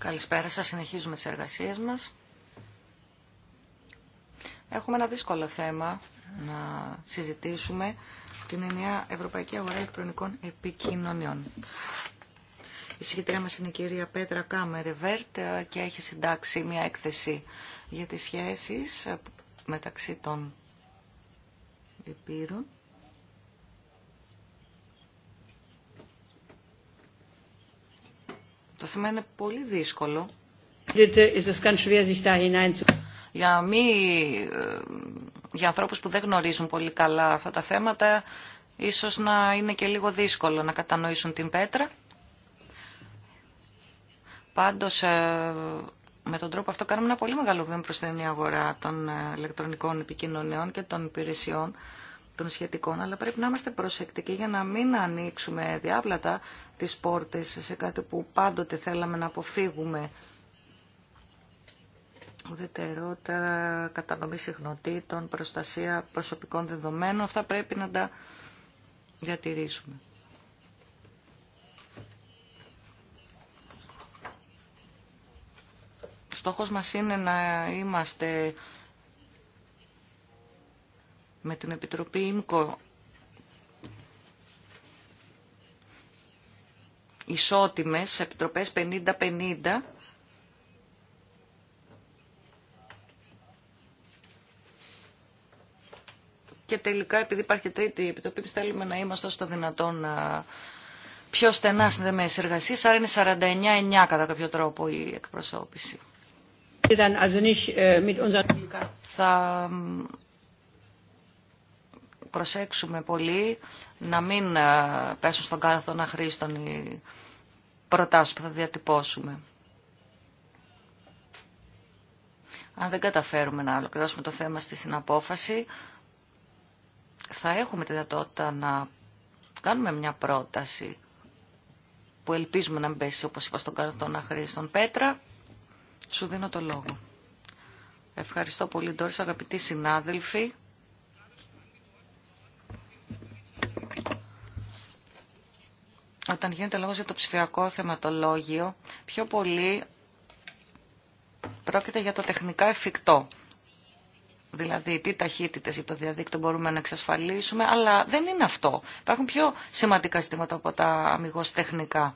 Καλησπέρα σας, συνεχίζουμε τις εργασίες μας. Έχουμε ένα δύσκολο θέμα να συζητήσουμε την ενιαία Ευρωπαϊκή Αγορά Ελεκτρονικών Επικοινωνιών. Η συγκεκριά μας είναι η κυρία Πέτρα Κάμερεβέρτ και έχει συντάξει μια έκθεση για τις σχέσεις μεταξύ των υπήρων Το θέμα είναι πολύ δύσκολο. Για, μη, ε, για ανθρώπους που δεν γνωρίζουν πολύ καλά αυτά τα θέματα, ίσως να είναι και λίγο δύσκολο να κατανοήσουν την πέτρα. Πάντως, ε, με τον τρόπο αυτό κάνουμε ένα πολύ μεγάλο βήμα προς την αγορά των ε, ηλεκτρονικών επικοινωνιών και των υπηρεσιών των σχετικών, αλλά πρέπει να είμαστε προσεκτικοί για να μην ανοίξουμε διάβλατα τις πόρτες σε κάτι που πάντοτε θέλαμε να αποφύγουμε. Ουδετερότητα, κατανομή συχνοτήτων, προστασία προσωπικών δεδομένων, αυτά πρέπει να τα διατηρήσουμε. Στόχος μας είναι να είμαστε με την Επιτροπή ΙΜΚΟ ισότιμες επιτροπές 50-50 και τελικά επειδή υπάρχει τρίτη επιτροπή θέλουμε να είμαστε όσο το δυνατόν πιο στενά συνδεμένες εργασίες, άρα είναι 49-9 κατά κάποιο τρόπο η εκπροσώπηση. Äh, Θα προσέξουμε πολύ να μην ε, πέσουν στον κάθο να χρήσουν οι προτάσεις που θα διατυπώσουμε. Αν δεν καταφέρουμε να ολοκληρώσουμε το θέμα στη συναπόφαση, θα έχουμε τη δυνατότητα να κάνουμε μια πρόταση που ελπίζουμε να μπέσει, όπως είπα, στον να χρήσουν. Πέτρα, σου δίνω το λόγο. Ευχαριστώ πολύ, Ντόρις, αγαπητοί συνάδελφοι. όταν γίνεται λόγος για το ψηφιακό θεματολόγιο, πιο πολύ πρόκειται για το τεχνικά εφικτό. Δηλαδή, τι ταχύτητε για το διαδίκτυο μπορούμε να εξασφαλίσουμε, αλλά δεν είναι αυτό. Υπάρχουν πιο σημαντικά ζητήματα από τα αμυγό τεχνικά.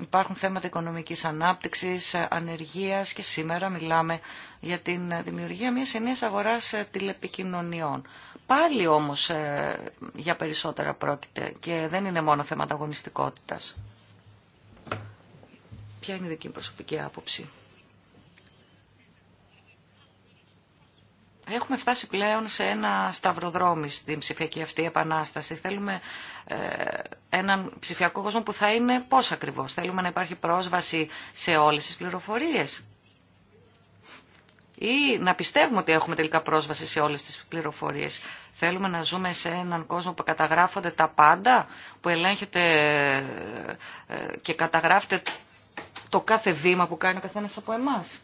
Υπάρχουν θέματα οικονομικής ανάπτυξης, ανεργίας και σήμερα μιλάμε για την δημιουργία μιας ενιαίας αγοράς ε, τηλεπικοινωνιών. Πάλι όμως ε, για περισσότερα πρόκειται και δεν είναι μόνο θέματα αγωνιστικότητας. Ποια είναι η δική προσωπική άποψη. Έχουμε φτάσει πλέον σε ένα σταυροδρόμι στην ψηφιακή αυτή επανάσταση. Θέλουμε ε, έναν ψηφιακό κόσμο που θα είναι πώς ακριβώς. Θέλουμε να υπάρχει πρόσβαση σε όλες τις πληροφορίες. Ή να πιστεύουμε ότι έχουμε τελικά πρόσβαση σε όλες τις πληροφορίες. Θέλουμε να ζούμε σε έναν κόσμο που καταγράφονται τα πάντα, που ελέγχεται ε, ε, και καταγράφεται το κάθε βήμα που κάνει ο καθένας από εμάς.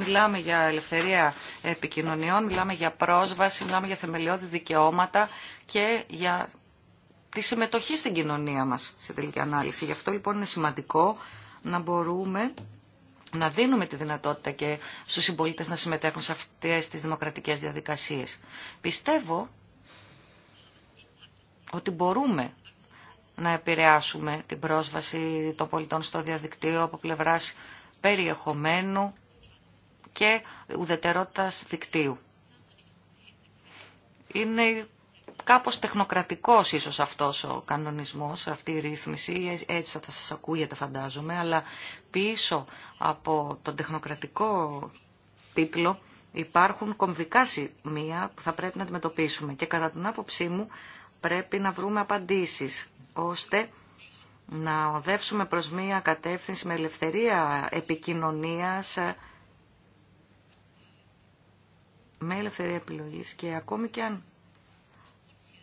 Μιλάμε για ελευθερία επικοινωνιών, μιλάμε για πρόσβαση, μιλάμε για θεμελιώδη δικαιώματα και για τη συμμετοχή στην κοινωνία μας σε τελική ανάλυση. Γι' αυτό λοιπόν είναι σημαντικό να μπορούμε να δίνουμε τη δυνατότητα και στους συμπολίτε να συμμετέχουν σε αυτές τις δημοκρατικές διαδικασίες. Πιστεύω ότι μπορούμε να επηρεάσουμε την πρόσβαση των πολιτών στο διαδικτύο από πλευράς περιεχομένου, και ουδετερότητας δικτύου. Είναι κάπως τεχνοκρατικός ίσως αυτός ο κανονισμός, αυτή η ρύθμιση, έτσι θα σας ακούγεται φαντάζομαι, αλλά πίσω από τον τεχνοκρατικό τίτλο υπάρχουν κομβικά σημεία που θα πρέπει να αντιμετωπίσουμε και κατά την άποψή μου πρέπει να βρούμε απαντήσεις ώστε να οδεύσουμε προς μία κατεύθυνση με ελευθερία επικοινωνίας, με ελευθερία επιλογή και ακόμη και αν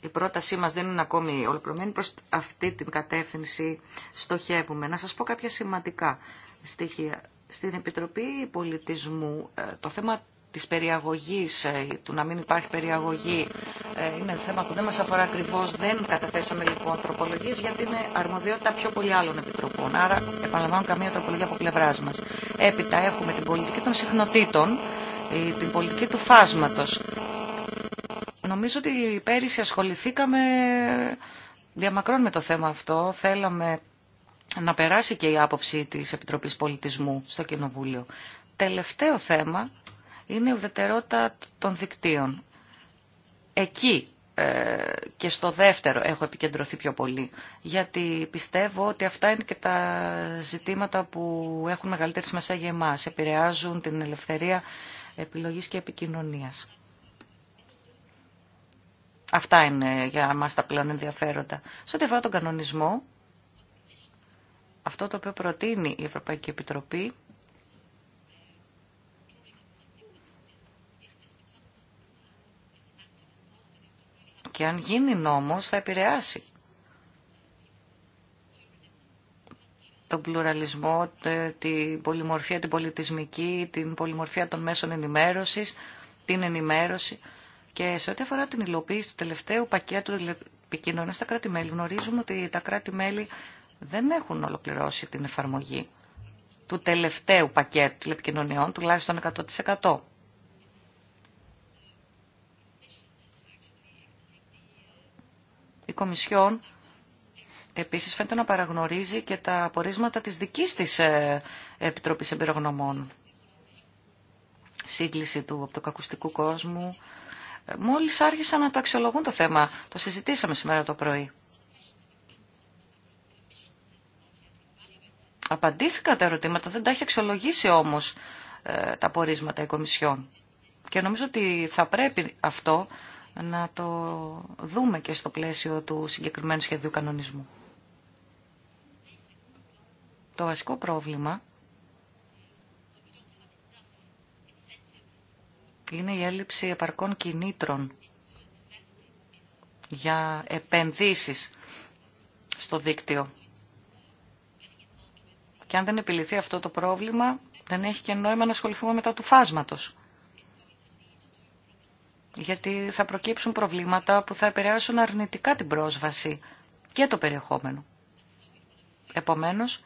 η πρότασή μας δεν είναι ακόμη ολοκληρωμένη προς αυτή την κατεύθυνση στοχεύουμε. Να σας πω κάποια σημαντικά στοιχεία. Στην Επιτροπή Πολιτισμού ε, το θέμα της περιαγωγής, ε, του να μην υπάρχει περιαγωγή, ε, είναι θέμα που δεν μας αφορά ακριβώ. Δεν καταθέσαμε λοιπόν τροπολογίες γιατί είναι αρμοδιότητα πιο πολύ άλλων επιτροπών. Άρα επαναλαμβάνω καμία τροπολογία από πλευρά μας. Έπειτα έχουμε την πολιτική των συχνοτήτων, την πολιτική του φάσματος. Νομίζω ότι πέρυσι ασχοληθήκαμε διαμακρών με το θέμα αυτό. Θέλαμε να περάσει και η άποψη της Επιτροπής Πολιτισμού στο Κοινοβούλιο. Τελευταίο θέμα είναι η ουδετερότητα των δικτύων. Εκεί ε, και στο δεύτερο έχω επικεντρωθεί πιο πολύ, γιατί πιστεύω ότι αυτά είναι και τα ζητήματα που έχουν μεγαλύτερη σημασία για εμάς. Επηρεάζουν την ελευθερία επιλογής και επικοινωνίας. Αυτά είναι για μας τα πλέον ενδιαφέροντα. Σε ό,τι αφορά τον κανονισμό, αυτό το οποίο προτείνει η Ευρωπαϊκή Επιτροπή και αν γίνει νόμος θα επηρεάσει τον πλουραλισμό, την πολυμορφία την πολιτισμική, την πολυμορφία των μέσων ενημέρωσης, την ενημέρωση. Και σε ό,τι αφορά την υλοποίηση του τελευταίου πακέτου επικοινωνία στα κράτη-μέλη, γνωρίζουμε ότι τα κράτη-μέλη δεν έχουν ολοκληρώσει την εφαρμογή του τελευταίου πακέτου τηλεπικοινωνιών, τουλάχιστον 100%. Η Κομισιόν Επίσης φαίνεται να παραγνωρίζει και τα απορίσματα της δικής της ε, Επιτροπής Εμπειρογνωμών. Σύγκληση του κακουστικού κόσμου. Ε, μόλις άρχισαν να το αξιολογούν το θέμα. Το συζητήσαμε σήμερα το πρωί. Απαντήθηκαν τα ερωτήματα, δεν τα έχει αξιολογήσει όμως ε, τα απορίσματα η Κομισιόν. Και νομίζω ότι θα πρέπει αυτό να το δούμε και στο πλαίσιο του συγκεκριμένου σχεδίου κανονισμού. Το βασικό πρόβλημα είναι η έλλειψη επαρκών κινήτρων για επενδύσεις στο δίκτυο. Και αν δεν επιληθεί αυτό το πρόβλημα, δεν έχει και νόημα να ασχοληθούμε μετά του φάσματος. Γιατί θα προκύψουν προβλήματα που θα επηρεάσουν αρνητικά την πρόσβαση και το περιεχόμενο. Επομένως,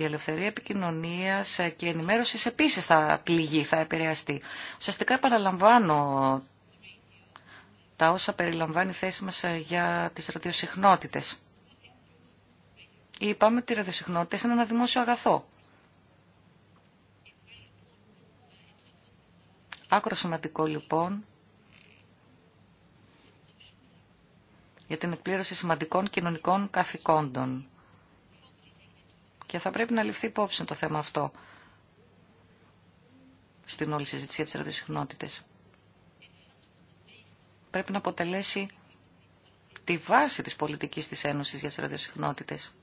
Η ελευθερία επικοινωνία και ενημέρωση επίσης θα πληγεί, θα επηρεαστεί. Ουσιαστικά επαναλαμβάνω τα όσα περιλαμβάνει η θέση μας ε, για τις ραδιοσυχνότητες. Είπαμε ότι οι ραδιοσυχνότητες είναι ένα δημόσιο αγαθό. Άκρο σημαντικό λοιπόν για την εκπλήρωση σημαντικών κοινωνικών καθηκόντων. Και θα πρέπει να ληφθεί υπόψη το θέμα αυτό στην όλη συζήτηση για τις ραδιοσυχνότητες. Πρέπει να αποτελέσει τη βάση της πολιτικής της Ένωσης για τις ραδιοσυχνότητες.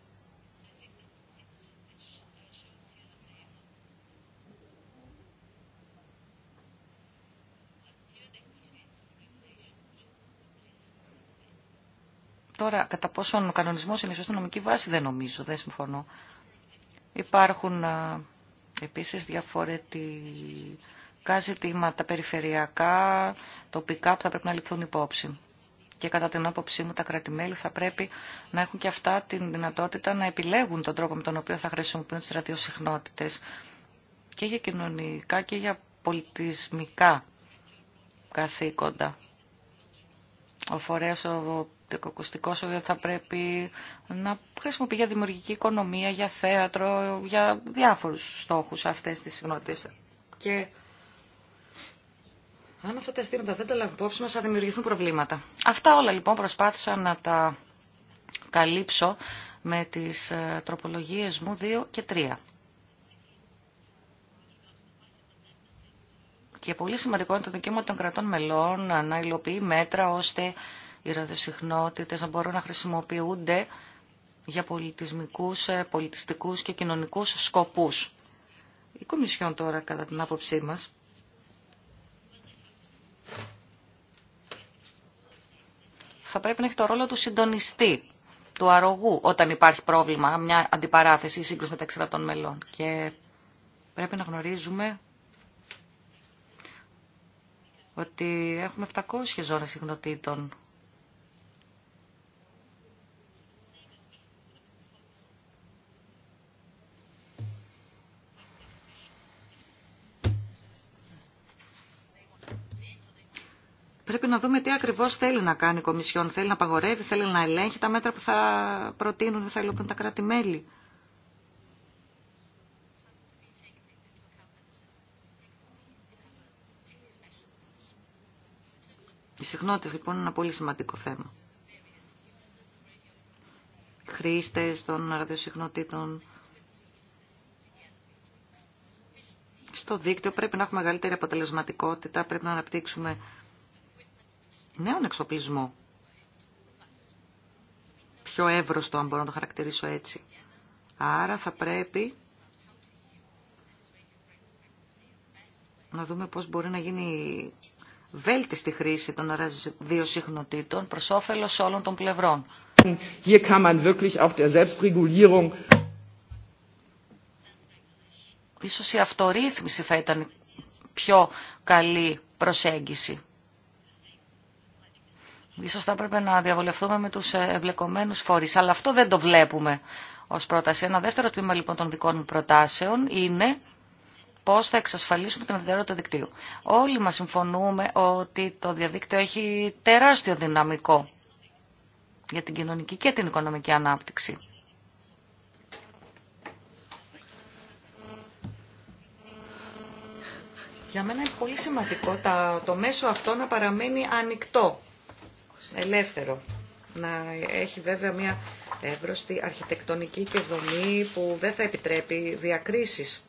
Τώρα, κατά πόσο ο κανονισμός είναι σωστή νομική βάση, δεν νομίζω, δεν συμφωνώ. Υπάρχουν επίσης διαφορετικά ζητήματα περιφερειακά, τοπικά που θα πρέπει να ληφθούν υπόψη. Και κατά την άποψή μου τα κρατημέλη θα πρέπει να έχουν και αυτά την δυνατότητα να επιλέγουν τον τρόπο με τον οποίο θα χρησιμοποιούν τις ραδιοσυχνότητες και για κοινωνικά και για πολιτισμικά καθήκοντα. Ο φορέας ο οπτικοακουστικό δεν θα πρέπει να χρησιμοποιεί για δημιουργική οικονομία, για θέατρο, για διάφορους στόχους αυτές τις συγνώτες. Και αν αυτά τα αισθήματα δεν τα λάβουν υπόψη μας θα δημιουργηθούν προβλήματα. Αυτά όλα λοιπόν προσπάθησα να τα καλύψω με τις ε, τροπολογίες μου 2 και 3. Και πολύ σημαντικό είναι το δικαίωμα των κρατών μελών να υλοποιεί μέτρα ώστε οι ραδιοσυχνότητες να μπορούν να χρησιμοποιούνται για πολιτισμικούς, ε, πολιτιστικούς και κοινωνικούς σκοπούς. Η Κομισιόν τώρα, κατά την άποψή μας, θα πρέπει να έχει το ρόλο του συντονιστή, του αρρωγού, όταν υπάρχει πρόβλημα, μια αντιπαράθεση ή σύγκρουση μεταξύ των μελών. Και πρέπει να γνωρίζουμε ότι έχουμε 700 ζώνες συγνωτήτων Πρέπει να δούμε τι ακριβώ θέλει να κάνει η Κομισιόν. Θέλει να απαγορεύει, θέλει να ελέγχει τα μέτρα που θα προτείνουν ή θα υλοποιούν τα κράτη-μέλη. Οι συχνότητα λοιπόν είναι ένα πολύ σημαντικό θέμα. Χρήστε των ραδιοσυχνοτήτων. Στο δίκτυο πρέπει να έχουμε μεγαλύτερη αποτελεσματικότητα, πρέπει να αναπτύξουμε νέων εξοπλισμό, Πιο εύρωστο, αν μπορώ να το χαρακτηρίσω έτσι. Άρα θα πρέπει να δούμε πώς μπορεί να γίνει βέλτιστη χρήση των δύο συχνοτήτων προς όφελος όλων των πλευρών. Hier kann man wirklich auf der Selbstregulierung Ίσως η αυτορύθμιση θα ήταν πιο καλή προσέγγιση. Ίσως θα έπρεπε να διαβολευτούμε με τους ε, εμπλεκομένους φορείς, αλλά αυτό δεν το βλέπουμε ως πρόταση. Ένα δεύτερο τμήμα λοιπόν των δικών μου προτάσεων είναι πώς θα εξασφαλίσουμε την ευθερότητα του δικτύου. Όλοι μας συμφωνούμε ότι το διαδίκτυο έχει τεράστιο δυναμικό για την κοινωνική και την οικονομική ανάπτυξη. Για μένα είναι πολύ σημαντικό το μέσο αυτό να παραμένει ανοιχτό ελεύθερο. Να έχει βέβαια μια εύρωστη αρχιτεκτονική και δομή που δεν θα επιτρέπει διακρίσεις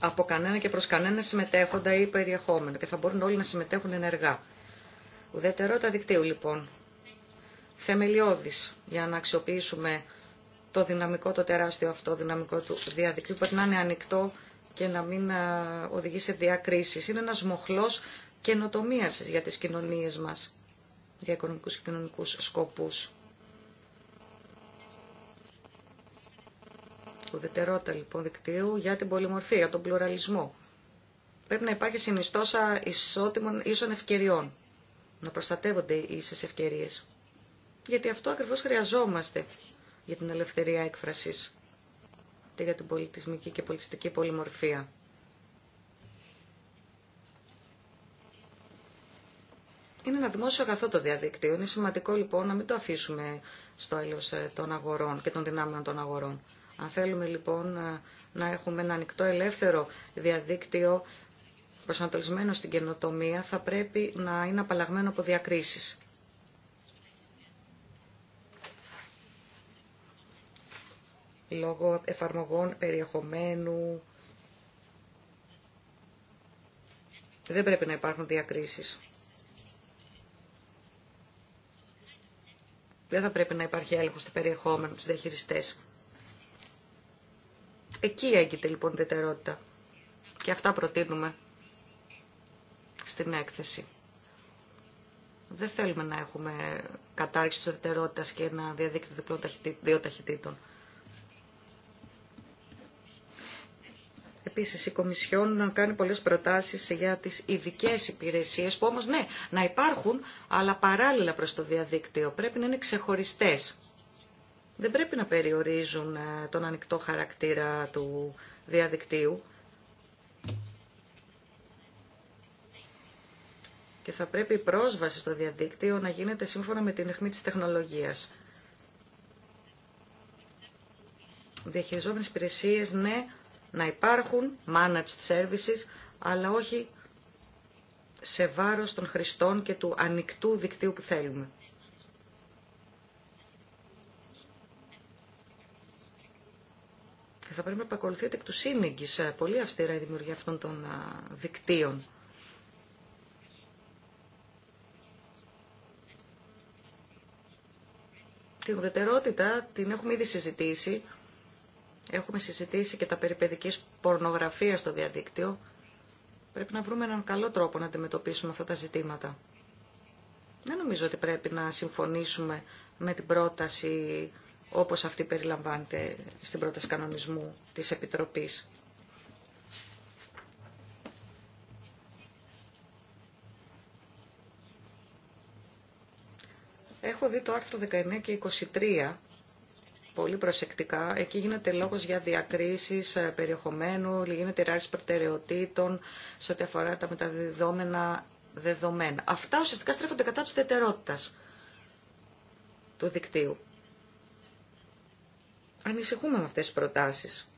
από κανένα και προς κανένα συμμετέχοντα ή περιεχόμενο και θα μπορούν όλοι να συμμετέχουν ενεργά. Ουδετερότητα δικτύου λοιπόν. Θεμελιώδης για να αξιοποιήσουμε το δυναμικό, το τεράστιο αυτό δυναμικό του διαδικτύου πρέπει να είναι ανοιχτό και να μην οδηγεί σε διακρίσεις. Είναι ένας μοχλός καινοτομία για τις κοινωνίες μας για οικονομικούς και κοινωνικούς σκοπούς. Ουδετερότητα λοιπόν δικτύου για την πολυμορφία, τον πλουραλισμό. Πρέπει να υπάρχει συνιστόσα ισότιμων ίσων ευκαιριών. Να προστατεύονται οι ίσες ευκαιρίες. Γιατί αυτό ακριβώς χρειαζόμαστε για την ελευθερία έκφρασης και για την πολιτισμική και πολιτιστική πολυμορφία. Είναι ένα δημόσιο αγαθό το διαδίκτυο. Είναι σημαντικό λοιπόν να μην το αφήσουμε στο έλο ε, των αγορών και των δυνάμεων των αγορών. Αν θέλουμε λοιπόν ε, να έχουμε ένα ανοιχτό ελεύθερο διαδίκτυο προσανατολισμένο στην καινοτομία θα πρέπει να είναι απαλλαγμένο από διακρίσεις. Λόγω εφαρμογών περιεχομένου δεν πρέπει να υπάρχουν διακρίσεις. Δεν θα πρέπει να υπάρχει έλεγχο στο περιεχόμενο του διαχειριστέ. Εκεί έγκυται λοιπόν η ιδιαιτερότητα. Και αυτά προτείνουμε στην έκθεση. Δεν θέλουμε να έχουμε κατάρριξη της ιδιαιτερότητας και να διαδίκτυο διπλών δύο ταχυτήτων. Επίσης η Κομισιόν κάνει πολλές προτάσεις για τις ειδικέ υπηρεσίες που όμως ναι, να υπάρχουν αλλά παράλληλα προς το διαδίκτυο. Πρέπει να είναι ξεχωριστές. Δεν πρέπει να περιορίζουν ε, τον ανοιχτό χαρακτήρα του διαδικτύου. Και θα πρέπει η πρόσβαση στο διαδίκτυο να γίνεται σύμφωνα με την αιχμή της τεχνολογίας. Διαχειριζόμενες υπηρεσίες, ναι, να υπάρχουν managed services, αλλά όχι σε βάρος των χρηστών και του ανοιχτού δικτύου που θέλουμε. Και θα πρέπει να επακολουθείτε εκ του σύνεγγυς ε, πολύ αυστηρά η δημιουργία αυτών των ε, δικτύων. Την ουδετερότητα την έχουμε ήδη συζητήσει Έχουμε συζητήσει και τα περιπαιδικής πορνογραφίας στο διαδίκτυο. Πρέπει να βρούμε έναν καλό τρόπο να αντιμετωπίσουμε αυτά τα ζητήματα. Δεν νομίζω ότι πρέπει να συμφωνήσουμε με την πρόταση όπως αυτή περιλαμβάνεται στην πρόταση κανονισμού της Επιτροπής. Έχω δει το άρθρο 19 και 23 πολύ προσεκτικά. Εκεί γίνεται λόγος για διακρίσεις ε, περιεχομένου, γίνεται ράση προτεραιοτήτων σε ό,τι αφορά τα μεταδεδόμενα δεδομένα. Αυτά ουσιαστικά στρέφονται κατά της ιδιαιτερότητας του δικτύου. Ανησυχούμε με αυτές τις προτάσεις.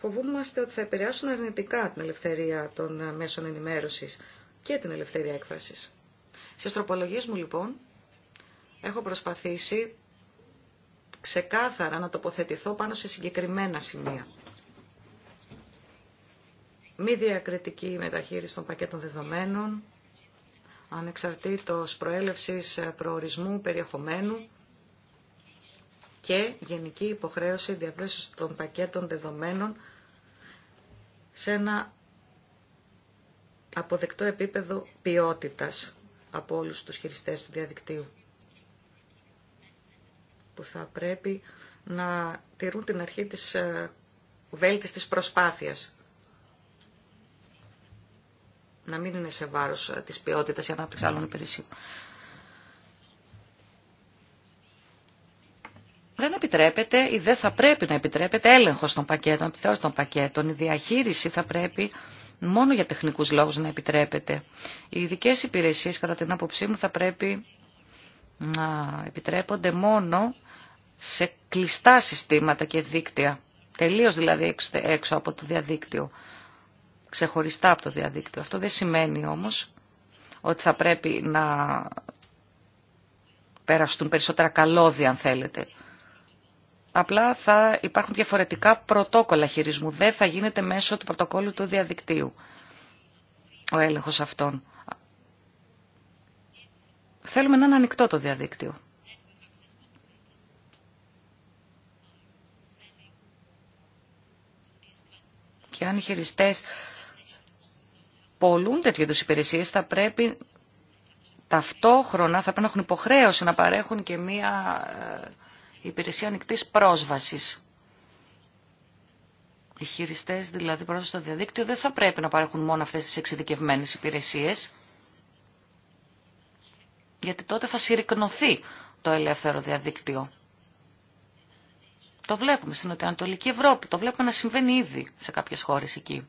Φοβούμαστε ότι θα επηρεάσουν αρνητικά την ελευθερία των ε, μέσων ενημέρωσης και την ελευθερία έκφρασης. Στις τροπολογίες μου λοιπόν έχω προσπαθήσει ξεκάθαρα να τοποθετηθώ πάνω σε συγκεκριμένα σημεία. Μη διακριτική μεταχείριση των πακέτων δεδομένων, ανεξαρτήτως προέλευσης προορισμού περιεχομένου και γενική υποχρέωση διαβίωσης των πακέτων δεδομένων σε ένα αποδεκτό επίπεδο ποιότητας από όλους τους χειριστές του διαδικτύου που θα πρέπει να τηρούν την αρχή της ε, βέλτιστης προσπάθειας. Να μην είναι σε βάρος ε, της ποιότητας η ανάπτυξη άλλων υπηρεσιών. Δεν επιτρέπεται ή δεν θα πρέπει να επιτρέπεται έλεγχος των πακέτων, επιθέωση των πακέτων. Η διαχείριση θα πρέπει μόνο για τεχνικούς λόγους να επιτρέπεται. Οι ειδικέ υπηρεσίες, κατά την άποψή μου, θα πρέπει να επιτρέπονται μόνο σε κλειστά συστήματα και δίκτυα. Τελείως δηλαδή έξω από το διαδίκτυο. Ξεχωριστά από το διαδίκτυο. Αυτό δεν σημαίνει όμως ότι θα πρέπει να περαστούν περισσότερα καλώδια αν θέλετε. Απλά θα υπάρχουν διαφορετικά πρωτόκολλα χειρισμού. Δεν θα γίνεται μέσω του πρωτοκόλλου του διαδικτύου ο έλεγχος αυτών. Θέλουμε να είναι ανοιχτό το διαδίκτυο. Και αν οι χειριστέ πολλούν τέτοιου υπηρεσίε υπηρεσίες, θα πρέπει ταυτόχρονα θα πρέπει να έχουν υποχρέωση να παρέχουν και μία ε, υπηρεσία ανοιχτή πρόσβαση. Οι χειριστές δηλαδή πρόσβαση στο διαδίκτυο δεν θα πρέπει να παρέχουν μόνο αυτές τις εξειδικευμένες υπηρεσίες γιατί τότε θα συρρυκνωθεί το ελεύθερο διαδίκτυο. Το βλέπουμε στην Νοτιοανατολική Ευρώπη, το βλέπουμε να συμβαίνει ήδη σε κάποιες χώρες εκεί.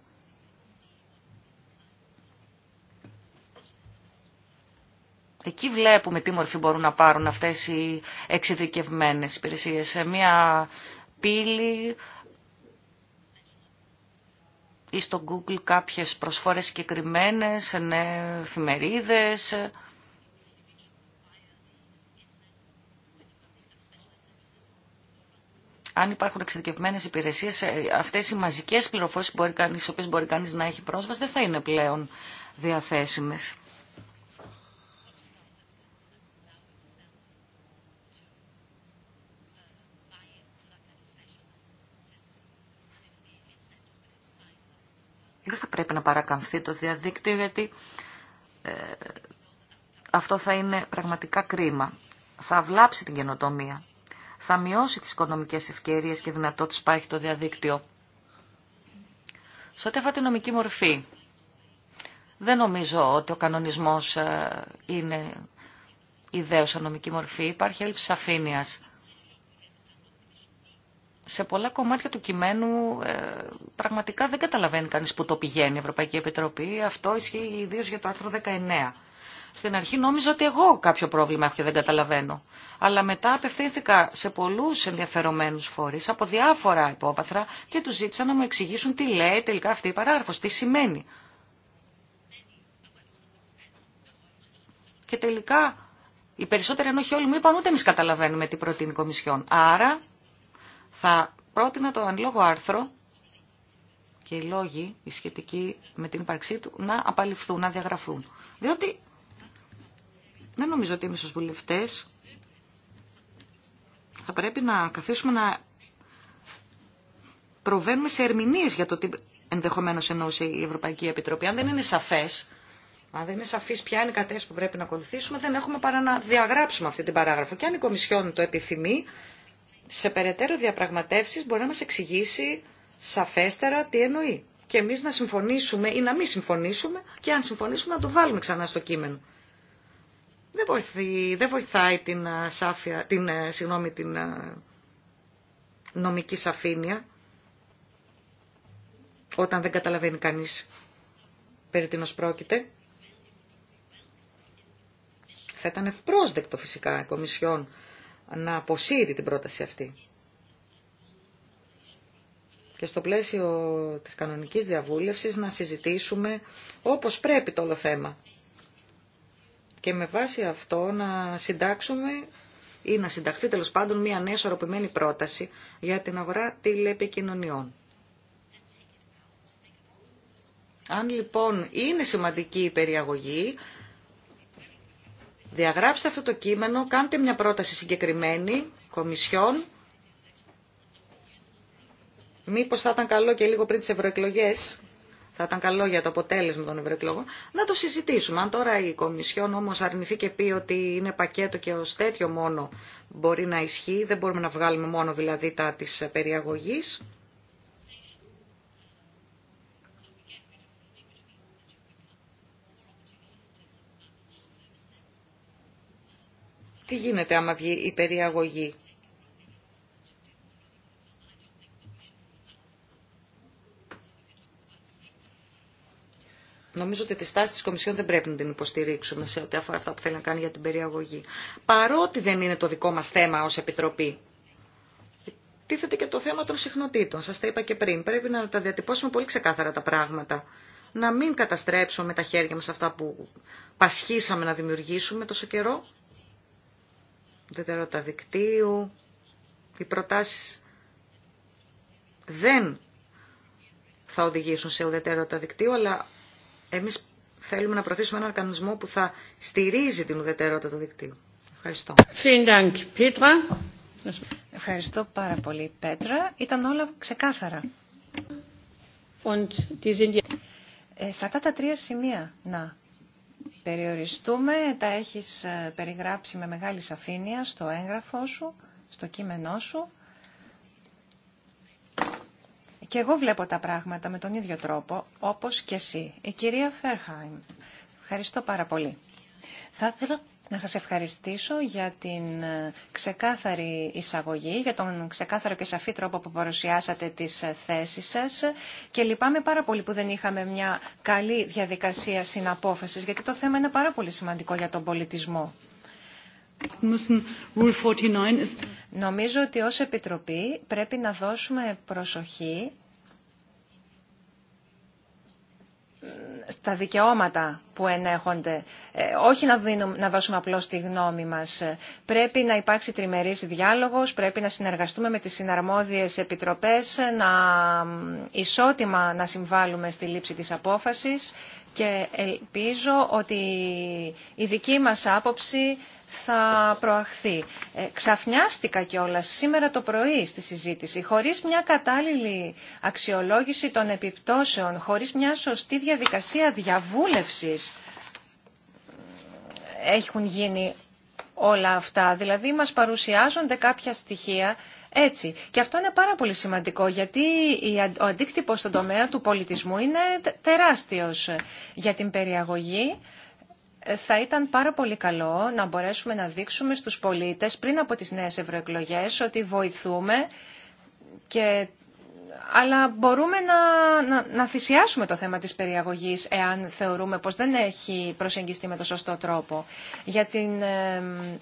Εκεί βλέπουμε τι μορφή μπορούν να πάρουν αυτές οι εξειδικευμένες υπηρεσίες. Σε μια πύλη ή στο Google κάποιες προσφορές συγκεκριμένε, εφημερίδες, αν υπάρχουν εξειδικευμένε υπηρεσίες, ε, αυτές οι μαζικές πληροφορίε που μπορεί μπορεί κανείς να έχει πρόσβαση δεν θα είναι πλέον διαθέσιμες. Δεν θα πρέπει να παρακαμφθεί το διαδίκτυο γιατί ε, αυτό θα είναι πραγματικά κρίμα. Θα βλάψει την καινοτομία θα μειώσει τις οικονομικές ευκαιρίες και δυνατότητες που έχει το διαδίκτυο. Σε ό,τι αφορά τη νομική μορφή, δεν νομίζω ότι ο κανονισμός ε, είναι ιδέως νομική μορφή. Υπάρχει έλλειψη σαφήνειας. Σε πολλά κομμάτια του κειμένου ε, πραγματικά δεν καταλαβαίνει κανείς που το πηγαίνει η Ευρωπαϊκή Επιτροπή. Αυτό ισχύει ιδίως για το άρθρο 19. Στην αρχή νόμιζα ότι εγώ κάποιο πρόβλημα έχω και δεν καταλαβαίνω. Αλλά μετά απευθύνθηκα σε πολλού ενδιαφερομένου φορεί από διάφορα υπόβαθρα και του ζήτησα να μου εξηγήσουν τι λέει τελικά αυτή η παράγραφο, τι σημαίνει. Και τελικά οι περισσότεροι, ενώ όχι όλοι, μου είπαν ούτε εμεί καταλαβαίνουμε τι προτείνει η Κομισιόν. Άρα θα πρότεινα το αν άρθρο και οι λόγοι οι σχετικοί με την ύπαρξή του να απαλληφθούν, να διαγραφούν. Διότι δεν νομίζω ότι είμαι στους βουλευτές θα πρέπει να καθίσουμε να προβαίνουμε σε ερμηνείες για το τι ενδεχομένως εννοούσε η Ευρωπαϊκή Επιτροπή. Αν δεν είναι σαφές, αν δεν είναι σαφής ποια είναι η κατεύθυνση που πρέπει να ακολουθήσουμε, δεν έχουμε παρά να διαγράψουμε αυτή την παράγραφο. Και αν η Κομισιόν το επιθυμεί, σε περαιτέρω διαπραγματεύσεις μπορεί να μα εξηγήσει σαφέστερα τι εννοεί. Και εμείς να συμφωνήσουμε ή να μην συμφωνήσουμε, και αν συμφωνήσουμε να το βάλουμε ξανά στο κείμενο δεν, βοηθάει την, ε, σάφια, την, ε, την ε, νομική σαφήνεια όταν δεν καταλαβαίνει κανείς περί τίνος πρόκειται. Θα ήταν ευπρόσδεκτο φυσικά η Κομισιόν να αποσύρει την πρόταση αυτή. Και στο πλαίσιο της κανονικής διαβούλευσης να συζητήσουμε όπως πρέπει το όλο θέμα και με βάση αυτό να συντάξουμε ή να συνταχθεί τέλο πάντων μια νέα ισορροπημένη πρόταση για την αγορά τηλεπικοινωνιών. Αν λοιπόν είναι σημαντική η περιαγωγή, διαγράψτε αυτό το κείμενο, κάντε μια πρόταση συγκεκριμένη, κομισιόν, Μήπως θα ήταν καλό και λίγο πριν τις ευρωεκλογές θα ήταν καλό για το αποτέλεσμα των ευρωεκλογών, να το συζητήσουμε. Αν τώρα η Κομισιόν όμω αρνηθεί και πει ότι είναι πακέτο και ω τέτοιο μόνο μπορεί να ισχύει, δεν μπορούμε να βγάλουμε μόνο δηλαδή τα τη περιαγωγή. Τι γίνεται άμα βγει η περιαγωγή. Νομίζω ότι τη στάση τη Κομισιόν δεν πρέπει να την υποστηρίξουμε σε ό,τι αφορά αυτά που θέλει να κάνει για την περιαγωγή. Παρότι δεν είναι το δικό μα θέμα ω Επιτροπή. Τίθεται και το θέμα των συχνοτήτων. Σα τα είπα και πριν. Πρέπει να τα διατυπώσουμε πολύ ξεκάθαρα τα πράγματα. Να μην καταστρέψουμε με τα χέρια μα αυτά που πασχίσαμε να δημιουργήσουμε τόσο καιρό. Ουδετερότητα δικτύου. Οι προτάσει δεν θα οδηγήσουν σε ουδετερότητα δικτύου, αλλά εμείς θέλουμε να προωθήσουμε έναν οργανισμό που θα στηρίζει την ουδετερότητα του δικτύου. Ευχαριστώ. Ευχαριστώ πάρα πολύ, Πέτρα. Ήταν όλα ξεκάθαρα. Ε, σε αυτά τα τρία σημεία να περιοριστούμε, τα έχεις ε, περιγράψει με μεγάλη σαφήνεια στο έγγραφό σου, στο κείμενό σου. Και εγώ βλέπω τα πράγματα με τον ίδιο τρόπο, όπως και εσύ. Η κυρία Φέρχαϊμ, ευχαριστώ πάρα πολύ. Θα ήθελα να σας ευχαριστήσω για την ε, ξεκάθαρη εισαγωγή, για τον ξεκάθαρο και σαφή τρόπο που παρουσιάσατε τις ε, θέσεις σας και λυπάμαι πάρα πολύ που δεν είχαμε μια καλή διαδικασία συναπόφασης, γιατί το θέμα είναι πάρα πολύ σημαντικό για τον πολιτισμό. Νομίζω ότι ως Επιτροπή πρέπει να δώσουμε προσοχή στα δικαιώματα που ενέχονται. Ε, όχι να, δίνουμε, να δώσουμε απλώς τη γνώμη μας. Πρέπει να υπάρξει τριμερής διάλογος, πρέπει να συνεργαστούμε με τις συναρμόδιες επιτροπές, να ισότιμα να συμβάλλουμε στη λήψη της απόφασης και ελπίζω ότι η δική μας άποψη θα προαχθεί. Ε, ξαφνιάστηκα κιόλα σήμερα το πρωί στη συζήτηση, χωρίς μια κατάλληλη αξιολόγηση των επιπτώσεων, χωρίς μια σωστή διαδικασία διαβούλευση έχουν γίνει όλα αυτά. Δηλαδή μας παρουσιάζονται κάποια στοιχεία έτσι. Και αυτό είναι πάρα πολύ σημαντικό γιατί ο αντίκτυπος στον τομέα του πολιτισμού είναι τεράστιος για την περιαγωγή θα ήταν πάρα πολύ καλό να μπορέσουμε να δείξουμε στους πολίτες πριν από τις νέες ευρωεκλογέ ότι βοηθούμε και αλλά μπορούμε να, να, θυσιάσουμε το θέμα της περιαγωγής εάν θεωρούμε πως δεν έχει προσεγγιστεί με το σωστό τρόπο. Για την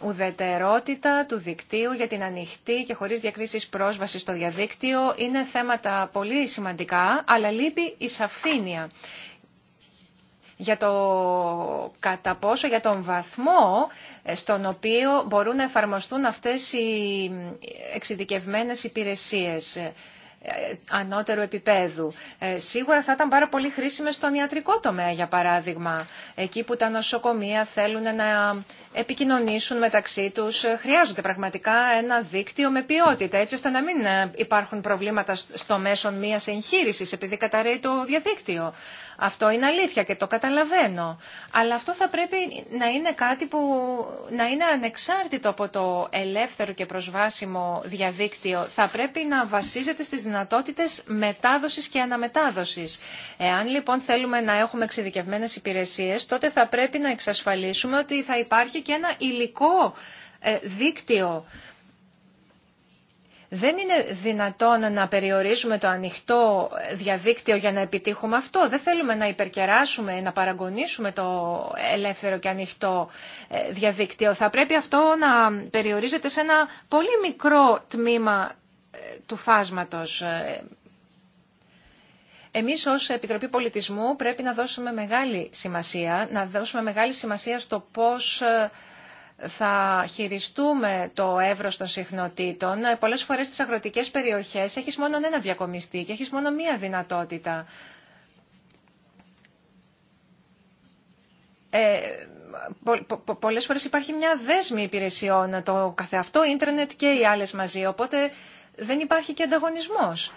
ουδετερότητα του δικτύου, για την ανοιχτή και χωρίς διακρίσεις πρόσβαση στο διαδίκτυο είναι θέματα πολύ σημαντικά, αλλά λείπει η σαφήνεια για το κατά πόσο, για τον βαθμό στον οποίο μπορούν να εφαρμοστούν αυτές οι εξειδικευμένες υπηρεσίες ε, ανώτερου επίπεδου. Ε, σίγουρα θα ήταν πάρα πολύ χρήσιμε στον ιατρικό τομέα, για παράδειγμα. Εκεί που τα νοσοκομεία θέλουν να επικοινωνήσουν μεταξύ τους, ε, χρειάζονται πραγματικά ένα δίκτυο με ποιότητα, έτσι ώστε να μην υπάρχουν προβλήματα στο μέσον μιας εγχείρησης, επειδή καταραίει το διαδίκτυο. Αυτό είναι αλήθεια και το καταλαβαίνω. Αλλά αυτό θα πρέπει να είναι κάτι που να είναι ανεξάρτητο από το ελεύθερο και προσβάσιμο διαδίκτυο. Θα πρέπει να βασίζεται στις δυνατότητες μετάδοσης και αναμετάδοσης. Εάν λοιπόν θέλουμε να έχουμε εξειδικευμένες υπηρεσίες, τότε θα πρέπει να εξασφαλίσουμε ότι θα υπάρχει και ένα υλικό ε, δίκτυο δεν είναι δυνατόν να περιορίζουμε το ανοιχτό διαδίκτυο για να επιτύχουμε αυτό. Δεν θέλουμε να υπερκεράσουμε, να παραγωνίσουμε το ελεύθερο και ανοιχτό ε, διαδίκτυο. Θα πρέπει αυτό να περιορίζεται σε ένα πολύ μικρό τμήμα ε, του φάσματος. Ε, εμείς ως Επιτροπή Πολιτισμού πρέπει να δώσουμε μεγάλη σημασία, να δώσουμε μεγάλη σημασία στο πώς θα χειριστούμε το εύρος των συχνοτήτων. Πολλές φορές στις αγροτικές περιοχές έχεις μόνο ένα διακομιστή και έχεις μόνο μία δυνατότητα. Ε, πο, πολλές φορές υπάρχει μια δέσμη υπηρεσιών, το καθεαυτό ίντερνετ και οι άλλε μαζί, οπότε δεν υπάρχει και ανταγωνισμός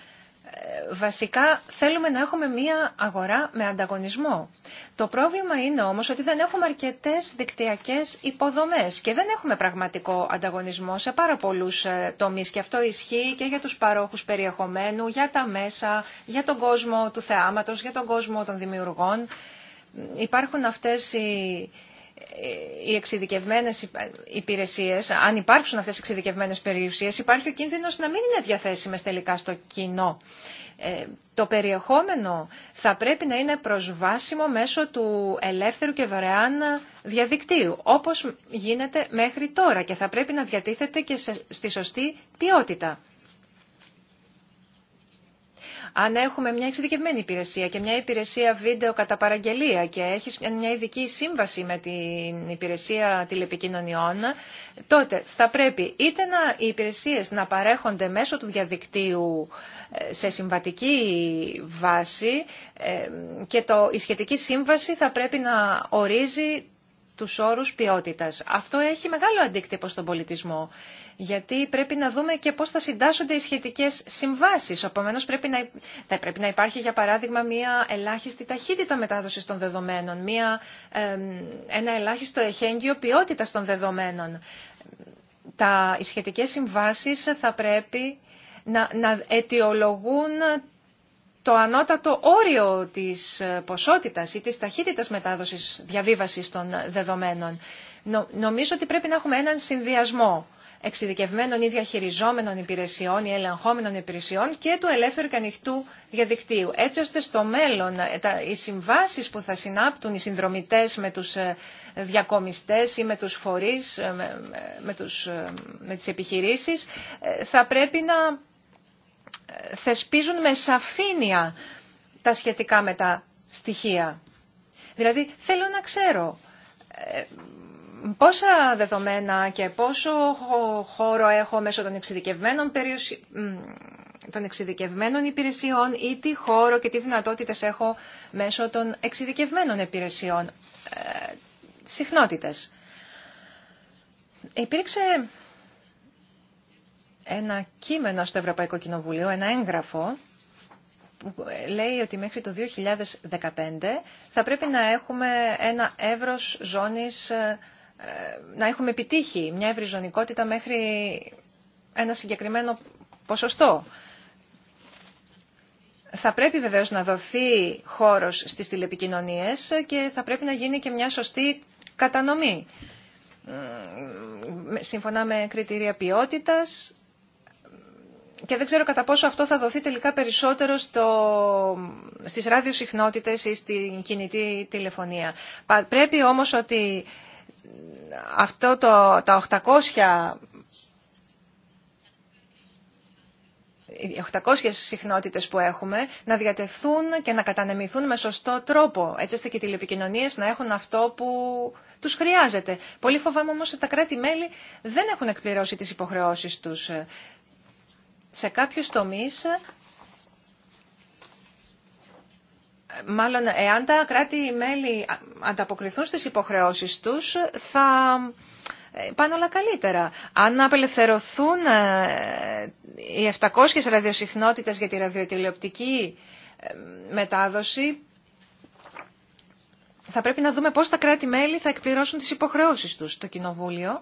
βασικά θέλουμε να έχουμε μία αγορά με ανταγωνισμό. Το πρόβλημα είναι όμως ότι δεν έχουμε αρκετές δικτυακές υποδομές και δεν έχουμε πραγματικό ανταγωνισμό σε πάρα πολλούς ε, τομείς και αυτό ισχύει και για τους παρόχους περιεχομένου, για τα μέσα, για τον κόσμο του θεάματος, για τον κόσμο των δημιουργών. Υπάρχουν αυτές οι εξειδικευμένε υπηρεσίε, αν υπάρξουν αυτέ οι εξειδικευμένε περιουσίε, υπάρχει ο κίνδυνο να μην είναι διαθέσιμε τελικά στο κοινό. Ε, το περιεχόμενο θα πρέπει να είναι προσβάσιμο μέσω του ελεύθερου και δωρεάν διαδικτύου, όπως γίνεται μέχρι τώρα και θα πρέπει να διατίθεται και στη σωστή ποιότητα. Αν έχουμε μια εξειδικευμένη υπηρεσία και μια υπηρεσία βίντεο κατά παραγγελία και έχεις μια ειδική σύμβαση με την υπηρεσία τηλεπικοινωνιών, τότε θα πρέπει είτε να, οι υπηρεσίες να παρέχονται μέσω του διαδικτύου ε, σε συμβατική βάση ε, και το, η σχετική σύμβαση θα πρέπει να ορίζει τους όρους ποιότητας. Αυτό έχει μεγάλο αντίκτυπο στον πολιτισμό γιατί πρέπει να δούμε και πώς θα συντάσσονται οι σχετικές συμβάσεις. Οπόμενος πρέπει να, θα πρέπει να υπάρχει για παράδειγμα μια ελάχιστη ταχύτητα μετάδοσης των δεδομένων, μια, ένα ελάχιστο εχέγγυο ποιότητας των δεδομένων. Τα, οι σχετικές συμβάσεις θα πρέπει να, να αιτιολογούν το ανώτατο όριο της ε, ποσότητας ή της ταχύτητας μετάδοσης διαβίβασης των δεδομένων. Νομίζω ότι πρέπει να έχουμε έναν συνδυασμό εξειδικευμένων ή διαχειριζόμενων υπηρεσιών ή ελεγχόμενων υπηρεσιών και του ελεύθερου και ανοιχτού διαδικτύου. Έτσι ώστε στο μέλλον ε, οι συμβάσει που θα συνάπτουν οι συνδρομητέ με του ε, διακομιστέ ή με του φορεί, ε, με, τους, με τι επιχειρήσει, θα πρέπει να θεσπίζουν με σαφήνεια τα σχετικά με τα στοιχεία. Δηλαδή θέλω να ξέρω πόσα δεδομένα και πόσο χώρο έχω μέσω των εξειδικευμένων, των εξειδικευμένων υπηρεσιών ή τι χώρο και τι δυνατότητες έχω μέσω των εξειδικευμένων υπηρεσιών, ε, συχνότητες. Υπήρξε ένα κείμενο στο Ευρωπαϊκό Κοινοβουλίο, ένα έγγραφο, που λέει ότι μέχρι το 2015 θα πρέπει να έχουμε ένα εύρος ζώνης ε, να έχουμε επιτύχει μια ευρυζωνικότητα μέχρι ένα συγκεκριμένο ποσοστό. Θα πρέπει βεβαίως να δοθεί χώρος στις τηλεπικοινωνίες και θα πρέπει να γίνει και μια σωστή κατανομή. Σύμφωνα με κριτήρια ποιότητας και δεν ξέρω κατά πόσο αυτό θα δοθεί τελικά περισσότερο στο, στις ραδιοσυχνότητες ή στην κινητή τηλεφωνία. Πρέπει όμως ότι αυτό το, τα 800 οι 800 συχνότητες που έχουμε να διατεθούν και να κατανεμηθούν με σωστό τρόπο, έτσι ώστε και οι τηλεπικοινωνίες να έχουν αυτό που τους χρειάζεται. Πολύ φοβάμαι όμως ότι τα κράτη-μέλη δεν έχουν εκπληρώσει τις υποχρεώσεις τους. Σε κάποιους τομείς μάλλον εάν τα κράτη-μέλη ανταποκριθούν στις υποχρεώσεις τους, θα ε, πάνε όλα καλύτερα. Αν απελευθερωθούν ε, οι 700 ραδιοσυχνότητες για τη ραδιοτηλεοπτική ε, μετάδοση, θα πρέπει να δούμε πώς τα κράτη-μέλη θα εκπληρώσουν τις υποχρεώσεις τους. Το Κοινοβούλιο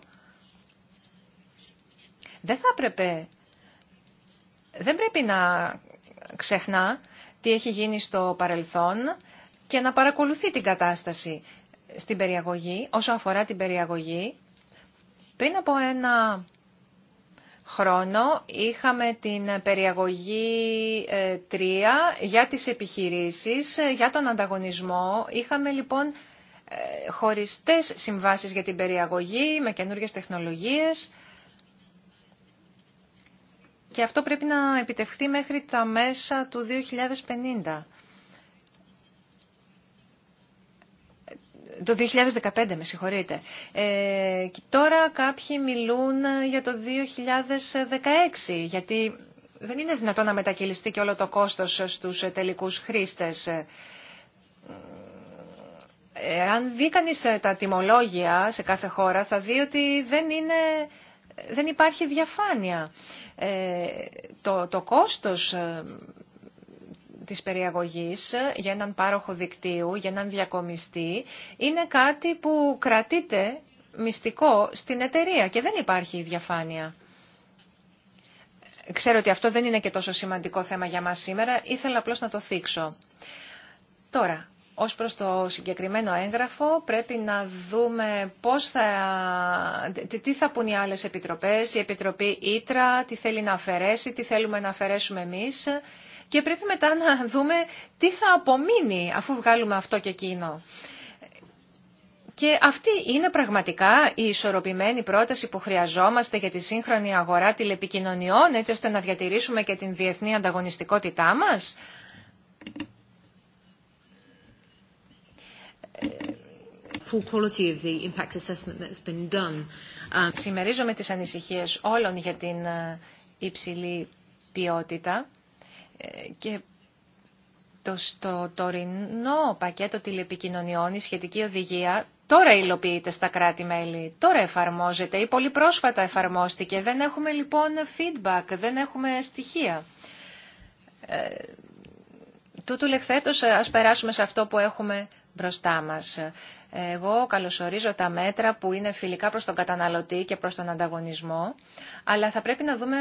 δεν θα έπρεπε, δεν πρέπει να ξεχνά τι έχει γίνει στο παρελθόν και να παρακολουθεί την κατάσταση στην περιαγωγή, όσο αφορά την περιαγωγή. Πριν από ένα χρόνο είχαμε την περιαγωγή 3 ε, για τις επιχειρήσεις, ε, για τον ανταγωνισμό. Είχαμε λοιπόν ε, χωριστές συμβάσεις για την περιαγωγή με καινούργιες τεχνολογίες. Και αυτό πρέπει να επιτευχθεί μέχρι τα μέσα του 2050. Το 2015, με συγχωρείτε. Ε, και τώρα κάποιοι μιλούν για το 2016, γιατί δεν είναι δυνατόν να μετακυλιστεί και όλο το κόστος στους τελικούς χρήστες. Ε, αν δει κανείς τα τιμολόγια σε κάθε χώρα, θα δει ότι δεν, είναι, δεν υπάρχει διαφάνεια. Ε, το, το κόστος ε, της περιαγωγής ε, για έναν πάροχο δικτύου, για έναν διακομιστή, είναι κάτι που κρατείται μυστικό στην εταιρεία και δεν υπάρχει διαφάνεια. Ξέρω ότι αυτό δεν είναι και τόσο σημαντικό θέμα για μας σήμερα, ήθελα απλώς να το θίξω. Τώρα, ως προς το συγκεκριμένο έγγραφο πρέπει να δούμε πώς θα, τι θα πούν οι άλλες επιτροπές, η Επιτροπή Ήτρα, τι θέλει να αφαιρέσει, τι θέλουμε να αφαιρέσουμε εμείς και πρέπει μετά να δούμε τι θα απομείνει αφού βγάλουμε αυτό και εκείνο. Και αυτή είναι πραγματικά η ισορροπημένη πρόταση που χρειαζόμαστε για τη σύγχρονη αγορά τηλεπικοινωνιών έτσι ώστε να διατηρήσουμε και την διεθνή ανταγωνιστικότητά μας. Uh, full quality of um, Συμμερίζομαι τις ανησυχίες όλων για την ε, υψηλή ποιότητα ε, και το, τωρινό πακέτο τηλεπικοινωνιών η σχετική οδηγία τώρα υλοποιείται στα κράτη-μέλη, τώρα εφαρμόζεται ή πολύ πρόσφατα εφαρμόστηκε. Δεν έχουμε λοιπόν feedback, δεν έχουμε στοιχεία. Ε, τούτου λεχθέτως ε, ας περάσουμε σε αυτό που έχουμε μπροστά μας. Εγώ καλωσορίζω τα μέτρα που είναι φιλικά προς τον καταναλωτή και προς τον ανταγωνισμό, αλλά θα πρέπει να δούμε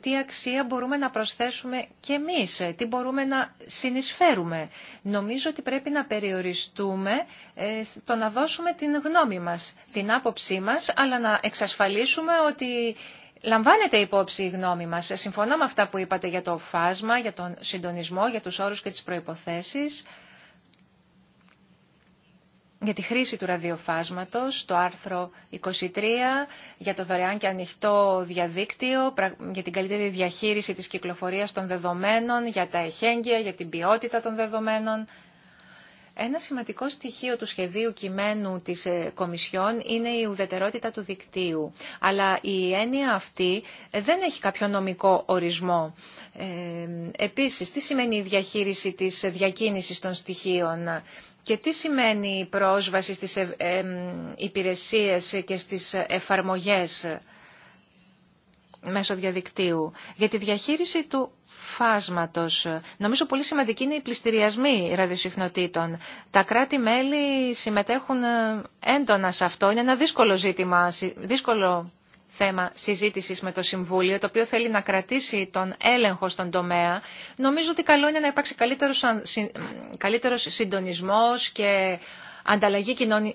τι αξία μπορούμε να προσθέσουμε και εμείς, τι μπορούμε να συνεισφέρουμε. Νομίζω ότι πρέπει να περιοριστούμε ε, το να δώσουμε την γνώμη μας, την άποψή μας, αλλά να εξασφαλίσουμε ότι Λαμβάνεται υπόψη η γνώμη μας. Συμφωνώ με αυτά που είπατε για το φάσμα, για τον συντονισμό, για τους όρους και τις προϋποθέσεις για τη χρήση του ραδιοφάσματος, το άρθρο 23 για το δωρεάν και ανοιχτό διαδίκτυο, για την καλύτερη διαχείριση της κυκλοφορίας των δεδομένων, για τα εχέγγυα, για την ποιότητα των δεδομένων. Ένα σημαντικό στοιχείο του σχεδίου κειμένου της ε, Κομισιόν είναι η ουδετερότητα του δικτύου. Αλλά η έννοια αυτή ε, δεν έχει κάποιο νομικό ορισμό. Ε, επίσης, τι σημαίνει η διαχείριση της ε, διακίνησης των στοιχείων. Και τι σημαίνει η πρόσβαση στις ε, ε, υπηρεσίες και στις εφαρμογές μέσω διαδικτύου. Για τη διαχείριση του φάσματος. Νομίζω πολύ σημαντική είναι η πληστηριασμή ραδιοσυχνοτήτων. Τα κράτη-μέλη συμμετέχουν ε, έντονα σε αυτό. Είναι ένα δύσκολο ζήτημα, δύσκολο θέμα συζήτησης με το Συμβούλιο, το οποίο θέλει να κρατήσει τον έλεγχο στον τομέα, νομίζω ότι καλό είναι να υπάρξει καλύτερος, καλύτερος συντονισμός και ανταλλαγή κοινών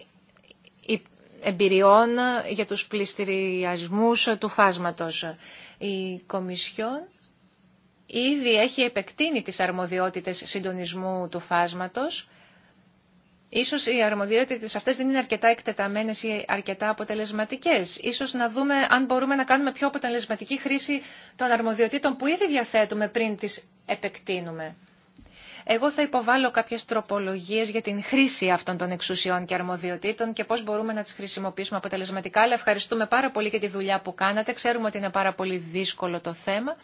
εμπειριών για τους πληστηριασμούς του φάσματος. Η Κομισιόν ήδη έχει επεκτείνει τις αρμοδιότητες συντονισμού του φάσματος Ίσως οι αρμοδιότητες αυτές δεν είναι αρκετά εκτεταμένες ή αρκετά αποτελεσματικές. Ίσως να δούμε αν μπορούμε να κάνουμε πιο αποτελεσματική χρήση των αρμοδιοτήτων που ήδη διαθέτουμε πριν τις επεκτείνουμε. Εγώ θα υποβάλω κάποιες τροπολογίες για την χρήση αυτών των εξουσιών και αρμοδιοτήτων και πώς μπορούμε να τις χρησιμοποιήσουμε αποτελεσματικά. Αλλά ευχαριστούμε πάρα πολύ για τη δουλειά που κάνατε. Ξέρουμε ότι είναι πάρα πολύ δύσκολο το θέμα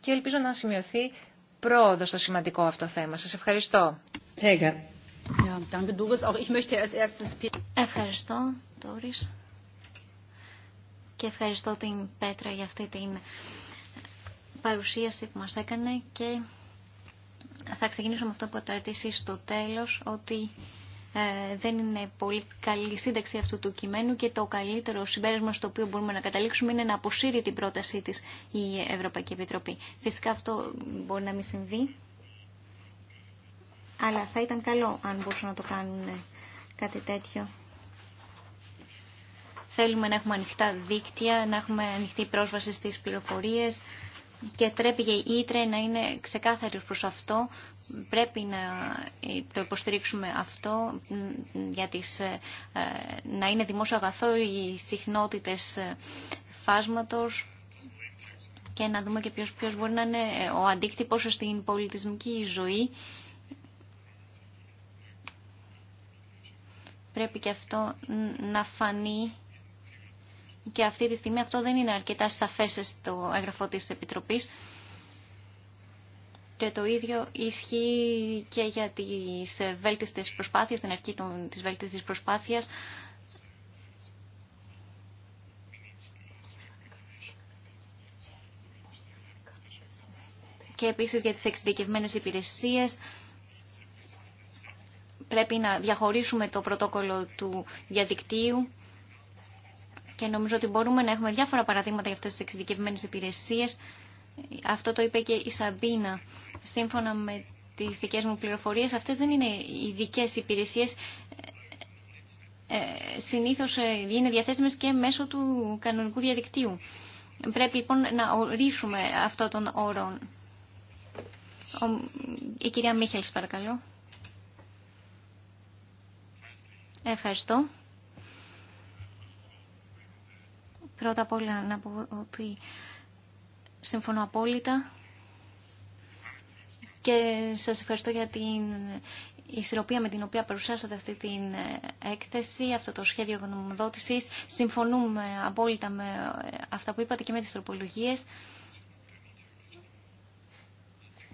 και ελπίζω να σημειωθεί πρόοδο στο σημαντικό αυτό θέμα. Σας ευχαριστώ. Ευχαριστώ, Doris. Και ευχαριστώ την Πέτρα για αυτή την παρουσίαση που μας έκανε και θα ξεκινήσω με αυτό που το στο τέλος, ότι ε, δεν είναι πολύ καλή η σύνταξη αυτού του κειμένου και το καλύτερο συμπέρασμα στο οποίο μπορούμε να καταλήξουμε είναι να αποσύρει την πρότασή της η Ευρωπαϊκή Επιτροπή. Φυσικά αυτό μπορεί να μην συμβεί αλλά θα ήταν καλό αν μπορούσαν να το κάνουν ναι, κάτι τέτοιο. Θέλουμε να έχουμε ανοιχτά δίκτυα, να έχουμε ανοιχτή πρόσβαση στις πληροφορίες και πρέπει και η Ήτρε να είναι ξεκάθαρη προς αυτό. Πρέπει να ε, το υποστηρίξουμε αυτό, για ε, ε, να είναι δημόσιο αγαθό οι συχνότητες φάσματος και να δούμε και ποιος, ποιος μπορεί να είναι ο αντίκτυπος στην πολιτισμική ζωή πρέπει και αυτό να φανεί και αυτή τη στιγμή αυτό δεν είναι αρκετά σαφές στο έγγραφο της Επιτροπής. Και το ίδιο ισχύει και για τις βέλτιστες προσπάθειες, την αρχή των, της βέλτιστης προσπάθειας. Και επίσης για τις εξειδικευμένες υπηρεσίες πρέπει να διαχωρίσουμε το πρωτόκολλο του διαδικτύου και νομίζω ότι μπορούμε να έχουμε διάφορα παραδείγματα για αυτές τις εξειδικευμένες υπηρεσίες. Αυτό το είπε και η Σαμπίνα. Σύμφωνα με τις δικές μου πληροφορίες, αυτές δεν είναι ειδικέ υπηρεσίες. Ε, συνήθως ε, είναι διαθέσιμες και μέσω του κανονικού διαδικτύου. Πρέπει λοιπόν να ορίσουμε αυτό τον όρο. Η κυρία Μίχελς παρακαλώ. Ευχαριστώ. Πρώτα απ' όλα να πω ότι συμφωνώ απόλυτα και σας ευχαριστώ για την ισορροπία με την οποία παρουσιάσατε αυτή την έκθεση, αυτό το σχέδιο γνωμοδότησης. Συμφωνούμε απόλυτα με αυτά που είπατε και με τις τροπολογίες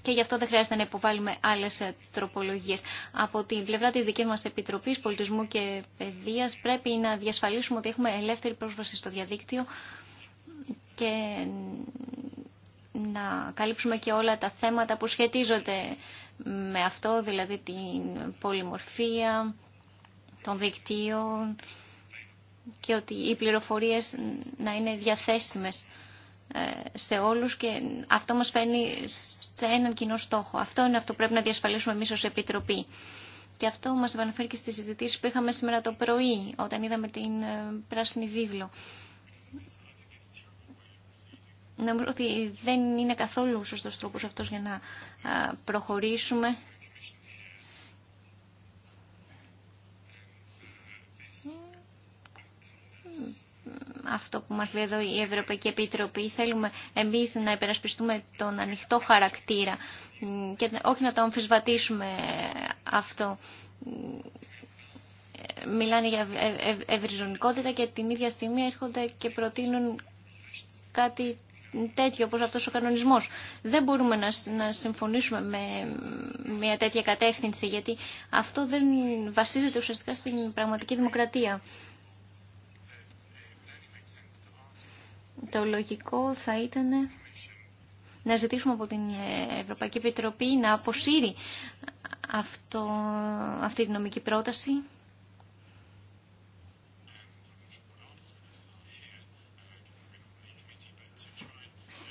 και γι' αυτό δεν χρειάζεται να υποβάλουμε άλλε τροπολογίε. Από την πλευρά τη δική μα Επιτροπή Πολιτισμού και Παιδεία, πρέπει να διασφαλίσουμε ότι έχουμε ελεύθερη πρόσβαση στο διαδίκτυο και να καλύψουμε και όλα τα θέματα που σχετίζονται με αυτό, δηλαδή την πολυμορφία των δικτύων και ότι οι πληροφορίες να είναι διαθέσιμες. Ε, σε όλους και αυτό μας φαίνει σε έναν κοινό στόχο. Αυτό είναι αυτό που πρέπει να διασφαλίσουμε εμείς ως Επιτροπή. Και αυτό μας επαναφέρει και στις συζητήσεις που είχαμε σήμερα το πρωί, όταν είδαμε την ε, πράσινη βίβλο. Νομίζω ότι δεν είναι καθόλου σωστός τρόπος αυτός για να προχωρήσουμε αυτό που μας λέει εδώ η Ευρωπαϊκή Επιτροπή. Θέλουμε εμείς να υπερασπιστούμε τον ανοιχτό χαρακτήρα και όχι να το αμφισβατήσουμε αυτό. Μιλάνε για ευρυζωνικότητα και την ίδια στιγμή έρχονται και προτείνουν κάτι τέτοιο όπως αυτός ο κανονισμός. Δεν μπορούμε να, να συμφωνήσουμε με μια τέτοια κατεύθυνση γιατί αυτό δεν βασίζεται ουσιαστικά στην πραγματική δημοκρατία. το λογικό θα ήταν να ζητήσουμε από την Ευρωπαϊκή Επιτροπή να αποσύρει αυτό, αυτή τη νομική πρόταση.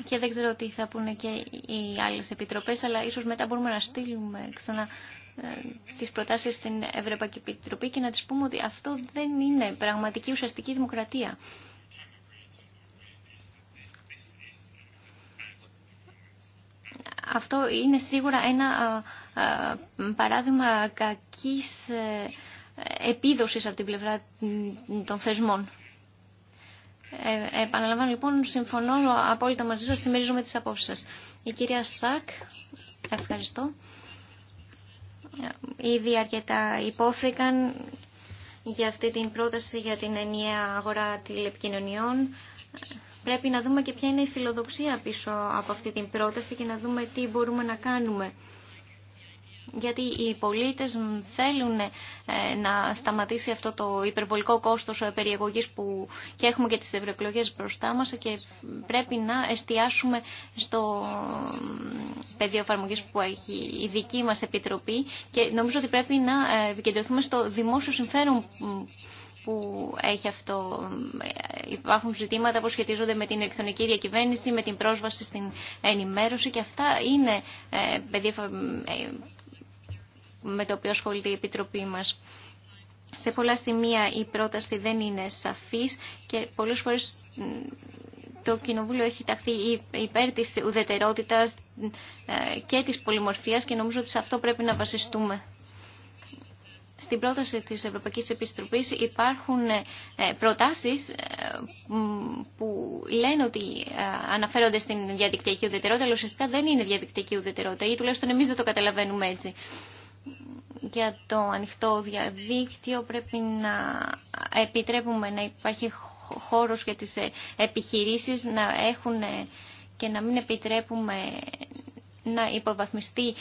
Και δεν ξέρω τι θα πούνε και οι άλλες επιτροπές, αλλά ίσως μετά μπορούμε να στείλουμε ξανά ε, τις προτάσεις στην Ευρωπαϊκή Επιτροπή και να τις πούμε ότι αυτό δεν είναι πραγματική ουσιαστική δημοκρατία. αυτό είναι σίγουρα ένα ε, ε, παράδειγμα κακής ε, επίδοσης από την πλευρά των θεσμών. Ε, επαναλαμβάνω λοιπόν, συμφωνώ απόλυτα μαζί σας, συμμερίζομαι τις απόψεις σας. Η κυρία Σακ, ευχαριστώ. Ήδη αρκετά υπόθηκαν για αυτή την πρόταση για την ενιαία αγορά τηλεπικοινωνιών. Πρέπει να δούμε και ποια είναι η φιλοδοξία πίσω από αυτή την πρόταση και να δούμε τι μπορούμε να κάνουμε. Γιατί οι πολίτες θέλουν ε, να σταματήσει αυτό το υπερβολικό κόστος ε, περιεγωγής που και έχουμε και τις ευρωεκλογέ μπροστά μας και πρέπει να εστιάσουμε στο πεδίο εφαρμογή που έχει η δική μας Επιτροπή και νομίζω ότι πρέπει να ε, επικεντρωθούμε στο δημόσιο συμφέρον που έχει αυτό. Υπάρχουν ζητήματα που σχετίζονται με την ηλεκτρονική διακυβέρνηση, με την πρόσβαση στην ενημέρωση και αυτά είναι ε, παιδί, ε, με το οποίο ασχολείται η Επιτροπή μας. Σε πολλά σημεία η πρόταση δεν είναι σαφής και πολλές φορές το Κοινοβούλιο έχει ταχθεί υπέρ της ουδετερότητας ε, και της πολυμορφίας και νομίζω ότι σε αυτό πρέπει να βασιστούμε στην πρόταση της Ευρωπαϊκής Επιστροπής υπάρχουν ε, προτάσεις ε, που λένε ότι ε, αναφέρονται στην διαδικτυακή ουδετερότητα, αλλά ουσιαστικά δεν είναι διαδικτυακή ουδετερότητα ή τουλάχιστον εμείς δεν το καταλαβαίνουμε έτσι. Για το ανοιχτό διαδίκτυο πρέπει να επιτρέπουμε να υπάρχει χώρος για τις επιχειρήσεις να έχουν και να μην επιτρέπουμε να υποβαθμιστεί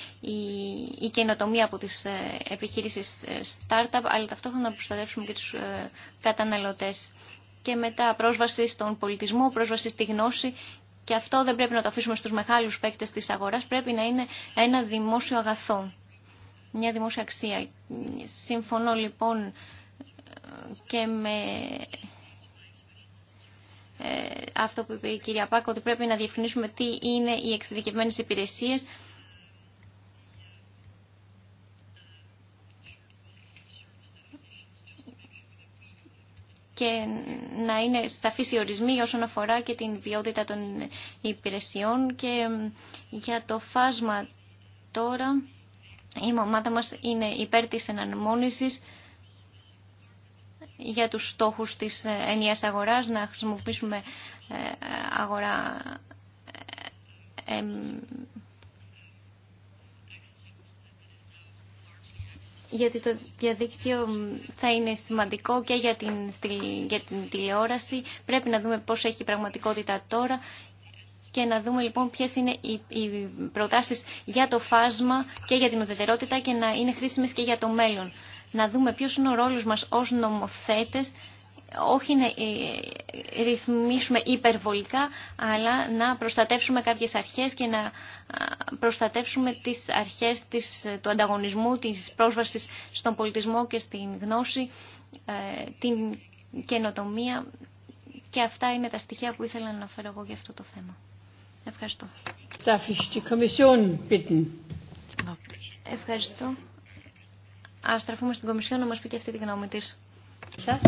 η καινοτομία από τις ε, επιχειρήσεις ε, startup, αλλά ταυτόχρονα να προστατεύσουμε και τους ε, καταναλωτές. Και μετά πρόσβαση στον πολιτισμό, πρόσβαση στη γνώση και αυτό δεν πρέπει να το αφήσουμε στους μεγάλους παίκτες της αγοράς, πρέπει να είναι ένα δημόσιο αγαθό, μια δημόσια αξία. Συμφωνώ λοιπόν και με ε, αυτό που είπε η κυρία Πάκο, ότι πρέπει να διευκρινίσουμε τι είναι οι εξειδικευμένες υπηρεσίες. και να είναι σταφείς οι ορισμοί όσον αφορά και την ποιότητα των υπηρεσιών και για το φάσμα τώρα η ομάδα μας είναι υπέρ της εναρμόνισης για τους στόχους της ε, ενιαίας αγοράς, να χρησιμοποιήσουμε ε, αγορά ε, γιατί το διαδίκτυο θα είναι σημαντικό και για την, για την τηλεόραση. Πρέπει να δούμε πώς έχει πραγματικότητα τώρα και να δούμε λοιπόν ποιες είναι οι, οι προτάσεις για το φάσμα και για την ουδετερότητα και να είναι χρήσιμες και για το μέλλον να δούμε ποιος είναι ο ρόλος μας ως νομοθέτες, όχι να ε, ε, ρυθμίσουμε υπερβολικά, αλλά να προστατεύσουμε κάποιες αρχές και να προστατεύσουμε τις αρχές της, του ανταγωνισμού, της πρόσβασης στον πολιτισμό και στην γνώση, ε, την καινοτομία. Και αυτά είναι τα στοιχεία που ήθελα να αναφέρω εγώ για αυτό το θέμα. Ευχαριστώ. Ευχαριστώ. Ας στραφούμε στην Κομισιόν να μας πει και αυτή τη γνώμη της. Um,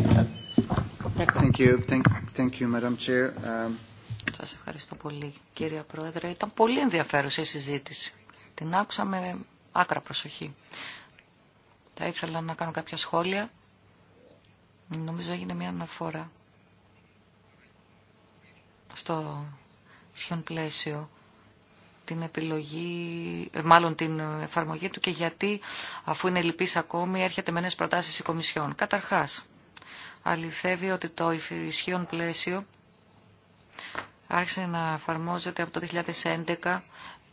Σας ευχαριστώ πολύ, κύριε Πρόεδρε. Ήταν πολύ ενδιαφέρουσα η συζήτηση. Την άκουσα με άκρα προσοχή. Θα ήθελα να κάνω κάποια σχόλια. Νομίζω έγινε μια αναφορά στο σχεδόν πλαίσιο την επιλογή, μάλλον την εφαρμογή του και γιατί αφού είναι λυπής ακόμη έρχεται με νέες προτάσεις η Κομισιόν. Καταρχάς, αληθεύει ότι το ισχύον πλαίσιο άρχισε να εφαρμόζεται από το 2011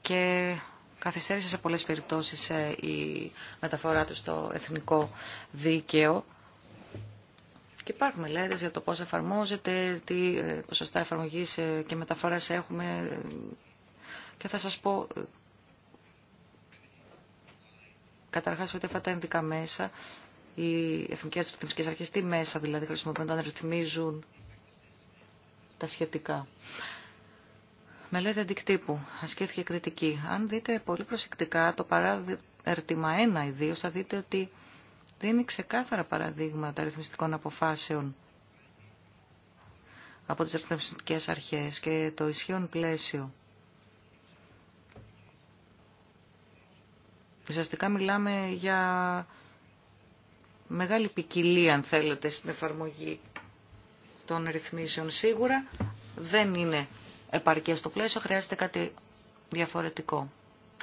και καθυστέρησε σε πολλές περιπτώσεις ε, η μεταφορά του στο εθνικό δίκαιο. Και υπάρχουν μελέτες για το πώς εφαρμόζεται, τι ε, ποσοστά εφαρμογής ε, και μεταφοράς έχουμε και θα σας πω ε, καταρχάς ότι αυτά τα ενδικά μέσα, οι εθνικές ρυθμιστικές αρχές, τι μέσα δηλαδή χρησιμοποιούν όταν ρυθμίζουν τα σχετικά. Μελέτη αντικτύπου. Ασκήθηκε κριτική. Αν δείτε πολύ προσεκτικά το παράδειγμα 1 2, θα δείτε ότι δίνει ξεκάθαρα παραδείγματα ρυθμιστικών αποφάσεων από τις ρυθμιστικές αρχές και το ισχύον πλαίσιο Ουσιαστικά μιλάμε για μεγάλη ποικιλία, αν θέλετε, στην εφαρμογή των ρυθμίσεων. Σίγουρα δεν είναι επαρκές στο πλαίσιο, χρειάζεται κάτι διαφορετικό.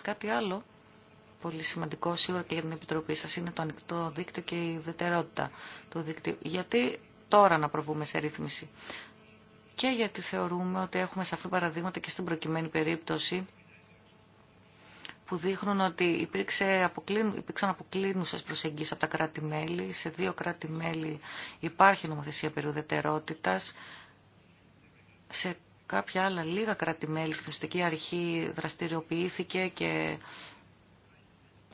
Κάτι άλλο πολύ σημαντικό σίγουρα και για την Επιτροπή σας είναι το ανοιχτό δίκτυο και η ιδιαιτερότητα του δίκτυου. Γιατί τώρα να προβούμε σε ρύθμιση. Και γιατί θεωρούμε ότι έχουμε σαφή παραδείγματα και στην προκειμένη περίπτωση που δείχνουν ότι υπήρξε αποκλίνου, υπήρξαν αποκλίνουσες προσεγγίσεις από τα κράτη-μέλη. Σε δύο κράτη-μέλη υπάρχει νομοθεσία περιουδετερότητας. Σε κάποια άλλα λίγα κράτη-μέλη, η αρχή δραστηριοποιήθηκε και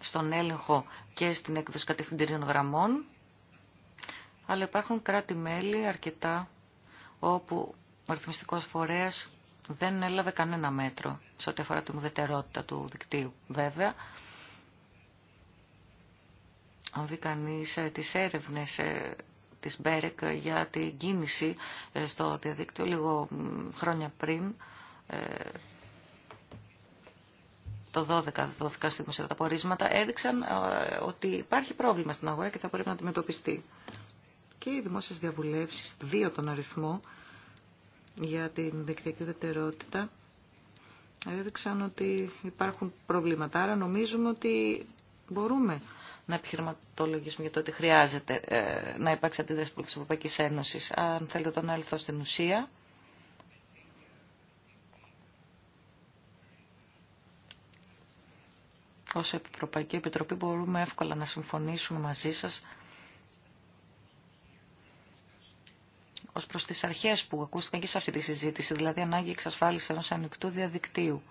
στον έλεγχο και στην έκδοση κατευθυντηρίων γραμμών. Αλλά υπάρχουν κράτη-μέλη αρκετά όπου ο αριθμιστικός φορέας δεν έλαβε κανένα μέτρο σε ό,τι αφορά την ουδετερότητα του δικτύου. Βέβαια, αν δει κανείς ε, τις έρευνες ε, της Μπέρεκ για την κίνηση ε, στο διαδίκτυο λίγο χρόνια πριν, το 12 δόθηκαν στη δημοσιοτήτα τα πορίσματα, έδειξαν ότι υπάρχει πρόβλημα στην αγορά και θα πρέπει να αντιμετωπιστεί. Και οι δημόσιες διαβουλεύσεις, δύο τον αριθμό, για την δικτυακή ουδετερότητα έδειξαν ότι υπάρχουν προβλήματα. Άρα νομίζουμε ότι μπορούμε να επιχειρηματολογήσουμε για το ότι χρειάζεται ε, να υπάρξει αντίδραση της Ευρωπαϊκής Ένωσης. Αν θέλετε τον έλθω στην ουσία. Ως Ευρωπαϊκή Επιτροπή μπορούμε εύκολα να συμφωνήσουμε μαζί σας Ω προ τι αρχέ που ακούστηκαν και σε αυτή τη συζήτηση, δηλαδή ανάγκη εξασφάλιση ενό ανοιχτού διαδικτύου.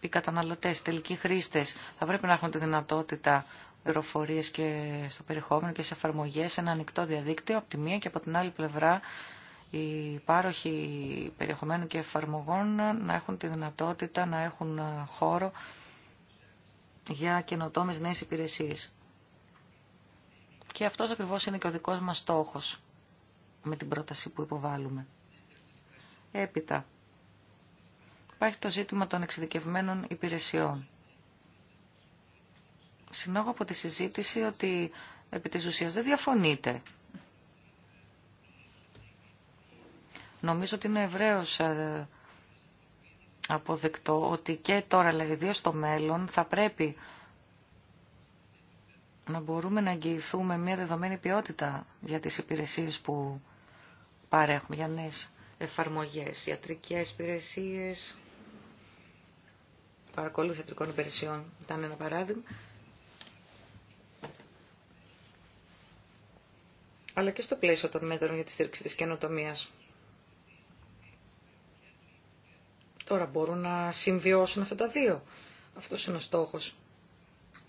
Οι καταναλωτέ, οι τελικοί χρήστε θα πρέπει να έχουν τη δυνατότητα πληροφορίε και στο περιεχόμενο και σε εφαρμογές, ένα ανοιχτό διαδίκτυο από τη μία και από την άλλη πλευρά οι πάροχοι περιεχομένου και εφαρμογών να έχουν τη δυνατότητα να έχουν χώρο για καινοτόμες νέες υπηρεσίες. Και αυτός ακριβώς είναι και ο δικό μας στόχος με την πρόταση που υποβάλλουμε. Έπειτα, υπάρχει το ζήτημα των εξειδικευμένων υπηρεσιών. Συνόγω από τη συζήτηση ότι επί της ουσίας δεν διαφωνείτε. Νομίζω ότι είναι ευρέως ε, αποδεκτό ότι και τώρα, αλλά δηλαδή, ιδίως στο μέλλον, θα πρέπει να μπορούμε να εγγυηθούμε μια δεδομένη ποιότητα για τις υπηρεσίες που παρέχουμε, για νέες εφαρμογές, ιατρικές υπηρεσίες, παρακολούθηση ιατρικών υπηρεσιών ήταν ένα παράδειγμα. αλλά και στο πλαίσιο των μέτρων για τη στήριξη της καινοτομίας. Τώρα μπορούν να συμβιώσουν αυτά τα δύο. Αυτός είναι ο στόχος.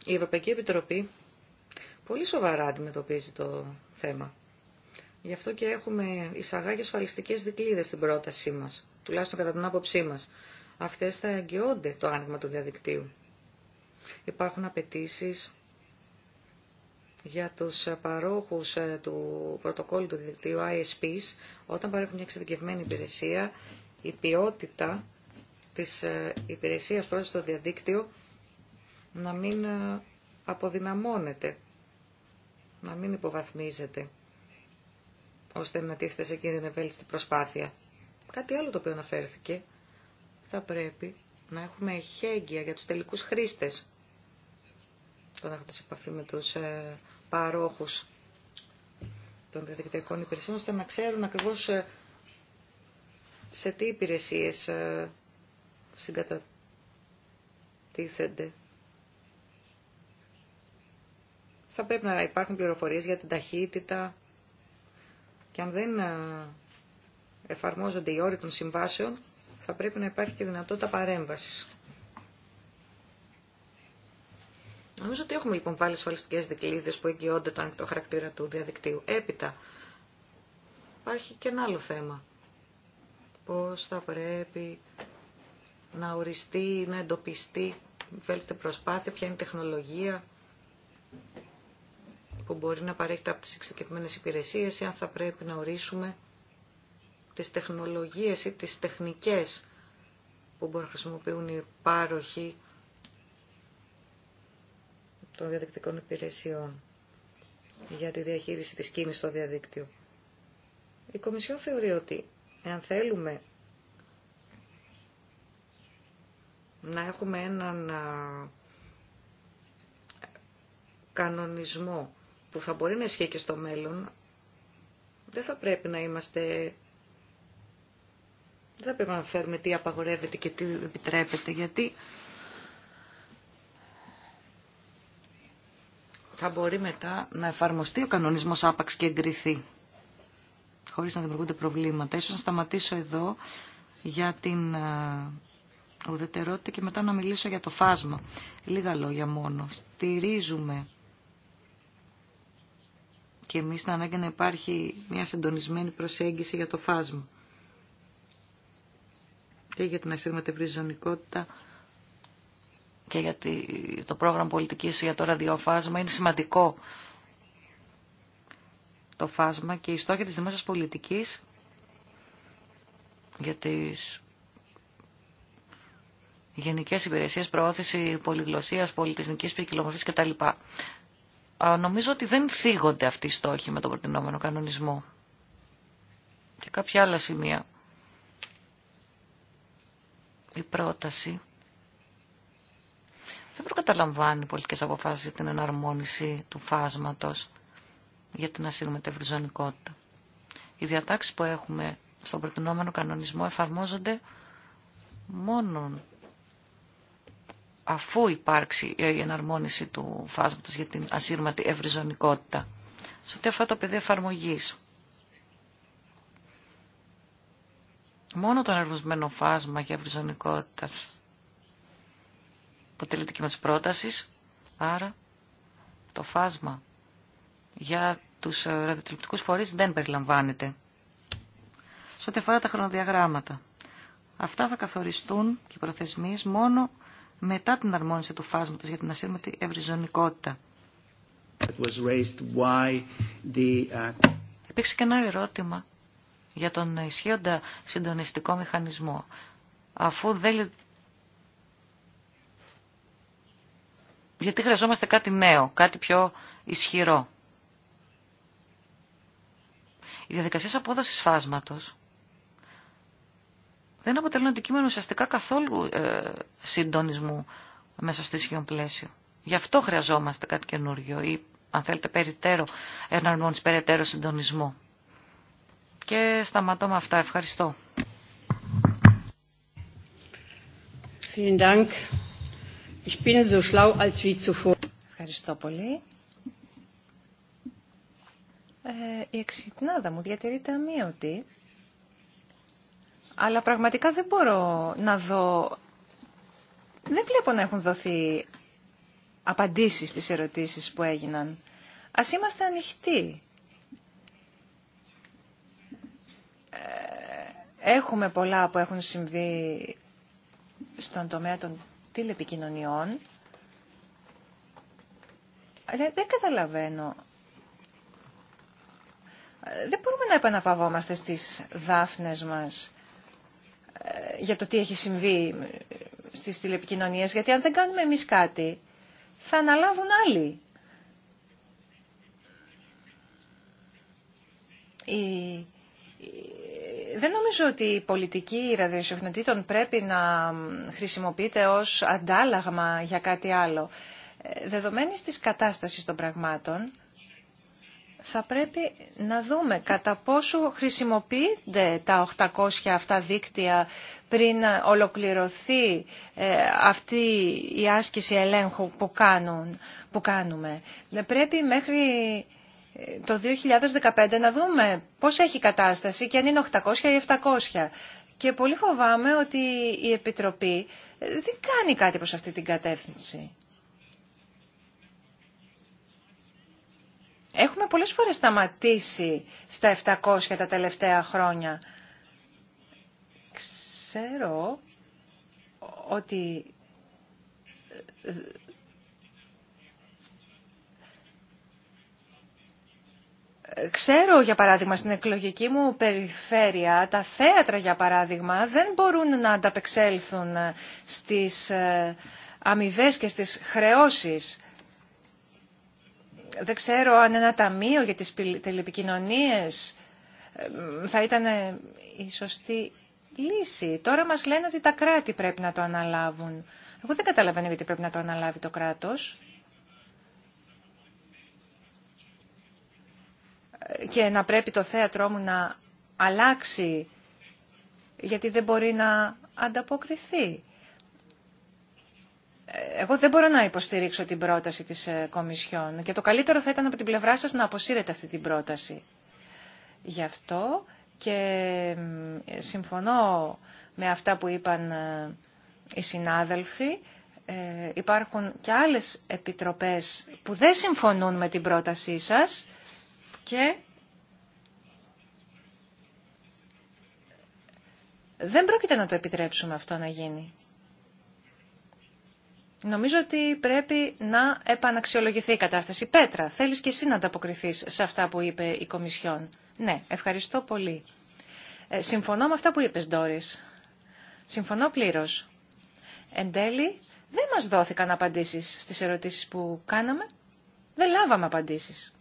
Η Ευρωπαϊκή Επιτροπή πολύ σοβαρά αντιμετωπίζει το θέμα. Γι' αυτό και έχουμε εισαγάγει ασφαλιστικέ δικλείδε στην πρότασή μα, τουλάχιστον κατά την άποψή μα. Αυτέ θα εγγυώνται το άνοιγμα του διαδικτύου. Υπάρχουν απαιτήσει για τους παρόχους ε, του πρωτοκόλλου του διαδικτύου ISPs, όταν παρέχουν μια εξειδικευμένη υπηρεσία, η ποιότητα της ε, υπηρεσίας προς το διαδίκτυο να μην ε, αποδυναμώνεται να μην υποβάθμιζετε ώστε να τίθεται σε κίνδυνο ευέλιστη προσπάθεια. Κάτι άλλο το οποίο αναφέρθηκε, θα πρέπει να έχουμε εχέγγυα για τους τελικούς χρήστες όταν να σε επαφή με τους ε, παρόχους των διαδικτυακών υπηρεσιών, ώστε να ξέρουν ακριβώς ε, σε τι υπηρεσίες ε, συγκατατίθενται. θα πρέπει να υπάρχουν πληροφορίες για την ταχύτητα και αν δεν ε, εφαρμόζονται οι όροι των συμβάσεων, θα πρέπει να υπάρχει και δυνατότητα παρέμβασης. Νομίζω ότι έχουμε λοιπόν πάλι ασφαλιστικέ δικλείδε που εγγυώνται το ανοιχτό χαρακτήρα του διαδικτύου. Έπειτα, υπάρχει και ένα άλλο θέμα. Πώ θα πρέπει να οριστεί, να εντοπιστεί, βέλτιστη προσπάθεια, ποια είναι η τεχνολογία που μπορεί να παρέχεται από τις εξειδικευμένες υπηρεσίες ή αν θα πρέπει να ορίσουμε τις τεχνολογίες ή τις τεχνικές που μπορούν να χρησιμοποιούν οι πάροχοι των διαδικτικών υπηρεσιών για τη διαχείριση της κίνησης στο διαδίκτυο. Η Κομισιόν θεωρεί ότι εάν θέλουμε να έχουμε έναν κανονισμό που θα μπορεί να ισχύει και στο μέλλον, δεν θα πρέπει να είμαστε... Δεν θα πρέπει να φέρουμε τι απαγορεύεται και τι επιτρέπεται, γιατί θα μπορεί μετά να εφαρμοστεί ο κανονισμός άπαξ και εγκριθεί, χωρίς να δημιουργούνται προβλήματα. Ίσως να σταματήσω εδώ για την ε, ουδετερότητα και μετά να μιλήσω για το φάσμα. Λίγα λόγια μόνο. Στηρίζουμε και εμεί την ανάγκη να υπάρχει μια συντονισμένη προσέγγιση για το φάσμα και για την ζωνικότητα και για το πρόγραμμα πολιτικής για το ραδιοφάσμα. Είναι σημαντικό το φάσμα και η στόχη της δημόσιας πολιτικής για τις γενικές υπηρεσίες, προώθηση πολυγλωσσίας, πολιτισμικής ποικιλομορφής κτλ νομίζω ότι δεν θίγονται αυτοί οι στόχοι με τον προτινόμενο κανονισμό. Και κάποια άλλα σημεία. Η πρόταση δεν προκαταλαμβάνει πολιτικές αποφάσεις για την εναρμόνιση του φάσματος για την ασύρμετευρυζωνικότητα. Οι διατάξεις που έχουμε στον προτινόμενο κανονισμό εφαρμόζονται μόνον αφού υπάρξει η εναρμόνιση του φάσματος για την ασύρματη ευρυζωνικότητα. Σε ό,τι αφορά το πεδίο εφαρμογή. Μόνο το ενεργοσμένο φάσμα για ευρυζωνικότητα αποτελεί το της πρότασης, άρα το φάσμα για τους ραδιοτηλεπτικούς φορείς δεν περιλαμβάνεται. Σε ό,τι αφορά τα χρονοδιαγράμματα. Αυτά θα καθοριστούν και οι προθεσμίες μόνο μετά την αρμόνιση του φάσματος για την ασύρματη ευρυζωνικότητα. Uh, Υπήρξε και ένα ερώτημα για τον ισχύοντα συντονιστικό μηχανισμό. Αφού δεν... Γιατί χρειαζόμαστε κάτι νέο, κάτι πιο ισχυρό. Οι διαδικασίες απόδοσης φάσματος δεν αποτελούν αντικείμενο ουσιαστικά καθόλου ε, συντονισμού μέσα στο ισχυρό πλαίσιο. Γι' αυτό χρειαζόμαστε κάτι με αυτά. Ευχαριστώ. Ευχαριστώ πολύ. ή αν θέλετε περιττέρω εναρμόνιση, περαιτέρω συντονισμό. Και σταματώ με αυτά. Ευχαριστώ. Ευχαριστώ πολύ. Ε, η εξυπνάδα μου διατηρείται αμύωτη αλλά πραγματικά δεν μπορώ να δω... Δεν βλέπω να έχουν δοθεί απαντήσεις στις ερωτήσεις που έγιναν. Ας είμαστε ανοιχτοί. Ε, έχουμε πολλά που έχουν συμβεί στον τομέα των τηλεπικοινωνιών. Αλλά δεν καταλαβαίνω. Ε, δεν μπορούμε να επαναπαυόμαστε στις δάφνες μας για το τι έχει συμβεί στις τηλεπικοινωνίες, γιατί αν δεν κάνουμε εμείς κάτι, θα αναλάβουν άλλοι. Δεν νομίζω ότι η πολιτική ραδιοσυχνοτήτων πρέπει να χρησιμοποιείται ως αντάλλαγμα για κάτι άλλο. Ε, δεδομένης της κατάστασης των πραγμάτων, θα πρέπει να δούμε κατά πόσο χρησιμοποιείται τα 800 αυτά δίκτυα πριν ολοκληρωθεί ε, αυτή η άσκηση ελέγχου που, κάνουν, που κάνουμε. Ε, πρέπει μέχρι ε, το 2015 να δούμε πώς έχει η κατάσταση και αν είναι 800 ή 700. Και πολύ φοβάμαι ότι η Επιτροπή δεν κάνει κάτι προς αυτή την κατεύθυνση. Έχουμε πολλές φορές σταματήσει στα 700 τα τελευταία χρόνια. Ξέρω ότι ε, ε, Ξέρω, για παράδειγμα, στην εκλογική μου περιφέρεια, τα θέατρα, για παράδειγμα, δεν μπορούν να ανταπεξέλθουν στις ε, αμοιβέ και στις χρεώσεις δεν ξέρω αν ένα ταμείο για τις τηλεπικοινωνίες ε, θα ήταν ε, η σωστή λύση. Τώρα μας λένε ότι τα κράτη πρέπει να το αναλάβουν. Εγώ δεν καταλαβαίνω γιατί πρέπει να το αναλάβει το κράτος. Ε, και να πρέπει το θέατρό μου να αλλάξει γιατί δεν μπορεί να ανταποκριθεί εγώ δεν μπορώ να υποστηρίξω την πρόταση της ε, Κομισιόν και το καλύτερο θα ήταν από την πλευρά σας να αποσύρετε αυτή την πρόταση. Γι' αυτό και συμφωνώ με αυτά που είπαν ε, οι συνάδελφοι. Ε, υπάρχουν και άλλες επιτροπές που δεν συμφωνούν με την πρότασή σας και δεν πρόκειται να το επιτρέψουμε αυτό να γίνει. Νομίζω ότι πρέπει να επαναξιολογηθεί η κατάσταση. Πέτρα, θέλεις και εσύ να ανταποκριθείς σε αυτά που είπε η Κομισιόν. Ναι, ευχαριστώ πολύ. Ε, συμφωνώ με αυτά που είπες, Ντόρις. Συμφωνώ πλήρως. Εν τέλει, δεν μας δόθηκαν απαντήσεις στις ερωτήσεις που κάναμε. Δεν λάβαμε απαντήσεις.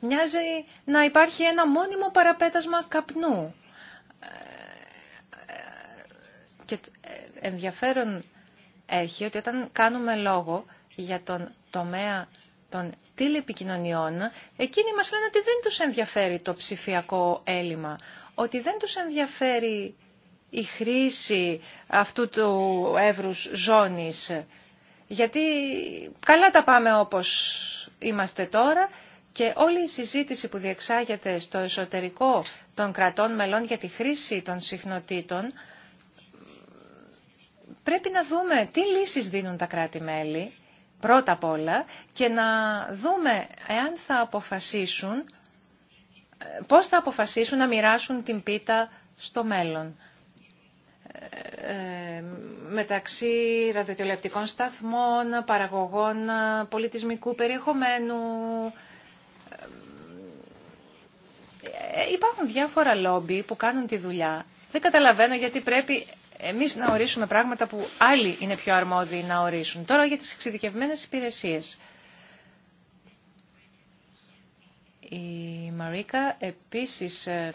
Μοιάζει να υπάρχει ένα μόνιμο παραπέτασμα καπνού ε, ενδιαφέρον έχει ότι όταν κάνουμε λόγο για τον τομέα των τηλεπικοινωνιών, εκείνοι μας λένε ότι δεν τους ενδιαφέρει το ψηφιακό έλλειμμα, ότι δεν τους ενδιαφέρει η χρήση αυτού του εύρους ζώνης, γιατί καλά τα πάμε όπως είμαστε τώρα και όλη η συζήτηση που διεξάγεται στο εσωτερικό των κρατών μελών για τη χρήση των συχνοτήτων Πρέπει να δούμε τι λύσεις δίνουν τα κράτη-μέλη πρώτα απ' όλα και να δούμε εάν θα αποφασίσουν, ε, πώς θα αποφασίσουν να μοιράσουν την πίτα στο μέλλον. Ε, ε, μεταξύ ραδιοτηλεπτικών σταθμών, παραγωγών πολιτισμικού περιεχομένου. υπάρχουν διάφορα λόμπι που κάνουν τη δουλειά. Δεν καταλαβαίνω γιατί πρέπει εμείς να ορίσουμε πράγματα που άλλοι είναι πιο αρμόδιοι να ορίσουν. Τώρα για τις εξειδικευμένες υπηρεσίες. Η Μαρίκα επίσης ε,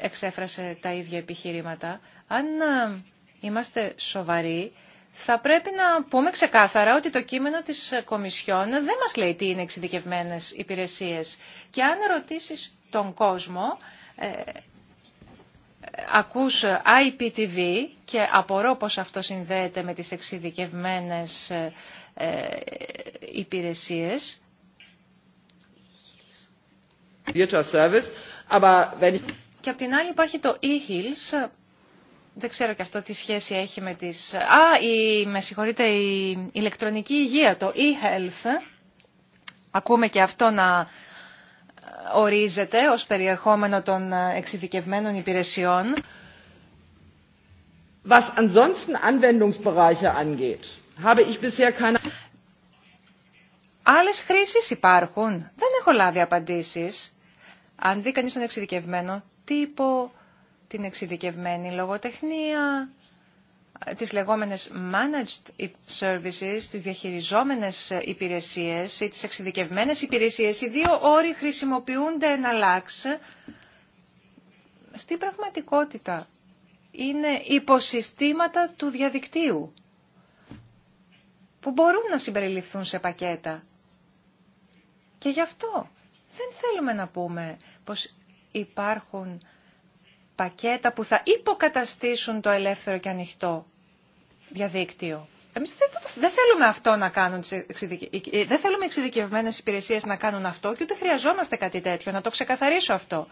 εξέφρασε τα ίδια επιχειρήματα. Αν ε, είμαστε σοβαροί, θα πρέπει να πούμε ξεκάθαρα ότι το κείμενο της Κομισιόν δεν μας λέει τι είναι εξειδικευμένες υπηρεσίες. Και αν ρωτήσεις τον κόσμο, ε, ακούς IPTV και απορώ πως αυτό συνδέεται με τις εξειδικευμένες ε, ε, υπηρεσίες. Και απ' την άλλη υπάρχει το e-hills, δεν ξέρω και αυτό τι σχέση έχει με τις... Α, η, με συγχωρείτε, η ηλεκτρονική υγεία, το e-health. Ακούμε και αυτό να ορίζεται ως περιεχόμενο των ε, εξειδικευμένων υπηρεσιών. Was ansonsten Anwendungsbereiche angeht, habe ich bisher keine... Άλλες χρήσεις υπάρχουν. Δεν έχω λάβει απαντήσεις. Αν δει κανείς τον εξειδικευμένο τύπο, την εξειδικευμένη λογοτεχνία, τις λεγόμενες managed services, τις διαχειριζόμενες υπηρεσίες ή τις εξειδικευμένες υπηρεσίες. Οι δύο όροι χρησιμοποιούνται εναλλάξ. Στην πραγματικότητα είναι υποσυστήματα του διαδικτύου που μπορούν να συμπεριληφθούν σε πακέτα. Και γι' αυτό δεν θέλουμε να πούμε πως υπάρχουν πακέτα που θα υποκαταστήσουν το ελεύθερο και ανοιχτό διαδίκτυο. Εμείς δεν, θέλουμε αυτό να κάνουν, ε, ε, δεν θέλουμε εξειδικευμένες υπηρεσίες να κάνουν αυτό και ούτε χρειαζόμαστε κάτι τέτοιο, να το ξεκαθαρίσω αυτό.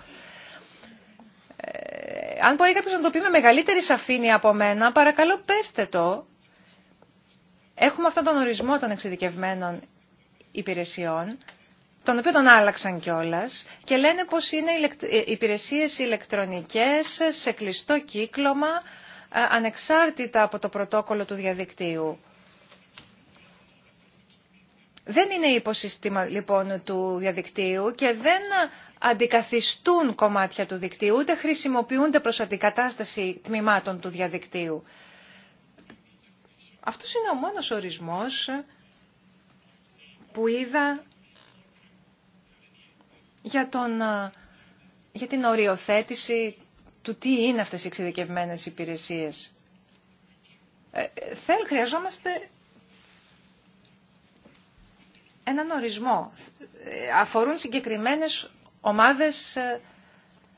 Ε, αν μπορεί κάποιος να το πει με μεγαλύτερη σαφήνεια από μένα, παρακαλώ πέστε το. Έχουμε αυτόν τον ορισμό των εξειδικευμένων υπηρεσιών τον οποίο τον άλλαξαν κιόλα και λένε πως είναι ε, υπηρεσίες ηλεκτρονικές σε κλειστό κύκλωμα ε, ανεξάρτητα από το πρωτόκολλο του διαδικτύου. Δεν είναι υποσύστημα λοιπόν του διαδικτύου και δεν αντικαθιστούν κομμάτια του δικτύου, ούτε χρησιμοποιούνται προς αντικατάσταση τμήματων του διαδικτύου. Αυτός είναι ο μόνος ορισμός που είδα για, τον, ε, την οριοθέτηση του τι είναι αυτές οι εξειδικευμένες υπηρεσίες. Ε, θέλ, χρειαζόμαστε έναν ορισμό. Ε, αφορούν συγκεκριμένες ομάδες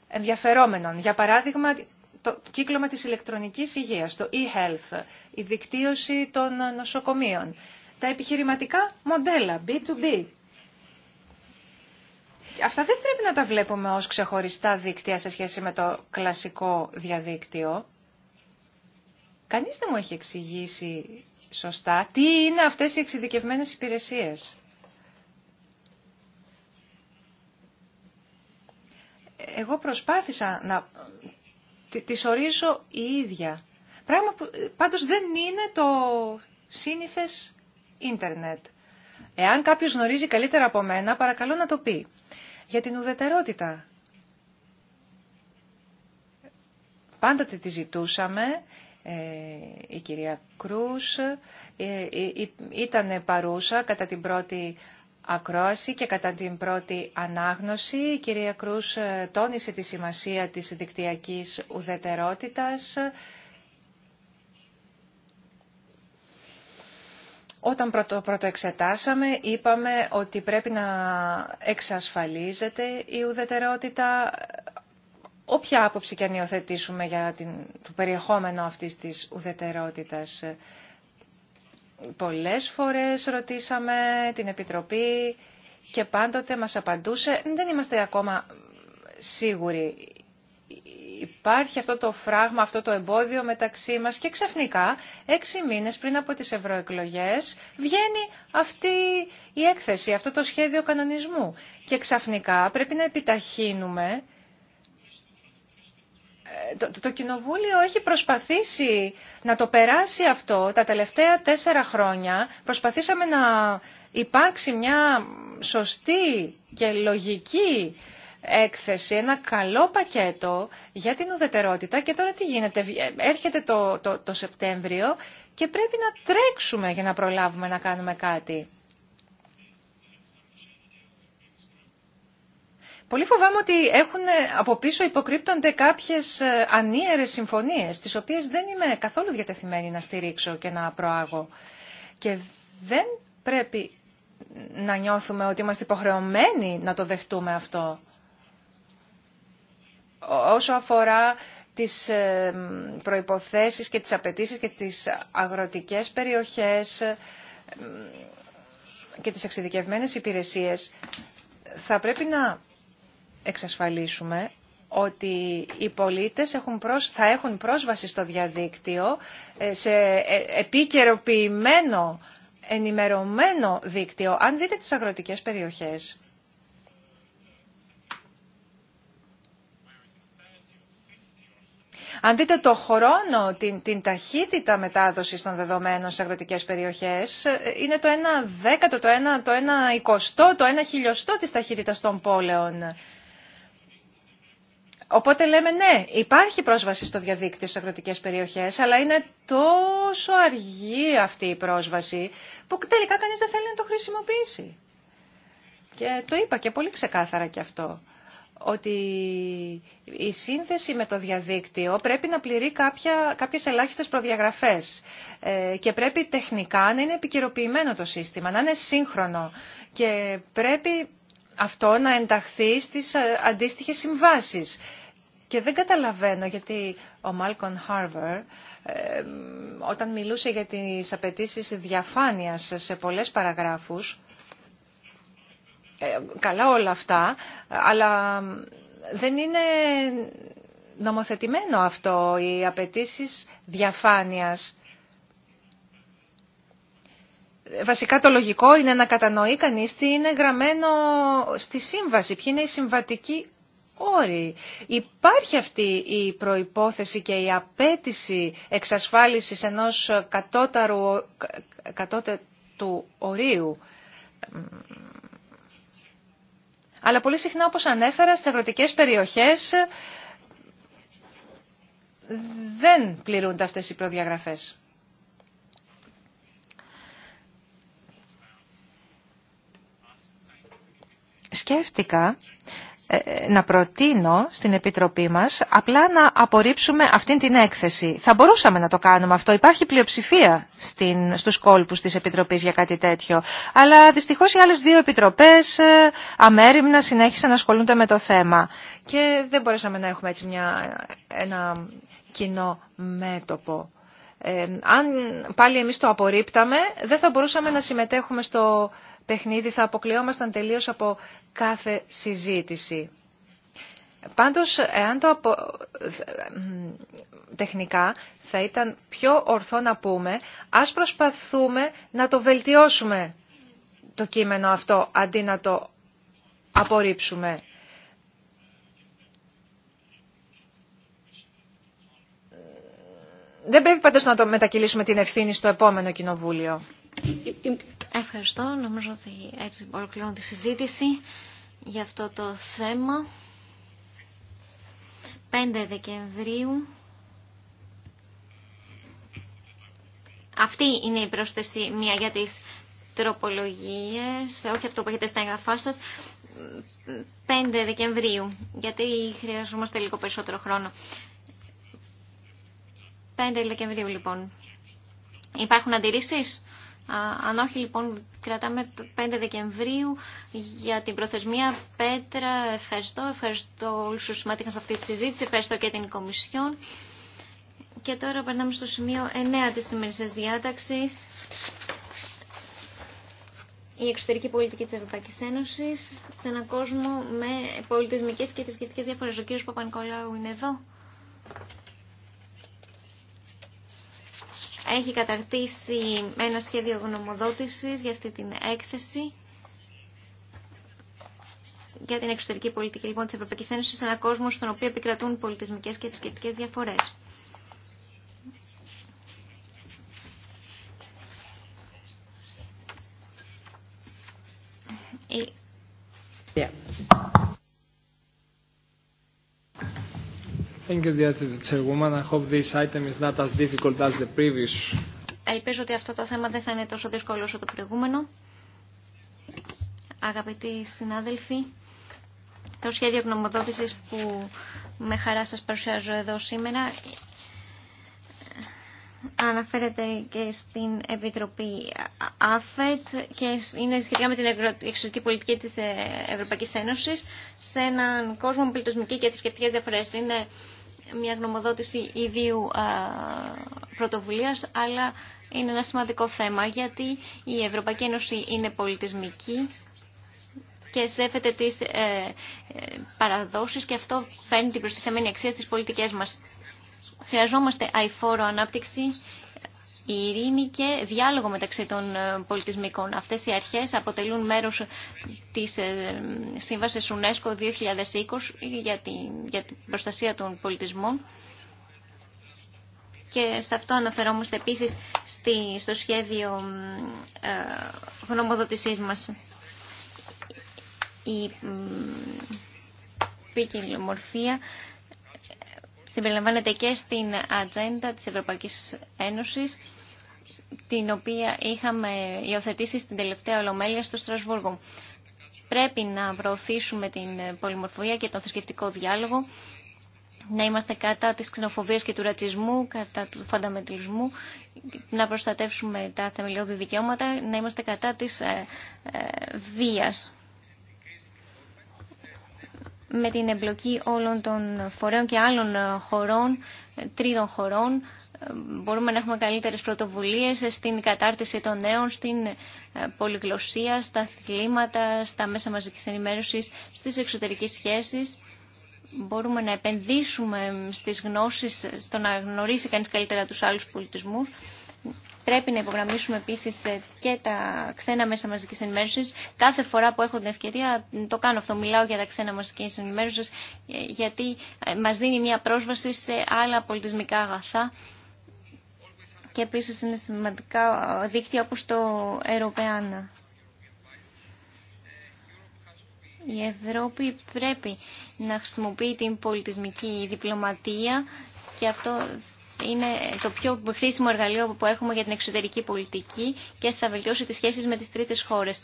ενδιαφερόμενων. Για παράδειγμα, το κύκλωμα της ηλεκτρονικής υγείας, το e-health, η δικτύωση των νοσοκομείων, τα επιχειρηματικά μοντέλα, B2B, αυτά δεν πρέπει να τα βλέπουμε ως ξεχωριστά δίκτυα σε σχέση με το κλασικό διαδίκτυο. Κανείς δεν μου έχει εξηγήσει σωστά τι είναι αυτές οι εξειδικευμένες υπηρεσίες. Εγώ προσπάθησα να τις ορίσω η ίδια. Πράγμα ε, πάντως δεν είναι το σύνηθες ίντερνετ. Εάν κάποιος γνωρίζει καλύτερα από μένα, παρακαλώ να το πει για την ουδετερότητα. Πάντοτε τη ζητούσαμε, ε, η κυρία Κρούς ε, ε, ήταν παρούσα κατά την πρώτη ακρόαση και κατά την πρώτη ανάγνωση. Η κυρία Κρούς τόνισε τη σημασία της δικτυακής ουδετερότητας Όταν πρώτο, είπαμε ότι πρέπει να εξασφαλίζεται η ουδετερότητα όποια άποψη και αν υιοθετήσουμε για την, το περιεχόμενο αυτής της ουδετερότητας. Πολλές φορές ρωτήσαμε την Επιτροπή και πάντοτε μας απαντούσε δεν είμαστε ακόμα σίγουροι υπάρχει αυτό το φράγμα, αυτό το εμπόδιο μεταξύ μας και ξαφνικά έξι μήνες πριν από τις ευρωεκλογές βγαίνει αυτή η έκθεση, αυτό το σχέδιο κανονισμού και ξαφνικά πρέπει να επιταχύνουμε ε, το, το, το Κοινοβούλιο έχει προσπαθήσει να το περάσει αυτό τα τελευταία τέσσερα χρόνια. Προσπαθήσαμε να υπάρξει μια σωστή και λογική έκθεση, ένα καλό πακέτο για την ουδετερότητα και τώρα τι γίνεται, ε, έρχεται το, το, το Σεπτέμβριο και πρέπει να τρέξουμε για να προλάβουμε να κάνουμε κάτι. Πολύ φοβάμαι ότι έχουν ε, από πίσω υποκρύπτονται κάποιες ε, ανίερες συμφωνίες, τις οποίες δεν είμαι καθόλου διατεθειμένη να στηρίξω και να προάγω. Και δεν πρέπει να νιώθουμε ότι είμαστε υποχρεωμένοι να το δεχτούμε αυτό. Όσο αφορά τις ε, προϋποθέσεις και τις απαιτήσεις και τις αγροτικές περιοχές ε, και τις εξειδικευμένες υπηρεσίες, θα πρέπει να εξασφαλίσουμε ότι οι πολίτες έχουν θα έχουν πρόσβαση στο διαδίκτυο ε, σε επικαιροποιημένο, ενημερωμένο δίκτυο. Αν δείτε τις αγροτικές περιοχές, Αν δείτε το χρόνο, την, την ταχύτητα μετάδοσης των δεδομένων σε αγροτικές περιοχές, ε, είναι το ένα δέκατο, το 1, το εικοστό, το ένα χιλιοστό της ταχύτητας των πόλεων. Οπότε λέμε ναι, υπάρχει πρόσβαση στο διαδίκτυο σε αγροτικές περιοχές, αλλά είναι τόσο αργή αυτή η πρόσβαση που τελικά κανείς δεν θέλει να το χρησιμοποιήσει. Και το είπα και πολύ ξεκάθαρα και αυτό ότι η σύνθεση με το διαδίκτυο πρέπει να πληρεί κάποια, κάποιες ελάχιστες προδιαγραφές ε, και πρέπει τεχνικά να είναι επικαιροποιημένο το σύστημα, να είναι σύγχρονο και πρέπει αυτό να ενταχθεί στις ε, αντίστοιχες συμβάσεις. Και δεν καταλαβαίνω γιατί ο Μάλκον Χάρβερ όταν μιλούσε για τις απαιτήσει διαφάνειας σε πολλές παραγράφους ε, καλά όλα αυτά, αλλά δεν είναι νομοθετημένο αυτό, οι απαιτήσει διαφάνειας. Βασικά το λογικό είναι να κατανοεί κανείς τι είναι γραμμένο στη σύμβαση, ποιοι είναι οι συμβατικοί όροι. Υπάρχει αυτή η προϋπόθεση και η απέτηση εξασφάλισης ενός κατώταρου, κατώτε του ορίου. Αλλά πολύ συχνά, όπως ανέφερα, στις αγροτικές περιοχές δεν πληρούνται αυτές οι προδιαγραφές. Σκέφτηκα ε, να προτείνω στην Επιτροπή μας απλά να απορρίψουμε αυτήν την έκθεση. Θα μπορούσαμε να το κάνουμε αυτό. Υπάρχει πλειοψηφία στην, στους κόλπους της Επιτροπής για κάτι τέτοιο. Αλλά δυστυχώς οι άλλες δύο Επιτροπές ε, αμέριμνα συνέχισαν να ασχολούνται με το θέμα. Και δεν μπορέσαμε να έχουμε έτσι μια, ένα κοινό μέτωπο. Ε, αν πάλι εμείς το απορρίπταμε, δεν θα μπορούσαμε να συμμετέχουμε στο παιχνίδι θα αποκλειόμασταν τελείως από κάθε συζήτηση. Πάντως, εάν το απο... τεχνικά θα ήταν πιο ορθό να πούμε, ας προσπαθούμε να το βελτιώσουμε το κείμενο αυτό, αντί να το απορρίψουμε. Δεν πρέπει πάντως να το μετακυλήσουμε την ευθύνη στο επόμενο κοινοβούλιο. Ευχαριστώ. Νομίζω ότι έτσι ολοκληρώνω τη συζήτηση για αυτό το θέμα. 5 Δεκεμβρίου. Αυτή είναι η πρόσθεση μία για τις τροπολογίες, όχι αυτό που έχετε στα εγγραφά σας, 5 Δεκεμβρίου, γιατί χρειαζόμαστε λίγο περισσότερο χρόνο. 5 Δεκεμβρίου λοιπόν. Υπάρχουν αντιρρήσεις? αν όχι λοιπόν κρατάμε το 5 Δεκεμβρίου για την προθεσμία Πέτρα. Ευχαριστώ, ευχαριστώ όλους τους συμμετείχαν σε αυτή τη συζήτηση, ευχαριστώ και την Κομισιόν. Και τώρα περνάμε στο σημείο 9 της σημερινής διάταξης. Η εξωτερική πολιτική της Ευρωπαϊκής Ένωσης σε έναν κόσμο με πολιτισμικές και θρησκευτικές διαφορές. Ο κύριος Παπανικολάου είναι εδώ έχει καταρτήσει ένα σχέδιο γνωμοδότησης για αυτή την έκθεση για την εξωτερική πολιτική λοιπόν της Ευρωπαϊκής Ένωσης σε έναν κόσμο στον οποίο επικρατούν πολιτισμικές και θρησκευτικές διαφορές. Yeah. Thank Ελπίζω ότι αυτό το θέμα δεν θα είναι τόσο δύσκολο όσο το προηγούμενο. Αγαπητοί συνάδελφοι, το σχέδιο γνωμοδότησης που με χαρά σας παρουσιάζω εδώ σήμερα ε, αναφέρεται και στην Επιτροπή ΑΦΕΤ και είναι σχετικά με την εξωτερική πολιτική της ε, Ευρωπαϊκής Ένωσης σε έναν κόσμο με πολιτισμική και θρησκευτικές διαφορές. Είναι μια γνωμοδότηση ιδίου πρωτοβουλίας, αλλά είναι ένα σημαντικό θέμα γιατί η Ευρωπαϊκή Ένωση είναι πολιτισμική και σέφεται τις ε, ε, παραδόσεις και αυτό φέρνει την προστιθεμένη αξία στις πολιτικές μας. Χρειαζόμαστε αηφόρο ανάπτυξη η ειρήνη και διάλογο μεταξύ των ε, πολιτισμικών. Αυτές οι αρχές αποτελούν μέρος της ε, Σύμβασης UNESCO 2020 για την προστασία των πολιτισμών και σε αυτό αναφερόμαστε επίσης στο σχέδιο ε, γνωμοδοτησής μας. Η μορφία συμπεριλαμβάνεται και στην ατζέντα της Ευρωπαϊκής Ένωσης την οποία είχαμε υιοθετήσει στην τελευταία Ολομέλεια στο Στρασβούργο. Πρέπει να προωθήσουμε την πολυμορφία και τον θρησκευτικό διάλογο, να είμαστε κατά της ξενοφοβίας και του ρατσισμού, κατά του φανταμετρισμού, να προστατεύσουμε τα θεμελιώδη δικαιώματα, να είμαστε κατά της ε, ε, βίας με την εμπλοκή όλων των φορέων και άλλων χωρών, τρίτων χωρών, μπορούμε να έχουμε καλύτερες πρωτοβουλίες στην κατάρτιση των νέων, στην ε, πολυγλωσία, στα αθλήματα, στα μέσα μαζικής ενημέρωσης, στις εξωτερικές σχέσεις. Μπορούμε να επενδύσουμε στις γνώσεις, στο να γνωρίσει κανείς καλύτερα τους άλλους πολιτισμούς Πρέπει να υπογραμμίσουμε επίση ε, και τα ξένα μέσα μαζική ενημέρωση. Κάθε φορά που έχω την ευκαιρία το κάνω αυτό. Μιλάω για τα ξένα μαζική ενημέρωση ε, γιατί ε, μα δίνει μια πρόσβαση σε άλλα πολιτισμικά αγαθά. Και επίση είναι σημαντικά δίκτυα όπω το Ευρωπαϊκό. Η Ευρώπη πρέπει να χρησιμοποιεί την πολιτισμική διπλωματία και αυτό είναι το πιο χρήσιμο εργαλείο που έχουμε για την εξωτερική πολιτική και θα βελτιώσει τις σχέσεις με τις τρίτες χώρες.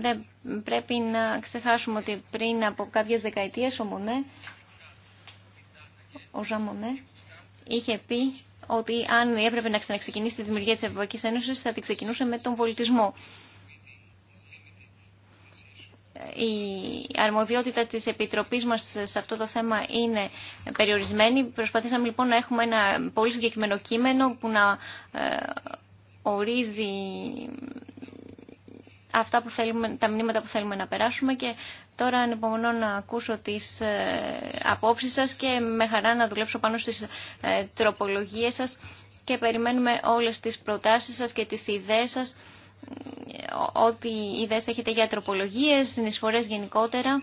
Δεν πρέπει να ξεχάσουμε ότι πριν από κάποιες δεκαετίες ο Μονέ, ο Ζαμονέ, είχε πει ότι αν έπρεπε να ξαναξεκινήσει τη δημιουργία της Ευρωπαϊκής Ένωσης θα την ξεκινούσε με τον πολιτισμό η αρμοδιότητα της Επιτροπής μας σε αυτό το θέμα είναι περιορισμένη. Προσπαθήσαμε λοιπόν να έχουμε ένα πολύ συγκεκριμένο κείμενο που να ε, ορίζει αυτά που θέλουμε, τα μηνύματα που θέλουμε να περάσουμε και τώρα ανυπομονώ να ακούσω τις ε, απόψεις σας και με χαρά να δουλέψω πάνω στις ε, τροπολογίες σας και περιμένουμε όλες τις προτάσεις σας και τις ιδέες σας ε, ό,τι ιδέες έχετε για τροπολογίες, συνεισφορές γενικότερα.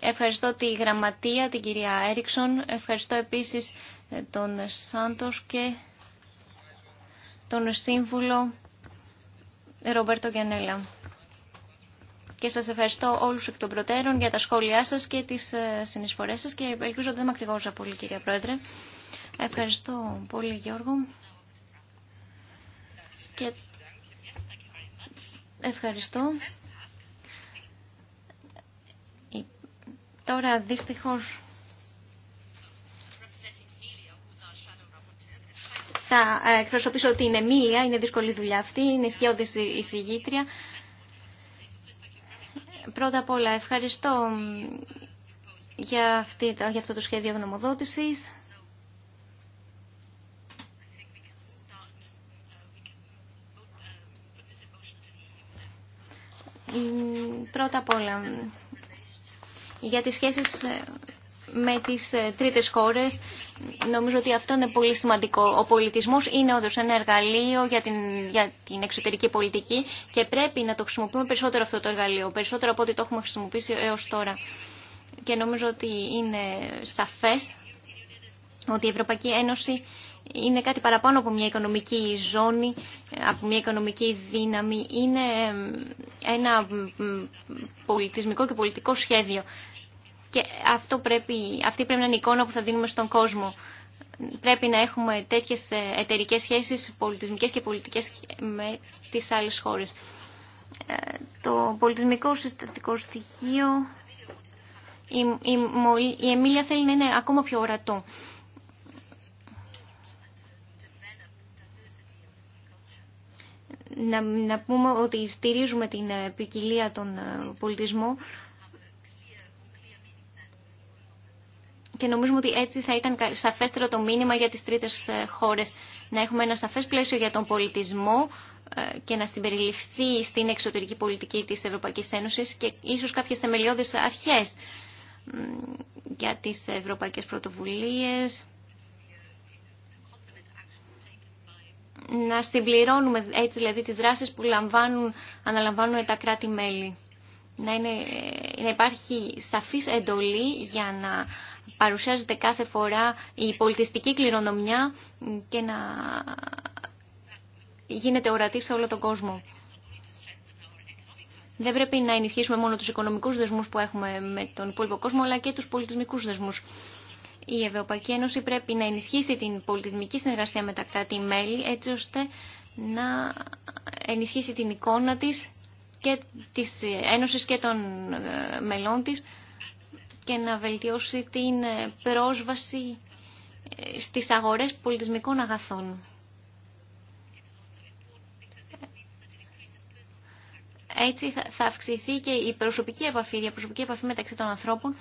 Ευχαριστώ τη γραμματεία, την κυρία Έριξον. Ευχαριστώ επίσης ε, τον Σάντος και τον σύμβουλο ε, Ρομπέρτο Γιανέλα. Και σας ευχαριστώ όλους εκ των προτέρων για τα σχόλιά σας και τις συνεισφορές σας και ελπίζω ότι δεν μακρηγόρησα πολύ κυρία Πρόεδρε. Ευχαριστώ πολύ Γιώργο. Ευχαριστώ. Τώρα δυστυχώς θα ε, εκπροσωπήσω ότι είναι μία, είναι δύσκολη δουλειά αυτή, είναι σκιώδης η συγγήτρια. Πρώτα απ' όλα ευχαριστώ για, αυτή, για αυτό το σχέδιο γνωμοδότησης. Πρώτα απ' όλα, για τις σχέσεις ε, με τις ε, τρίτες χώρες. Νομίζω ότι αυτό είναι πολύ σημαντικό. Ο πολιτισμός είναι όντως ένα εργαλείο για την, για την εξωτερική πολιτική και πρέπει να το χρησιμοποιούμε περισσότερο αυτό το εργαλείο, περισσότερο από ό,τι το έχουμε χρησιμοποιήσει έως τώρα. Και νομίζω ότι είναι σαφές ότι η Ευρωπαϊκή Ένωση είναι κάτι παραπάνω από μια οικονομική ζώνη, από μια οικονομική δύναμη. Είναι ένα πολιτισμικό και πολιτικό σχέδιο. Και αυτό πρέπει, αυτή πρέπει να είναι η εικόνα που θα δίνουμε στον κόσμο. Πρέπει να έχουμε τέτοιες ε, εταιρικές σχέσεις πολιτισμικές και πολιτικές με τις άλλες χώρες. Ε, το πολιτισμικό συστατικό στοιχείο, η, η, η Εμίλια θέλει να είναι ακόμα πιο ορατό. να, να πούμε ότι στηρίζουμε την ε, ποικιλία των ε, πολιτισμών και νομίζουμε ότι έτσι θα ήταν σαφέστερο το μήνυμα για τις τρίτες ε, χώρες. Να έχουμε ένα σαφές πλαίσιο για τον πολιτισμό και να συμπεριληφθεί στην εξωτερική πολιτική της Ευρωπαϊκής Ένωσης και ίσως κάποιες θεμελιώδεις αρχές για τις ευρωπαϊκές πρωτοβουλίες να συμπληρώνουμε έτσι δηλαδή τις δράσεις που λαμβάνουν, αναλαμβάνουν τα κράτη-μέλη. Να, να υπάρχει σαφής εντολή για να παρουσιάζεται κάθε φορά η πολιτιστική κληρονομιά και να γίνεται ορατή σε όλο τον κόσμο. Δεν πρέπει να ενισχύσουμε μόνο τους οικονομικούς δεσμούς που έχουμε με τον υπόλοιπο κόσμο, αλλά και τους πολιτισμικούς δεσμούς η Ευρωπαϊκή Ένωση πρέπει να ενισχύσει την πολιτισμική συνεργασία με τα κράτη-μέλη έτσι ώστε να ενισχύσει την εικόνα της και της Ένωσης και των ε, μελών της και να βελτιώσει την ε, πρόσβαση ε, στις αγορές πολιτισμικών αγαθών. Έτσι θα αυξηθεί και η προσωπική επαφή, η προσωπική επαφή μεταξύ των ανθρώπων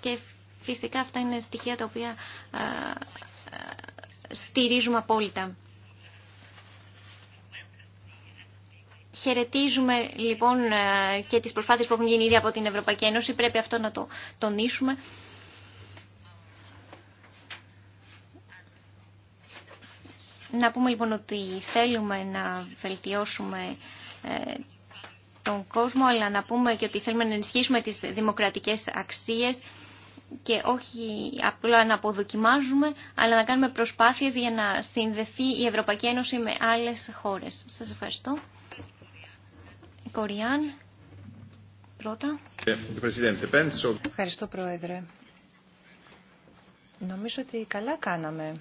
και Φυσικά αυτά είναι στοιχεία τα οποία ε, ε, στηρίζουμε απόλυτα. Χαιρετίζουμε λοιπόν ε, και τις προσπάθειες που έχουν γίνει ήδη από την Ευρωπαϊκή Ένωση. Πρέπει αυτό να το τονίσουμε. Να πούμε λοιπόν ότι θέλουμε να βελτιώσουμε τον κόσμο, αλλά να πούμε και ότι θέλουμε να ενισχύσουμε τις δημοκρατικές αξίες και όχι απλά να αποδοκιμάζουμε, αλλά να κάνουμε προσπάθειες για να συνδεθεί η Ευρωπαϊκή Ένωση με άλλες χώρες. Σας ευχαριστώ. Κοριάν, πρώτα. Ε, ευχαριστώ, Πρόεδρε. Νομίζω ότι καλά κάναμε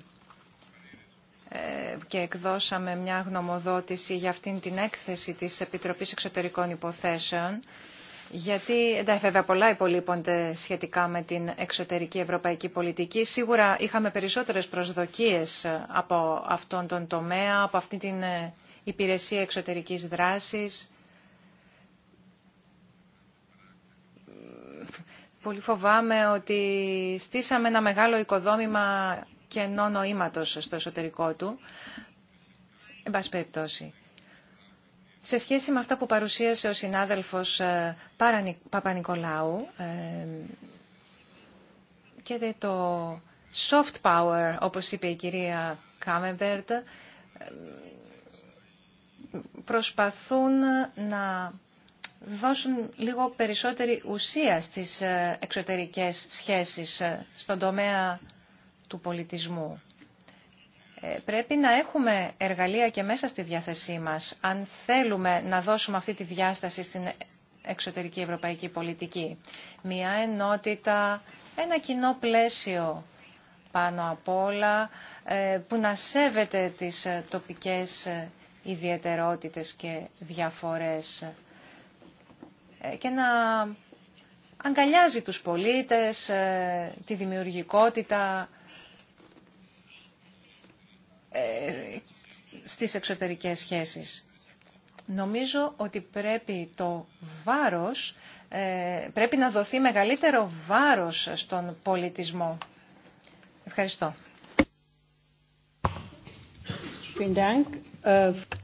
ε, και εκδώσαμε μια γνωμοδότηση για αυτήν την έκθεση της Επιτροπής Εξωτερικών Υποθέσεων γιατί, εντάξει βέβαια πολλά υπολείπονται σχετικά με την εξωτερική ευρωπαϊκή πολιτική. Σίγουρα είχαμε περισσότερες προσδοκίες ε, από αυτόν τον τομέα, από αυτή την ε, υπηρεσία εξωτερικής δράσης. Πολύ φοβάμαι ότι στήσαμε ένα μεγάλο οικοδόμημα κενό νοήματος στο εσωτερικό του. Εν περιπτώσει. Σε σχέση με αυτά που παρουσίασε ο συνάδελφος ε, Παπα-Νικολάου ε, και το soft power, όπως είπε η κυρία Κάμεμπερτ, ε, προσπαθούν να δώσουν λίγο περισσότερη ουσία στις εξωτερικές σχέσεις στον τομέα του πολιτισμού. Ε, πρέπει να έχουμε εργαλεία και μέσα στη διάθεσή μας, αν θέλουμε να δώσουμε αυτή τη διάσταση στην εξωτερική ευρωπαϊκή πολιτική. Μια ενότητα, ένα κοινό πλαίσιο πάνω απ' όλα, ε, που να σέβεται τις ε, τοπικές ιδιαιτερότητες και διαφορές και να αγκαλιάζει τους πολίτες, τη δημιουργικότητα, ε, στις εξωτερικές σχέσεις. Νομίζω ότι πρέπει το βάρος, ε, πρέπει να δοθεί μεγαλύτερο βάρος στον πολιτισμό. Ευχαριστώ.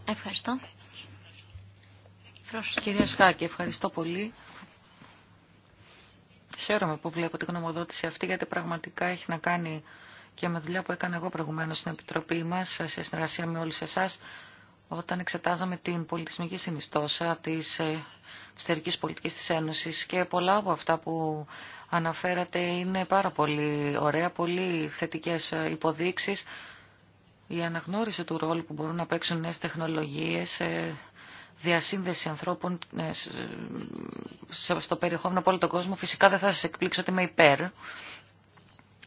Ευχαριστώ. Κυρία Σκάκη, ευχαριστώ πολύ. Χαίρομαι που βλέπω την γνωμοδότηση αυτή γιατί πραγματικά έχει να κάνει και με δουλειά που έκανα εγώ προηγουμένως στην Επιτροπή μας, σε συνεργασία με όλου εσά, όταν εξετάζαμε την πολιτισμική συνιστόσα τη ε, εξωτερική πολιτικής τη Ένωση και πολλά από αυτά που αναφέρατε είναι πάρα πολύ ωραία, πολύ θετικές ε, υποδείξεις. Η αναγνώριση του ρόλου που μπορούν να παίξουν νέε τεχνολογίες, ε, διασύνδεση ανθρώπων στο περιεχόμενο από όλο τον κόσμο, φυσικά δεν θα σα εκπλήξω ότι είμαι υπέρ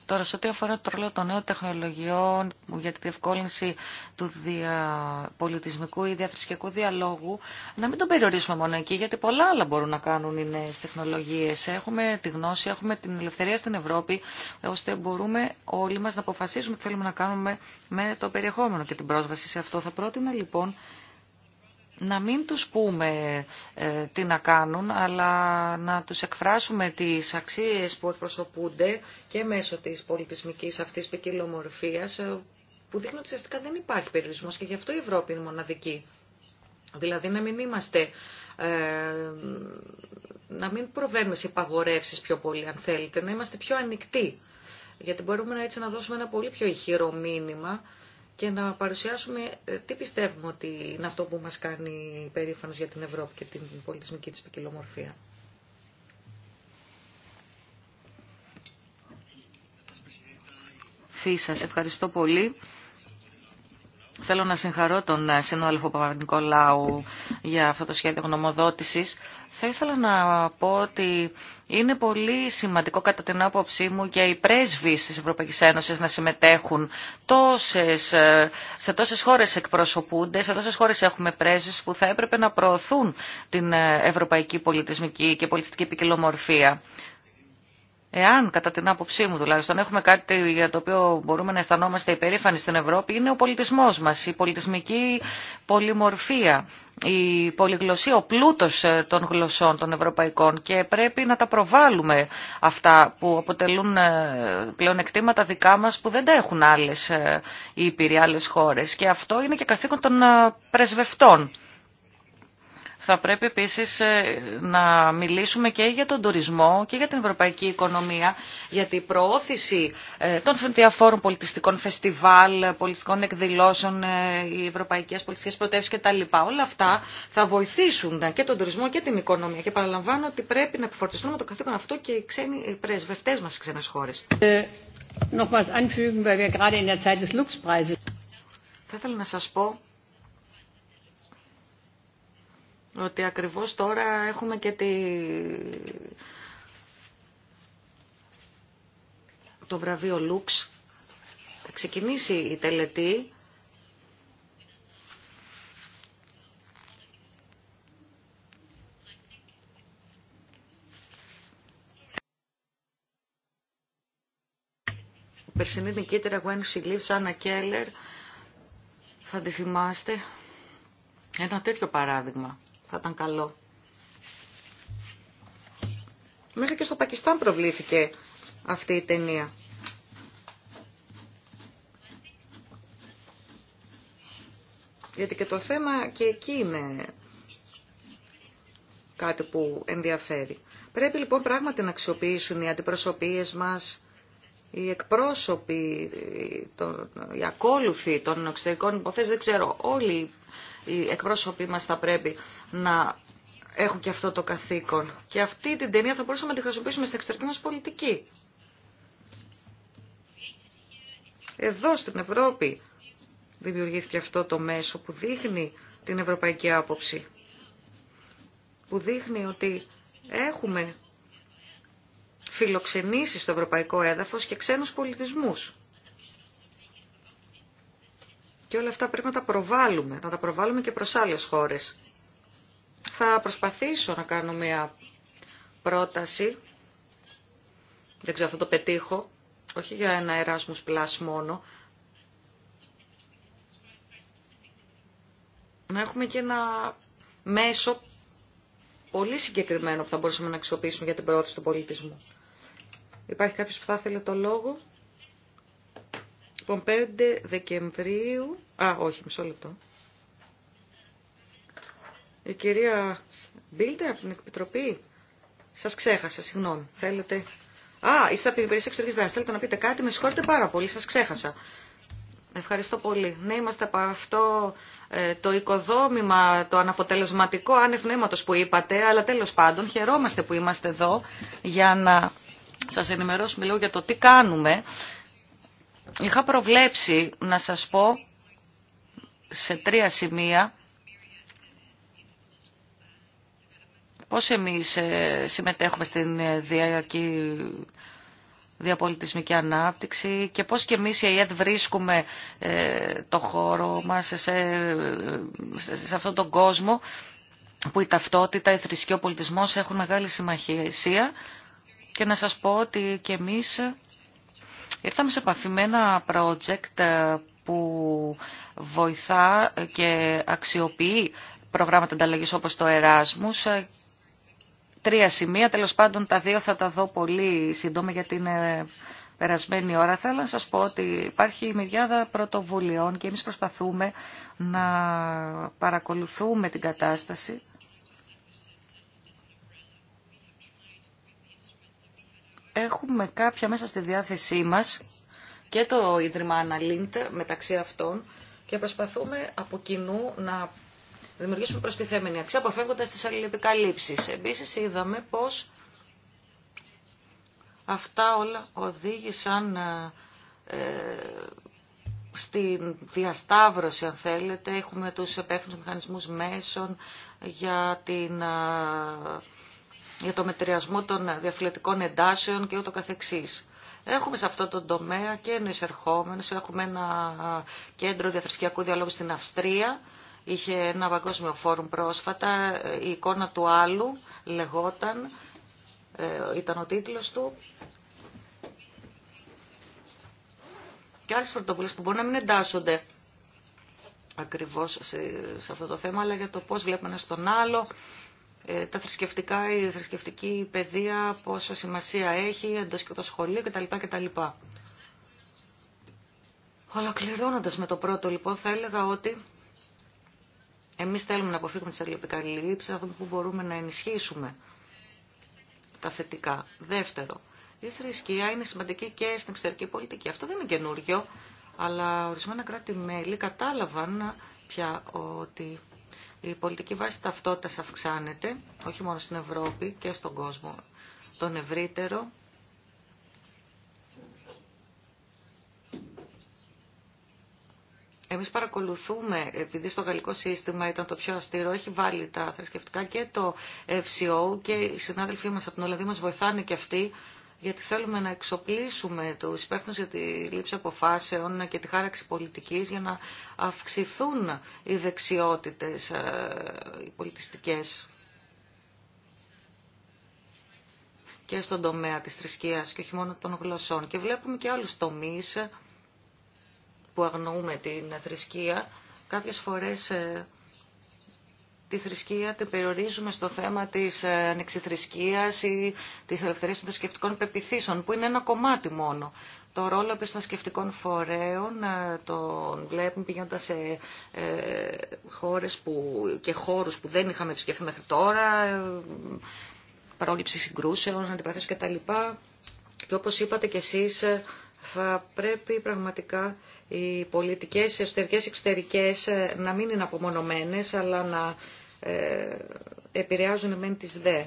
Τώρα, σε ό,τι αφορά το ρόλο των νέων τεχνολογιών για τη διευκόλυνση του διαπολιτισμικού ή διαθρησκευτικού διαλόγου, να μην τον περιορίσουμε μόνο εκεί, γιατί πολλά άλλα μπορούν να κάνουν οι νέε τεχνολογίε. Έχουμε τη γνώση, έχουμε την ελευθερία στην Ευρώπη, ώστε μπορούμε όλοι μα να αποφασίσουμε τι θέλουμε να κάνουμε με το περιεχόμενο και την πρόσβαση σε αυτό. Θα πρότεινα λοιπόν να μην τους πούμε ε, τι να κάνουν, αλλά να τους εκφράσουμε τις αξίες που εκπροσωπούνται και μέσω της πολιτισμικής αυτής ποικιλομορφία, ε, που δείχνουν ότι ουσιαστικά δεν υπάρχει περιορισμός και γι' αυτό η Ευρώπη είναι μοναδική. Δηλαδή να μην είμαστε, ε, να μην προβαίνουμε σε υπαγορεύσεις πιο πολύ αν θέλετε, να είμαστε πιο ανοιχτοί. Γιατί μπορούμε έτσι να δώσουμε ένα πολύ πιο ηχηρό μήνυμα και να παρουσιάσουμε ε, τι πιστεύουμε ότι είναι αυτό που μας κάνει περήφανος για την Ευρώπη και την πολιτισμική της ποικιλομορφία. Φύσα, ευχαριστώ πολύ. Θέλω να συγχαρώ τον ε, συνάδελφο Λαου για αυτό το σχέδιο γνωμοδότησης. Θα ήθελα να πω ότι είναι πολύ σημαντικό κατά την άποψή μου και οι πρέσβεις της Ευρωπαϊκής Ένωσης να συμμετέχουν. Τόσες, ε, σε τόσες χώρες εκπροσωπούνται, σε τόσες χώρες έχουμε πρέσβεις που θα έπρεπε να προωθούν την ε, ευρωπαϊκή πολιτισμική και πολιτιστική ποικιλομορφία. Εάν, κατά την άποψή μου τουλάχιστον, έχουμε κάτι για το οποίο μπορούμε να αισθανόμαστε υπερήφανοι στην Ευρώπη, είναι ο πολιτισμός μας, η πολιτισμική πολυμορφία, η πολυγλωσία, ο πλούτος ε, των γλωσσών των ευρωπαϊκών και πρέπει να τα προβάλλουμε αυτά που αποτελούν ε, πλέον εκτήματα δικά μας που δεν τα έχουν άλλες ε, ήπειροι, άλλες χώρες και αυτό είναι και καθήκον των πρεσβευτών θα πρέπει επίσης ε, να μιλήσουμε και για τον τουρισμό και για την ευρωπαϊκή οικονομία, για την προώθηση ε, των διαφόρων πολιτιστικών φεστιβάλ, πολιτιστικών εκδηλώσεων, ε, οι ευρωπαϊκές πολιτιστικές πρωτεύσεις κτλ. Όλα αυτά θα βοηθήσουν και τον τουρισμό και την οικονομία. Και παραλαμβάνω ότι πρέπει να επιφορτιστούμε το καθήκον αυτό και οι ξένοι οι πρεσβευτές μας στις ξένες χώρες. Θα ήθελα να σας πω ότι ακριβώς τώρα έχουμε και τη... το βραβείο Λουξ. Θα ξεκινήσει η τελετή. περσινή νικήτρα, When She Άννα Κέλλερ, θα τη θυμάστε, ένα τέτοιο παράδειγμα θα ήταν καλό. Μέχρι και στο Πακιστάν προβλήθηκε αυτή η ταινία. Γιατί και το θέμα και εκεί είναι κάτι που ενδιαφέρει. Πρέπει λοιπόν πράγματι να αξιοποιήσουν οι αντιπροσωπείες μας οι εκπρόσωποι, οι ακόλουθοι των εξωτερικών υποθέσεων, δεν ξέρω, όλοι οι εκπρόσωποι μας θα πρέπει να έχουν και αυτό το καθήκον. Και αυτή την ταινία θα μπορούσαμε να τη χρησιμοποιήσουμε στην εξωτερική μας πολιτική. Εδώ στην Ευρώπη δημιουργήθηκε αυτό το μέσο που δείχνει την ευρωπαϊκή άποψη. Που δείχνει ότι έχουμε φιλοξενήσει στο ευρωπαϊκό έδαφος και ξένους πολιτισμούς. Και όλα αυτά πρέπει να τα προβάλλουμε, να τα προβάλλουμε και προς άλλες χώρες. Θα προσπαθήσω να κάνω μια πρόταση, δεν ξέρω αυτό το πετύχω, όχι για ένα Erasmus Plus μόνο, να έχουμε και ένα μέσο πολύ συγκεκριμένο που θα μπορούσαμε να αξιοποιήσουμε για την πρόταση του πολιτισμού. Υπάρχει κάποιος που θα ήθελε το λόγο. Λοιπόν, 5 Δεκεμβρίου... Α, όχι, μισό λεπτό. Η κυρία Μπίλτερ από την Επιτροπή. Σας ξέχασα, συγγνώμη. Θέλετε... Α, είστε από την υπηρεσία εξωτερικής δράσης. Θέλετε να πείτε κάτι, με συγχωρείτε πάρα πολύ, σας ξέχασα. Ευχαριστώ πολύ. Ναι, είμαστε από αυτό ε, το οικοδόμημα, το αναποτελεσματικό άνευ που είπατε, αλλά τέλος πάντων χαιρόμαστε που είμαστε εδώ για να σας ενημερώσουμε λίγο για το τι κάνουμε. Είχα προβλέψει να σας πω σε τρία σημεία πώς εμείς ε, συμμετέχουμε στην ε, διαπολιτισμική ανάπτυξη και πώς και εμείς η ΑΕΔ βρίσκουμε ε, το χώρο μας σε, σε, αυτόν τον κόσμο που η ταυτότητα, η θρησκεία, ο πολιτισμός έχουν μεγάλη σημασία και να σας πω ότι και εμείς ήρθαμε σε επαφή με ένα project ε, που βοηθά και αξιοποιεί προγράμματα ανταλλαγής όπως το Εράσμους τρία σημεία. Τέλος πάντων τα δύο θα τα δω πολύ σύντομα γιατί είναι περασμένη ώρα. Θέλω να σας πω ότι υπάρχει η μηδιάδα πρωτοβουλειών και εμείς προσπαθούμε να παρακολουθούμε την κατάσταση. έχουμε κάποια μέσα στη διάθεσή μας και το Ίδρυμα Αναλίντ μεταξύ αυτών και προσπαθούμε από κοινού να δημιουργήσουμε προστιθέμενη αξία αποφεύγοντας τις αλληλεπικαλύψεις. Επίσης είδαμε πως αυτά όλα οδήγησαν ε, ε, στη διασταύρωση αν θέλετε. Έχουμε τους επέφυνους μηχανισμούς μέσων για την ε, για το μετριασμό των διαφυλετικών εντάσεων και ούτω καθεξής. Έχουμε σε αυτό το τομέα και εισερχόμενους, έχουμε ένα κέντρο διαθρησκιακού διαλόγου στην Αυστρία, είχε ένα παγκόσμιο φόρουμ πρόσφατα, η εικόνα του άλλου λεγόταν, ε, ήταν ο τίτλος του. Και άλλες πρωτοβουλίες που μπορεί να μην εντάσσονται ακριβώς σε, αυτό το θέμα, αλλά για το πώς βλέπουμε ένα στον άλλο, ε, τα θρησκευτικά, η θρησκευτική παιδεία, πόσο σημασία έχει εντός και το σχολείο κτλ. κτλ. Ολοκληρώνοντας με το πρώτο λοιπόν θα έλεγα ότι εμείς θέλουμε να αποφύγουμε τις να αυτό που μπορούμε να ενισχύσουμε τα θετικά. Δεύτερο, η θρησκεία είναι σημαντική και στην εξωτερική πολιτική. Αυτό δεν είναι καινούριο, αλλά ορισμένα κράτη-μέλη κατάλαβαν πια ότι η πολιτική βάση ταυτότητας αυξάνεται, όχι μόνο στην Ευρώπη και στον κόσμο, τον ευρύτερο. Εμείς παρακολουθούμε, επειδή στο γαλλικό σύστημα ήταν το πιο αστείο, έχει βάλει τα θρησκευτικά και το FCO και οι συνάδελφοί μας από την Ολλανδία μας βοηθάνε και αυτοί γιατί θέλουμε να εξοπλίσουμε του υπεύθυνου για τη λήψη αποφάσεων και τη χάραξη πολιτικής για να αυξηθούν οι δεξιότητες ε, οι πολιτιστικές και στον τομέα της θρησκείας και όχι μόνο των γλωσσών. Και βλέπουμε και άλλους τομείς που αγνοούμε την θρησκεία. Κάποιες φορές ε, τη θρησκεία την περιορίζουμε στο θέμα της ε, ανεξιθρησκείας ή της ελευθερίας των θρησκευτικών πεπιθήσεων, που είναι ένα κομμάτι μόνο. Το ρόλο επίσης των θρησκευτικών φορέων ε, τον βλέπουμε πηγαίνοντας σε ε, χώρες που, και χώρους που δεν είχαμε επισκεφθεί μέχρι τώρα, πρόληψη συγκρούσεων, αντιπαθήσεων κτλ. Και όπως είπατε κι εσείς, θα πρέπει πραγματικά οι πολιτικές, οι εσωτερικές, εξωτερικές ε, να μην είναι απομονωμένες, αλλά να ε, επηρεάζουν μεν τις δε.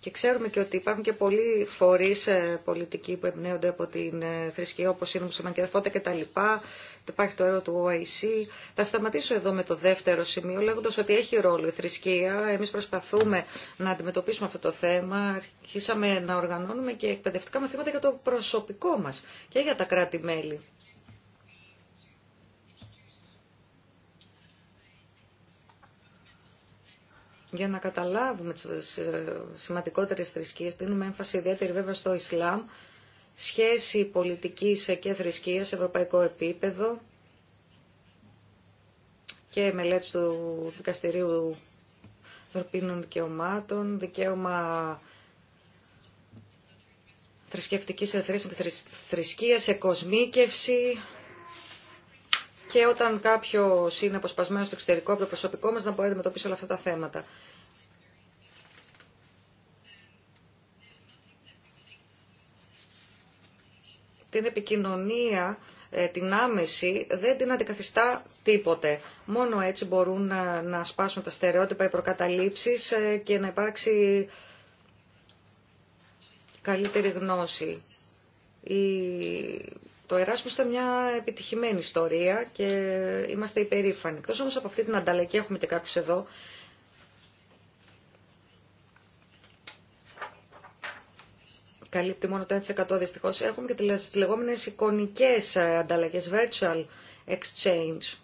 Και ξέρουμε και ότι υπάρχουν και πολλοί φορεί ε, πολιτικοί που εμπνέονται από την ε, θρησκεία, όπω είναι και τα λοιπά υπάρχει το έργο του OIC. Θα σταματήσω εδώ με το δεύτερο σημείο, λέγοντα ότι έχει ρόλο η θρησκεία. Εμείς προσπαθούμε να αντιμετωπίσουμε αυτό το θέμα. Αρχίσαμε να οργανώνουμε και εκπαιδευτικά μαθήματα για το προσωπικό μας και για τα κράτη-μέλη. για να καταλάβουμε τις ε, σημαντικότερες θρησκείες, δίνουμε έμφαση ιδιαίτερη βέβαια στο Ισλάμ, σχέση πολιτικής και θρησκείας σε ευρωπαϊκό επίπεδο και μελέτη του Δικαστηρίου Ανθρωπίνων Δικαιωμάτων, δικαίωμα θρησκευτικής ελευθερίας και θρησκείας, εκοσμίκευση και όταν κάποιο είναι αποσπασμένο στο εξωτερικό από το προσωπικό μας να μπορεί να αντιμετωπίσει όλα αυτά τα θέματα. την επικοινωνία, ε, την άμεση, δεν την αντικαθιστά τίποτε. Μόνο έτσι μπορούν ε, να, σπάσουν τα στερεότυπα, οι προκαταλήψεις ε, και να υπάρξει καλύτερη γνώση. Η... Το Εράσμος ήταν μια επιτυχημένη ιστορία και είμαστε υπερήφανοι. Εκτός όμως από αυτή την ανταλλαγή έχουμε και κάποιους εδώ καλύπτει μόνο το 1% δυστυχώ Έχουμε και τις λεγόμενες εικονικέ ε, ανταλλαγές, virtual exchange.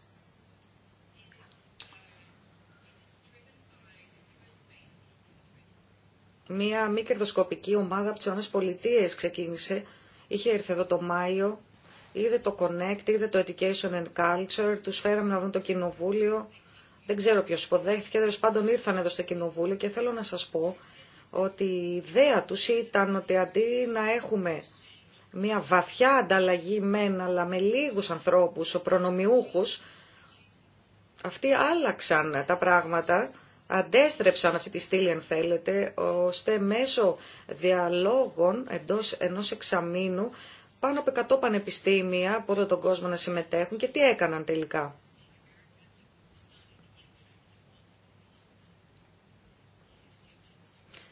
Μία μη κερδοσκοπική ομάδα από τι ΗΠΑ ξεκίνησε, είχε έρθει εδώ το Μάιο, είδε το Connect, είδε το Education and Culture, Του φέραμε να δουν το κοινοβούλιο, δεν ξέρω ποιο υποδέχθηκε, τέλο πάντων ήρθαν εδώ στο κοινοβούλιο και θέλω να σα πω ότι η ιδέα τους ήταν ότι αντί να έχουμε μια βαθιά ανταλλαγή μεν, αλλά με λίγους ανθρώπους, προνομιούχους, αυτοί άλλαξαν τα πράγματα, αντέστρεψαν αυτή τη στήλη αν θέλετε, ώστε μέσω διαλόγων εντός ενός εξαμήνου πάνω από 100 πανεπιστήμια από όλο τον κόσμο να συμμετέχουν και τι έκαναν τελικά.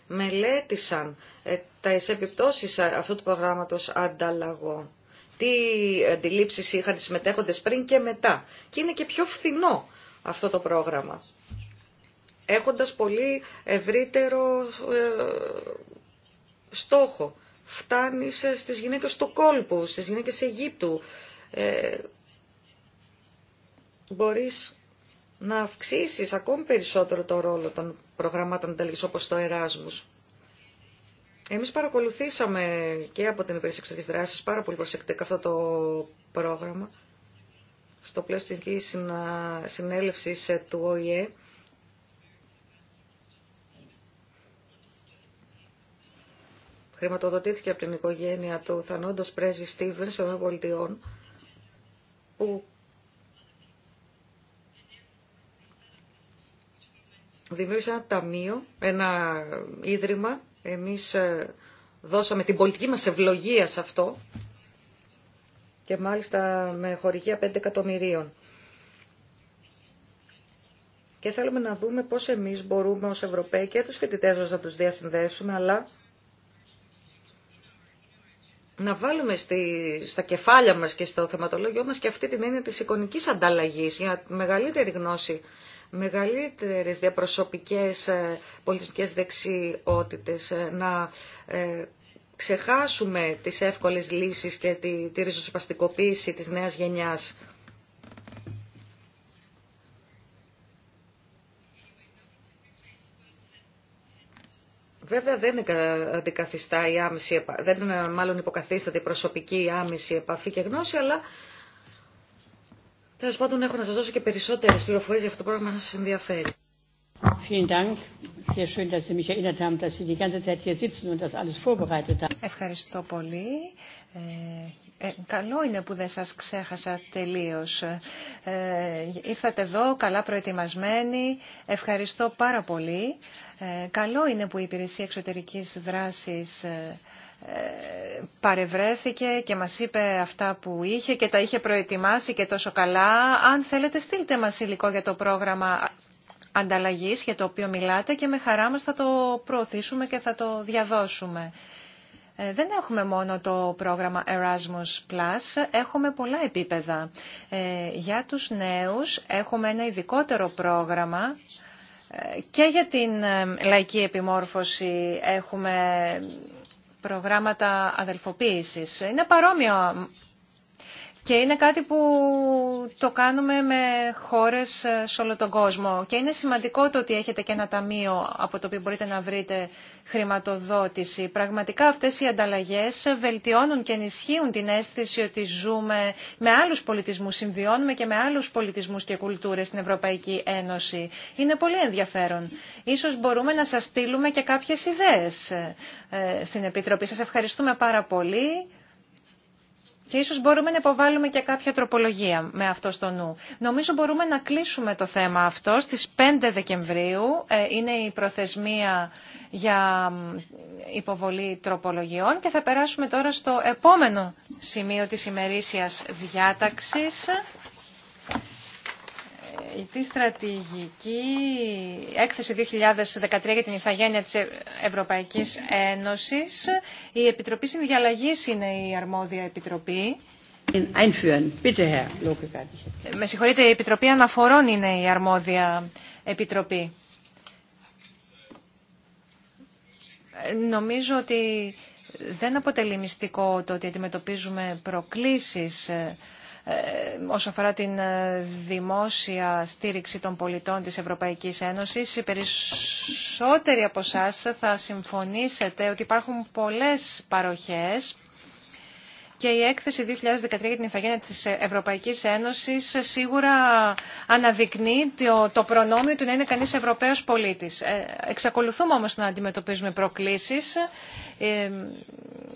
μελέτησαν ε, τα επιπτώσεις αυτού του προγράμματος ανταλλαγών. Τι αντιλήψεις είχαν οι συμμετέχοντες πριν και μετά. Και είναι και πιο φθηνό αυτό το πρόγραμμα. Έχοντας πολύ ευρύτερο ε, στόχο. Φτάνει στις γυναίκες του κόλπου, στις γυναίκες Αιγύπτου. Ε, μπορείς να αυξήσεις ακόμη περισσότερο το ρόλο των προγραμμάτων ανταλλαγής όπως το Εράσμους. Εμείς παρακολουθήσαμε και από την υπηρεσία εξωτερικής δράσης πάρα πολύ προσεκτικά αυτό το πρόγραμμα στο πλαίσιο της συνέλευσης του ΟΗΕ. χρηματοδοτήθηκε από την οικογένεια του θανόντος πρέσβη Στίβεν ο Ευρωπαϊκών, που δημιούργησε ένα ταμείο, ένα ίδρυμα. Εμείς ε, δώσαμε την πολιτική μας ευλογία σε αυτό και μάλιστα με χορηγία 5 εκατομμυρίων. Και θέλουμε να δούμε πώς εμείς μπορούμε ως Ευρωπαίοι και τους φοιτητές μας να τους διασυνδέσουμε, αλλά να βάλουμε στη, στα κεφάλια μας και στο θεματολόγιο μας και αυτή την έννοια της εικονικής ανταλλαγής για μεγαλύτερη γνώση μεγαλύτερες διαπροσωπικές ε, πολιτισμικές δεξιότητες, ε, να ε, ξεχάσουμε τις εύκολες λύσεις και τη, τη ριζοσπαστικοποίηση της νέας γενιάς. Βέβαια δεν αντικαθιστά η άμεση, δεν μάλλον υποκαθίσταται η προσωπική άμεση επαφή και γνώση, αλλά Τέλο πάντων, έχω να σα δώσω και περισσότερε πληροφορίε για αυτό το πρόγραμμα, αν σα ενδιαφέρει. Ευχαριστώ πολύ. Ε, ε, καλό είναι που δεν σας ξέχασα τελείως. Ε, ήρθατε εδώ καλά προετοιμασμένοι. Ευχαριστώ πάρα πολύ. Ε, καλό είναι που η Υπηρεσία Εξωτερικής Δράσης ε, ε, παρευρέθηκε και μας είπε αυτά που είχε και τα είχε προετοιμάσει και τόσο καλά. Αν θέλετε στείλτε μας υλικό για το πρόγραμμα ανταλλαγής για το οποίο μιλάτε και με χαρά μας θα το προωθήσουμε και θα το διαδώσουμε. Ε, δεν έχουμε μόνο το πρόγραμμα Erasmus+, Plus, έχουμε πολλά επίπεδα. Ε, για τους νέους έχουμε ένα ειδικότερο πρόγραμμα και για την λαϊκή επιμόρφωση έχουμε προγράμματα αδελφοποίησης. Είναι παρόμοια και είναι κάτι που το κάνουμε με χώρες ε, σε όλο τον κόσμο. Και είναι σημαντικό το ότι έχετε και ένα ταμείο από το οποίο μπορείτε να βρείτε χρηματοδότηση. Πραγματικά αυτές οι ανταλλαγές βελτιώνουν και ενισχύουν την αίσθηση ότι ζούμε με άλλους πολιτισμούς, συμβιώνουμε και με άλλους πολιτισμούς και κουλτούρες στην Ευρωπαϊκή Ένωση. Είναι πολύ ενδιαφέρον. Ίσως μπορούμε να σας στείλουμε και κάποιες ιδέες ε, στην Επιτροπή. Σας ευχαριστούμε πάρα πολύ. Και ίσως μπορούμε να υποβάλουμε και κάποια τροπολογία με αυτό στο νου. Νομίζω μπορούμε να κλείσουμε το θέμα αυτό στις 5 Δεκεμβρίου. Ε, είναι η προθεσμία για υποβολή τροπολογιών. Και θα περάσουμε τώρα στο επόμενο σημείο της ημερήσιας διάταξης τη στρατηγική έκθεση 2013 για την Ιθαγένεια της Ευρωπαϊκής Ένωσης. Η Επιτροπή Συνδιαλλαγής είναι η αρμόδια επιτροπή. Bitte, Με συγχωρείτε, η Επιτροπή Αναφορών είναι η αρμόδια επιτροπή. Νομίζω ότι δεν αποτελεί μυστικό το ότι αντιμετωπίζουμε προκλήσεις ε, ε, όσον αφορά την ε, δημόσια στήριξη των πολιτών της Ευρωπαϊκής Ένωσης. Οι περισσότεροι από εσά θα συμφωνήσετε ότι υπάρχουν πολλές παροχές και η έκθεση 2013 για την Ιθαγένεια της Ευρωπαϊκής Ένωσης σίγουρα αναδεικνύει το, προνόμιο του να είναι κανείς Ευρωπαίος πολίτης. Ε, εξακολουθούμε όμως να αντιμετωπίζουμε προκλήσεις. Ε,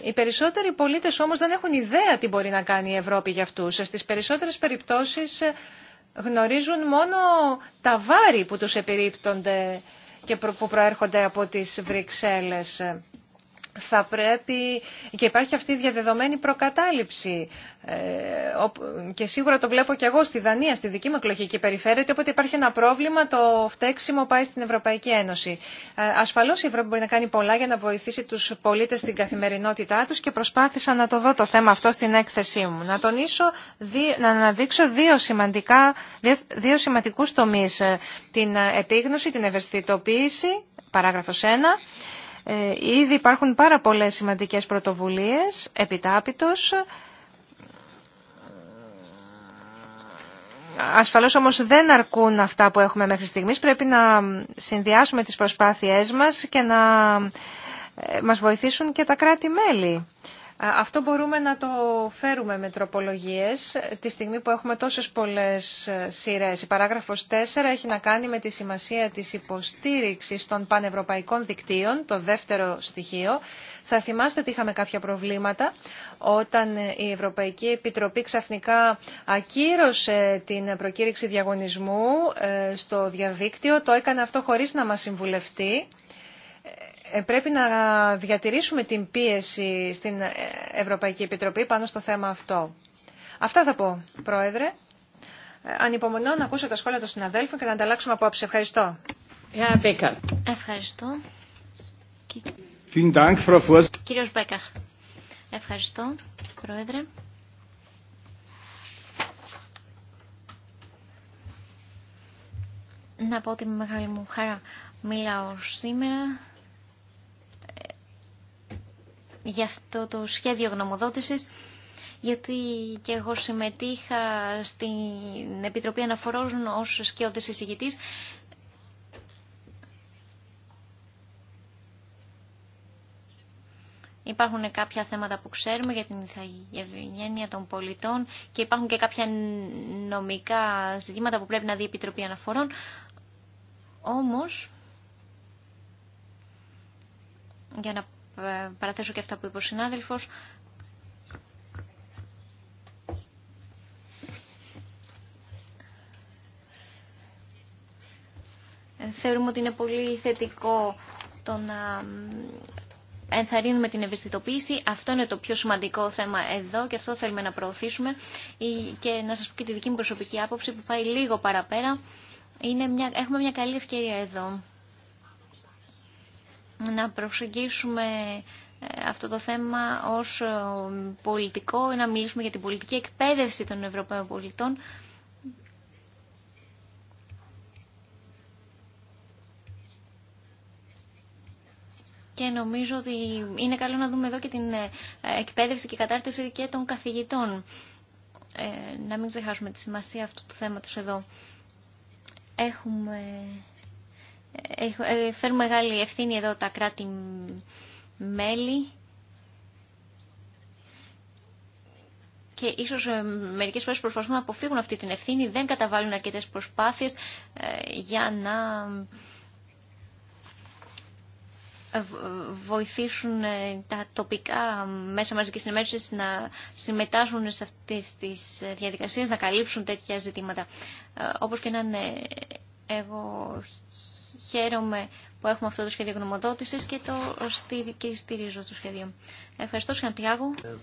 οι περισσότεροι πολίτες όμως δεν έχουν ιδέα τι μπορεί να κάνει η Ευρώπη για αυτούς. Ε, στις περισσότερες περιπτώσεις γνωρίζουν μόνο τα βάρη που τους επιρρύπτονται και που προέρχονται από τις Βρυξέλλες θα πρέπει και υπάρχει αυτή η διαδεδομένη προκατάληψη ε, και σίγουρα το βλέπω και εγώ στη Δανία, στη δική μου εκλογική περιφέρεια ότι όποτε υπάρχει ένα πρόβλημα το φταίξιμο πάει στην Ευρωπαϊκή Ένωση. Ε, ασφαλώς η Ευρώπη μπορεί να κάνει πολλά για να βοηθήσει τους πολίτες στην καθημερινότητά τους και προσπάθησα να το δω το θέμα αυτό στην έκθεσή μου. Να τονίσω, να αναδείξω δύο, σημαντικά, δύο σημαντικούς τομείς. Ε, την επίγνωση, την ευαισθητοποίηση, παράγραφος 1 ε, ήδη υπάρχουν πάρα πολλές σημαντικές πρωτοβουλίες, επιτάπητος. Ασφαλώς όμως δεν αρκούν αυτά που έχουμε μέχρι στιγμής. Πρέπει να συνδυάσουμε τις προσπάθειές μας και να ε, μας βοηθήσουν και τα κράτη-μέλη. Ε, αυτό μπορούμε να το φέρουμε με τροπολογίες ε, τη στιγμή που έχουμε τόσες πολλές ε, σειρές. Η παράγραφος 4 έχει να κάνει με τη σημασία της υποστήριξης των πανευρωπαϊκών δικτύων, το δεύτερο στοιχείο. Θα θυμάστε ότι είχαμε κάποια προβλήματα όταν η Ευρωπαϊκή Επιτροπή ξαφνικά ακύρωσε την προκήρυξη διαγωνισμού στο διαδίκτυο. Το έκανε αυτό χωρίς να μας συμβουλευτεί. Ε, πρέπει να διατηρήσουμε την πίεση στην Ευρωπαϊκή Επιτροπή πάνω στο θέμα αυτό. Αυτά θα πω, Πρόεδρε. Ε, ανυπομονώ να ακούσω τα σχόλια των συναδέλφων και να ανταλλάξουμε άποψη. Ευχαριστώ. Ευχαριστώ. Κύριος Μπέκα. Ευχαριστώ, Πρόεδρε. Να πω ότι με μεγάλη μου χαρά μιλάω σήμερα για αυτό το σχέδιο γνωμοδότησης, γιατί και εγώ συμμετείχα στην Επιτροπή Αναφορών ως σκιώδης εισηγητής. Υπάρχουν κάποια θέματα που ξέρουμε για την ηθαγένεια των πολιτών και υπάρχουν και κάποια νομικά ζητήματα που πρέπει να δει η Επιτροπή Αναφορών. Όμως, για να ε, παραθέσω και αυτά που είπε ο συνάδελφος. Ε, θεωρούμε ότι είναι πολύ θετικό το να ενθαρρύνουμε την ευαισθητοποίηση. Αυτό είναι το πιο σημαντικό θέμα εδώ και αυτό θέλουμε να προωθήσουμε. Και να σας πω και τη δική μου προσωπική άποψη που πάει λίγο παραπέρα. Είναι μια, έχουμε μια καλή ευκαιρία εδώ να προσεγγίσουμε ε, αυτό το θέμα ως ε, πολιτικό, ή να μιλήσουμε για την πολιτική εκπαίδευση των Ευρωπαίων πολιτών. Και νομίζω ότι είναι καλό να δούμε εδώ και την ε, εκπαίδευση και κατάρτιση και των καθηγητών. να μην ξεχάσουμε τη σημασία αυτού του θέματος εδώ. Έχουμε ε, φέρουν μεγάλη ευθύνη εδώ τα κράτη-μέλη και ίσως ε, μερικές φορές προσπαθούν να αποφύγουν αυτή την ευθύνη, δεν καταβάλουν αρκετές προσπάθειες ε, για να βοηθήσουν τα τοπικά μέσα μαζικής ενημέρωσης να συμμετάσχουν σε αυτές τις διαδικασίες, να καλύψουν τέτοια ζητήματα. Όπως και να είναι, εγώ Χαίρομαι που έχουμε αυτό το σχέδιο γνωμοδότησης και, το στηρίζω το σχέδιο. Ευχαριστώ, Σαντιάγου. Ε,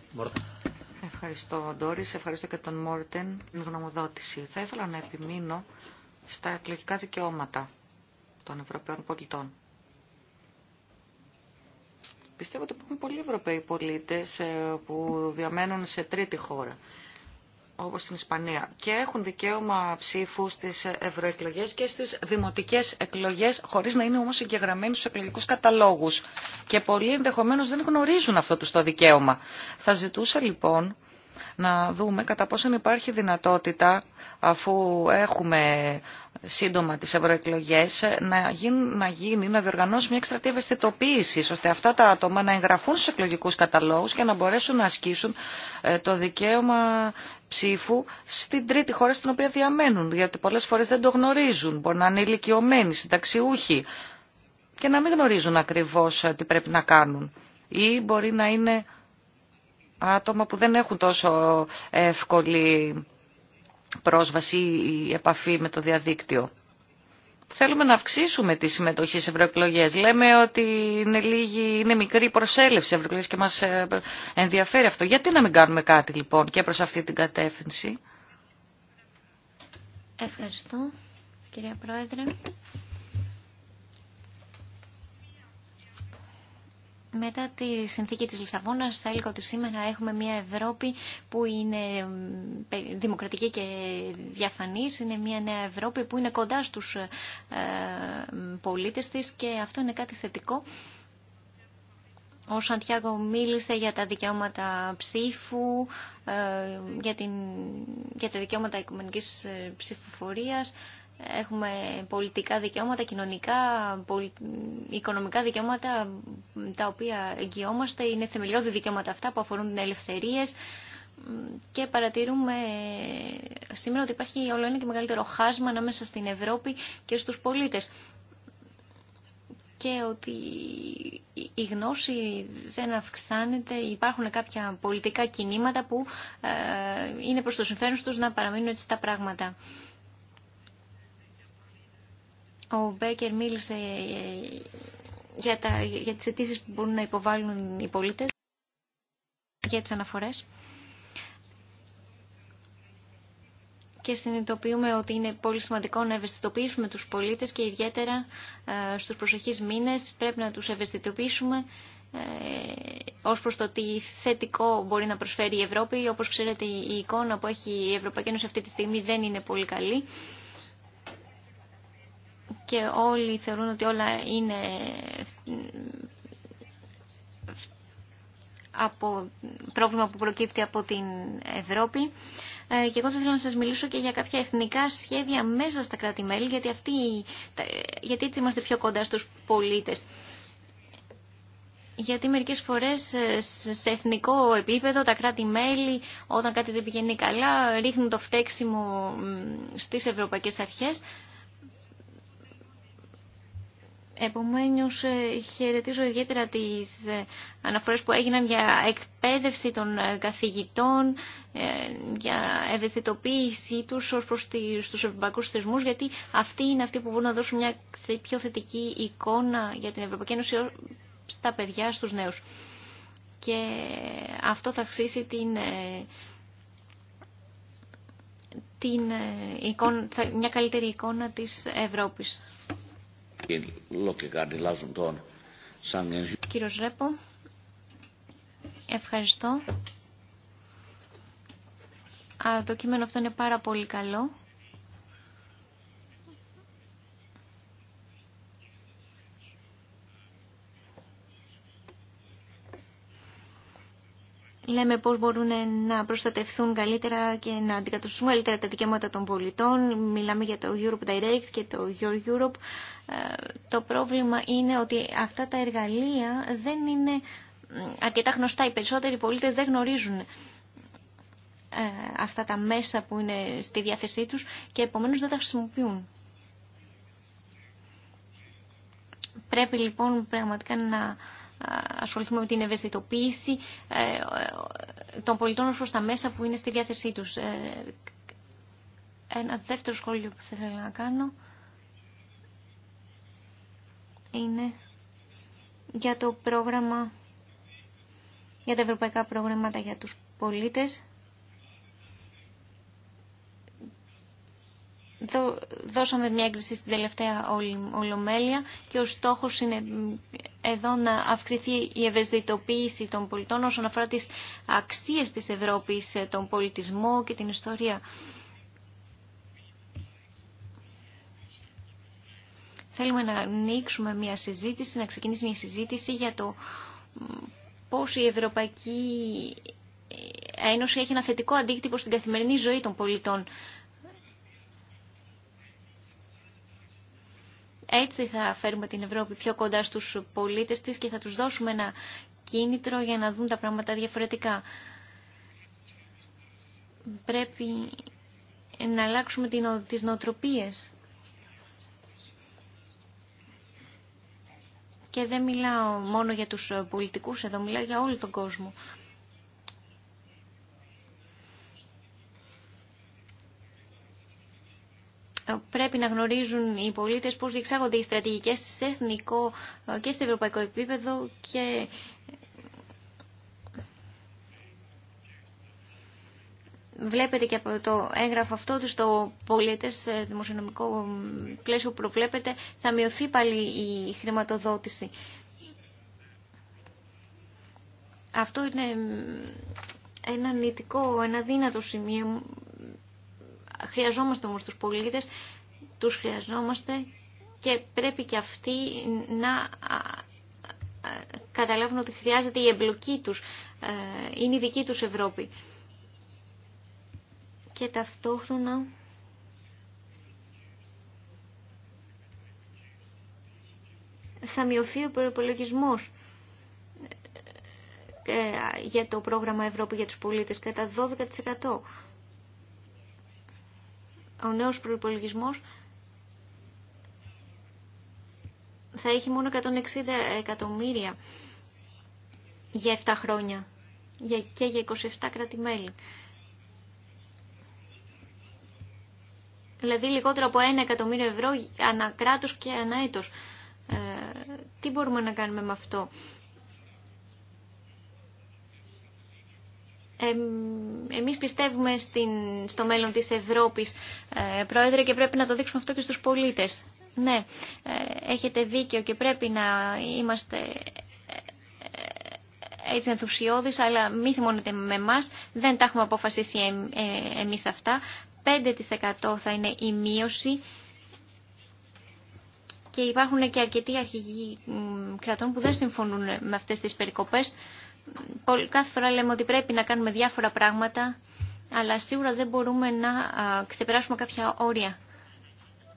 Ευχαριστώ, Ντόρι. Ευχαριστώ και τον Μόρτεν την γνωμοδότηση. Θα ήθελα να επιμείνω στα εκλογικά δικαιώματα των Ευρωπαίων πολιτών. Πιστεύω ότι υπάρχουν πολλοί Ευρωπαίοι πολίτες ε, που διαμένουν σε τρίτη χώρα όπως στην Ισπανία. Και έχουν δικαίωμα ψήφου στις ευρωεκλογές και στις δημοτικές εκλογές, χωρίς να είναι όμως εγγεγραμμένοι στους εκλογικούς καταλόγους. Και πολλοί ενδεχομένως δεν γνωρίζουν αυτό τους το δικαίωμα. Θα ζητούσα λοιπόν να δούμε κατά πόσον υπάρχει δυνατότητα, αφού έχουμε σύντομα τις ευρωεκλογέ να, γίνει, να γίνει, να διοργανώσει μια εκστρατεία ευαισθητοποίηση, ώστε αυτά τα άτομα να εγγραφούν στους εκλογικούς καταλόγους και να μπορέσουν να ασκήσουν ε, το δικαίωμα ψήφου στην τρίτη χώρα στην οποία διαμένουν, γιατί πολλές φορές δεν το γνωρίζουν, μπορεί να είναι ηλικιωμένοι, συνταξιούχοι και να μην γνωρίζουν ακριβώς ε, τι πρέπει να κάνουν. Ή μπορεί να είναι άτομα που δεν έχουν τόσο εύκολη πρόσβαση ή επαφή με το διαδίκτυο. Θέλουμε να αυξήσουμε τη συμμετοχή σε ευρωεκλογέ. Λέμε ότι είναι, είναι μικρή προσέλευση ευρωεκλογέ και μα ε, ενδιαφέρει αυτό. Γιατί να μην κάνουμε κάτι λοιπόν και προ αυτή την κατεύθυνση. Ευχαριστώ, κυρία Πρόεδρε. Μετά τη συνθήκη της Λισαβόνας θα έλεγα ότι σήμερα έχουμε μια Ευρώπη που είναι δημοκρατική και διαφανής, είναι μια νέα Ευρώπη που είναι κοντά στους ε, πολίτες της και αυτό είναι κάτι θετικό. Ο Σαντιάκο μίλησε για τα δικαιώματα ψήφου, ε, για, την, για τα δικαιώματα οικουμενικής ε, ψηφοφορίας. Έχουμε πολιτικά δικαιώματα, κοινωνικά, οικονομικά δικαιώματα τα οποία εγγυόμαστε. Είναι θεμελιώδη δικαιώματα αυτά που αφορούν ελευθερίες και παρατηρούμε σήμερα ότι υπάρχει όλο ένα και μεγαλύτερο χάσμα ανάμεσα στην Ευρώπη και στους πολίτες και ότι η γνώση δεν αυξάνεται, υπάρχουν κάποια πολιτικά κινήματα που ε, είναι προς το συμφέρον τους να παραμείνουν έτσι τα πράγματα. Ο Μπέκερ μίλησε ε, για, τα, για τις αιτήσει που μπορούν να υποβάλουν οι πολίτες, για τις αναφορές. Και συνειδητοποιούμε ότι είναι πολύ σημαντικό να ευαισθητοποιήσουμε τους πολίτες και ιδιαίτερα ε, στους προσεχείς μήνες πρέπει να τους ευαισθητοποιήσουμε ε, ως προς το τι θετικό μπορεί να προσφέρει η Ευρώπη. Όπως ξέρετε η εικόνα που έχει η Ευρωπαϊκή Ένωση αυτή τη στιγμή δεν είναι πολύ καλή και όλοι θεωρούν ότι όλα είναι από πρόβλημα που προκύπτει από την Ευρώπη. Ε, και εγώ θα ήθελα να σας μιλήσω και για κάποια εθνικά σχέδια μέσα στα κράτη-μέλη, γιατί, γιατί έτσι είμαστε πιο κοντά στους πολίτες. Γιατί μερικές φορές ε, σε εθνικό επίπεδο τα κράτη-μέλη όταν κάτι δεν πηγαίνει καλά ρίχνουν το φταίξιμο στις ευρωπαϊκές αρχές Επομένως, ε, χαιρετίζω ιδιαίτερα τις ε, αναφορές που έγιναν για εκπαίδευση των ε, καθηγητών, για ευαισθητοποίησή τους ως προς τους ευρωπαϊκούς θεσμούς, γιατί αυτοί είναι αυτοί που μπορούν να δώσουν μια πιο θετική εικόνα για την Ευρωπαϊκή Ένωση στα παιδιά, στους νέους. Και αυτό θα αυξήσει την την εικόνα, μια καλύτερη εικόνα της Ευρώπης. Κύριος Ρέπο, ευχαριστώ. Α, το κείμενο αυτό είναι πάρα πολύ καλό. λέμε πώς μπορούν να προστατευθούν καλύτερα και να αντικατοστούν καλύτερα τα δικαιώματα των πολιτών. Μιλάμε για το Europe Direct και το Your Europe. Ε, το πρόβλημα είναι ότι αυτά τα εργαλεία δεν είναι αρκετά γνωστά. Οι περισσότεροι πολίτες δεν γνωρίζουν ε, αυτά τα μέσα που είναι στη διάθεσή τους και επομένως δεν τα χρησιμοποιούν. Πρέπει λοιπόν πραγματικά να ασχοληθούμε με την ευαισθητοποίηση ε, ε, των πολιτών προς τα μέσα που είναι στη διάθεσή τους. Ε, ένα δεύτερο σχόλιο που θα ήθελα να κάνω είναι για το πρόγραμμα, για τα ευρωπαϊκά πρόγραμματα για τους πολίτες. δώσαμε μια έγκριση στην τελευταία ολομέλεια και ο στόχος είναι εδώ να αυξηθεί η ευαισθητοποίηση των πολιτών όσον αφορά τις αξίες της Ευρώπης, ε, τον πολιτισμό και την ιστορία. Θέλουμε να ανοίξουμε μια συζήτηση, να ξεκινήσει μια συζήτηση για το πώς η Ευρωπαϊκή ε, Ένωση έχει ένα θετικό αντίκτυπο στην καθημερινή ζωή των πολιτών. Έτσι θα φέρουμε την Ευρώπη πιο κοντά στους πολίτες της και θα τους δώσουμε ένα κίνητρο για να δουν τα πράγματα διαφορετικά. Πρέπει να αλλάξουμε τις νοοτροπίες. Και δεν μιλάω μόνο για τους πολιτικούς εδώ, μιλάω για όλο τον κόσμο. πρέπει να γνωρίζουν οι πολίτες πώς διεξάγονται οι στρατηγικές σε εθνικό ε, και σε ευρωπαϊκό επίπεδο και ε, βλέπετε και από το έγγραφο αυτό ότι στο πολίτες ε, δημοσιονομικό πλαίσιο που προβλέπετε θα μειωθεί πάλι η χρηματοδότηση. Αυτό είναι ένα νητικό, ένα δύνατο σημείο Χρειαζόμαστε όμως τους πολίτες, τους χρειαζόμαστε και πρέπει και αυτοί να καταλάβουν ότι χρειάζεται η εμπλοκή τους, ε, είναι η δική τους Ευρώπη. Και ταυτόχρονα θα μειωθεί ο προπολογισμό ε, ε, για το πρόγραμμα Ευρώπη για τους πολίτες κατά 12% ο νέος προϋπολογισμός θα έχει μόνο 160 εκατομμύρια για 7 χρόνια και για 27 κράτη-μέλη. Δηλαδή λιγότερο από 1 εκατομμύριο ευρώ ανά και ανά Ε, τι μπορούμε να κάνουμε με αυτό. εμείς πιστεύουμε στην, στο μέλλον της Ευρώπης, ε, Πρόεδρε, και πρέπει να το δείξουμε αυτό και στους πολίτες. Ναι, ε, έχετε δίκιο και πρέπει να είμαστε ε, έτσι ενθουσιώδεις, αλλά μη θυμώνετε με εμά, δεν τα έχουμε αποφασίσει εμείς αυτά. 5% θα είναι η μείωση και υπάρχουν και αρκετοί αρχηγοί κρατών που δεν συμφωνούν με αυτές τις περικοπές κάθε φορά λέμε ότι πρέπει να κάνουμε διάφορα πράγματα, αλλά σίγουρα δεν μπορούμε να ξεπεράσουμε κάποια όρια.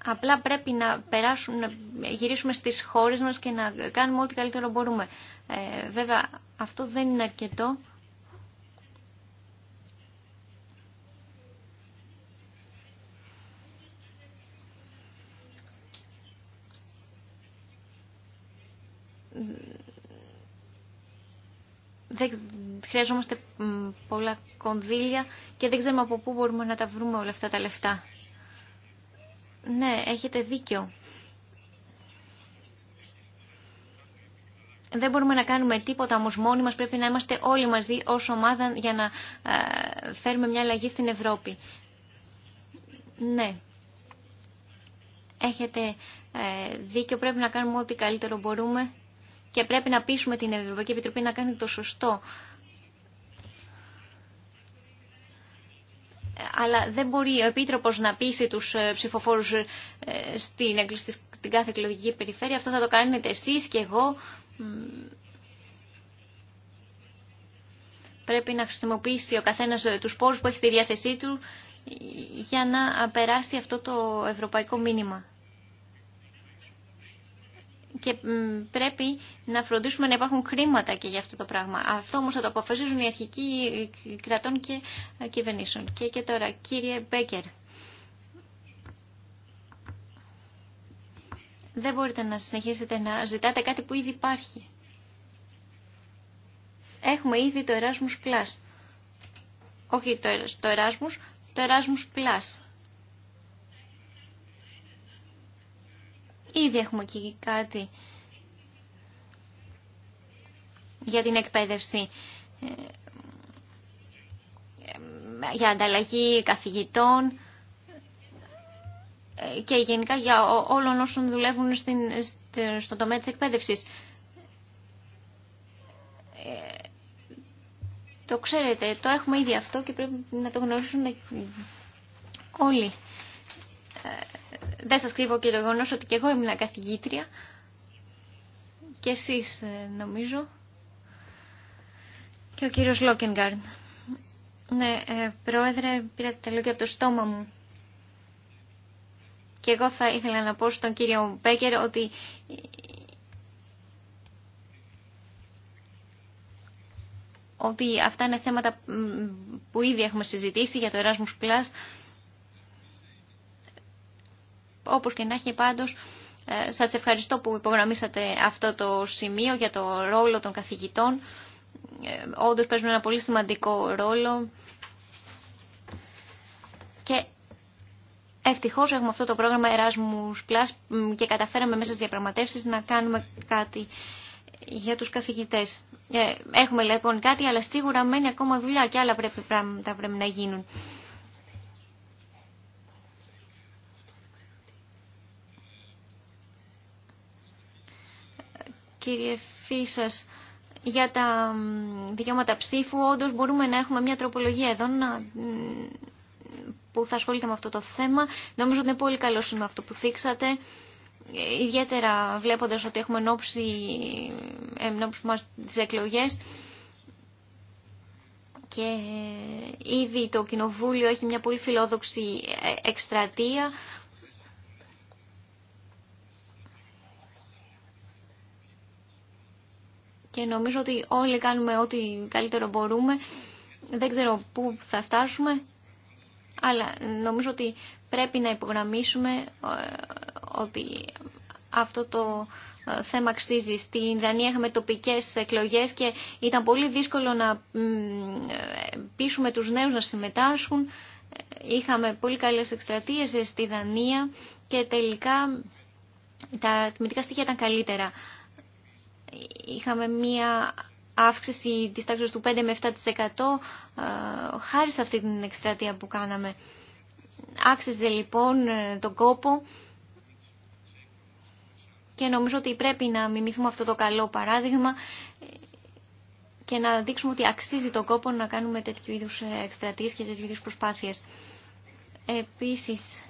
Απλά πρέπει να, περάσουμε, γυρίσουμε στις χώρες μας και να κάνουμε ό,τι καλύτερο μπορούμε. Ε, βέβαια, αυτό δεν είναι αρκετό. δεν χρειαζόμαστε πολλά κονδύλια και δεν ξέρουμε από πού μπορούμε να τα βρούμε όλα αυτά τα λεφτά. Ναι, έχετε δίκιο. Δεν μπορούμε να κάνουμε τίποτα όμως μόνοι μας, πρέπει να είμαστε όλοι μαζί ως ομάδα για να ε, φέρουμε μια αλλαγή στην Ευρώπη. Ναι, έχετε ε, δίκιο, πρέπει να κάνουμε ό,τι καλύτερο μπορούμε και πρέπει να πείσουμε την Ευρωπαϊκή Επιτροπή να κάνει το σωστό. Αλλά δεν μπορεί ο Επίτροπος να πείσει τους ε, ψηφοφόρους ε, στην, στην κάθε εκλογική περιφέρεια. Αυτό θα το κάνετε εσείς και εγώ. Πρέπει να χρησιμοποιήσει ο καθένας ε, τους πόρους που έχει στη διάθεσή του για να περάσει αυτό το ευρωπαϊκό μήνυμα και πρέπει να φροντίσουμε να υπάρχουν χρήματα και για αυτό το πράγμα. Αυτό όμως θα το αποφασίζουν οι αρχικοί κρατών και κυβερνήσεων. Και, και τώρα, κύριε Μπέκερ, δεν μπορείτε να συνεχίσετε να ζητάτε κάτι που ήδη υπάρχει. Έχουμε ήδη το Erasmus Plus. Όχι το, το Erasmus, το Erasmus Plus. Ήδη έχουμε εκεί κάτι για την εκπαίδευση, ε, για ανταλλαγή καθηγητών ε, και γενικά για όλων όσων δουλεύουν στην, στον τομέα της εκπαίδευσης. Ε, το ξέρετε, το έχουμε ήδη αυτό και πρέπει να το γνωρίσουν όλοι δεν σας κρύβω και το γεγονό ότι και εγώ ήμουν καθηγήτρια και εσείς ε, νομίζω και ο κύριος Λόκενγκάρν. Ναι, ε, πρόεδρε, πήρατε τα λόγια από το στόμα μου. Και εγώ θα ήθελα να πω στον κύριο Μπέκερ ότι ότι αυτά είναι θέματα που ήδη έχουμε συζητήσει για το Erasmus Plus όπως και να έχει πάντως, ε, σας ευχαριστώ που υπογραμμίσατε αυτό το σημείο για το ρόλο των καθηγητών. Ε, όντως παίζουν ένα πολύ σημαντικό ρόλο και ευτυχώ έχουμε αυτό το πρόγραμμα Erasmus Plus και καταφέραμε μέσα στις διαπραγματεύσεις να κάνουμε κάτι για τους καθηγητές. Ε, έχουμε λοιπόν κάτι, αλλά σίγουρα μένει ακόμα δουλειά και άλλα πράγματα πρέπει να γίνουν. κύριε Φίσας, για τα δικαιώματα ψήφου, όντω μπορούμε να έχουμε μια τροπολογία εδώ να... που θα ασχολείται με αυτό το θέμα. Νομίζω ότι είναι πολύ καλό με αυτό που θίξατε. Ιδιαίτερα βλέποντας ότι έχουμε ενόψει, ε, ενόψει μας τις και ε, ήδη το Κοινοβούλιο έχει μια πολύ φιλόδοξη ε, εκστρατεία και νομίζω ότι όλοι κάνουμε ό,τι καλύτερο μπορούμε. Δεν ξέρω πού θα φτάσουμε, αλλά νομίζω ότι πρέπει να υπογραμμίσουμε ε, ότι αυτό το ε, θέμα αξίζει. Στην Δανία είχαμε τοπικές εκλογές και ήταν πολύ δύσκολο να ε, πείσουμε τους νέους να συμμετάσχουν. Είχαμε πολύ καλές εκστρατείες στη Δανία και τελικά τα θυμητικά στοιχεία ήταν καλύτερα είχαμε μία αύξηση της τάξης του 5 με 7% ε, χάρη σε αυτή την εκστρατεία που κάναμε. Άξιζε λοιπόν ε, τον κόπο και νομίζω ότι πρέπει να μιμηθούμε αυτό το καλό παράδειγμα ε, και να δείξουμε ότι αξίζει τον κόπο να κάνουμε τέτοιου είδους εκστρατείες και τέτοιου είδους προσπάθειες. Επίσης,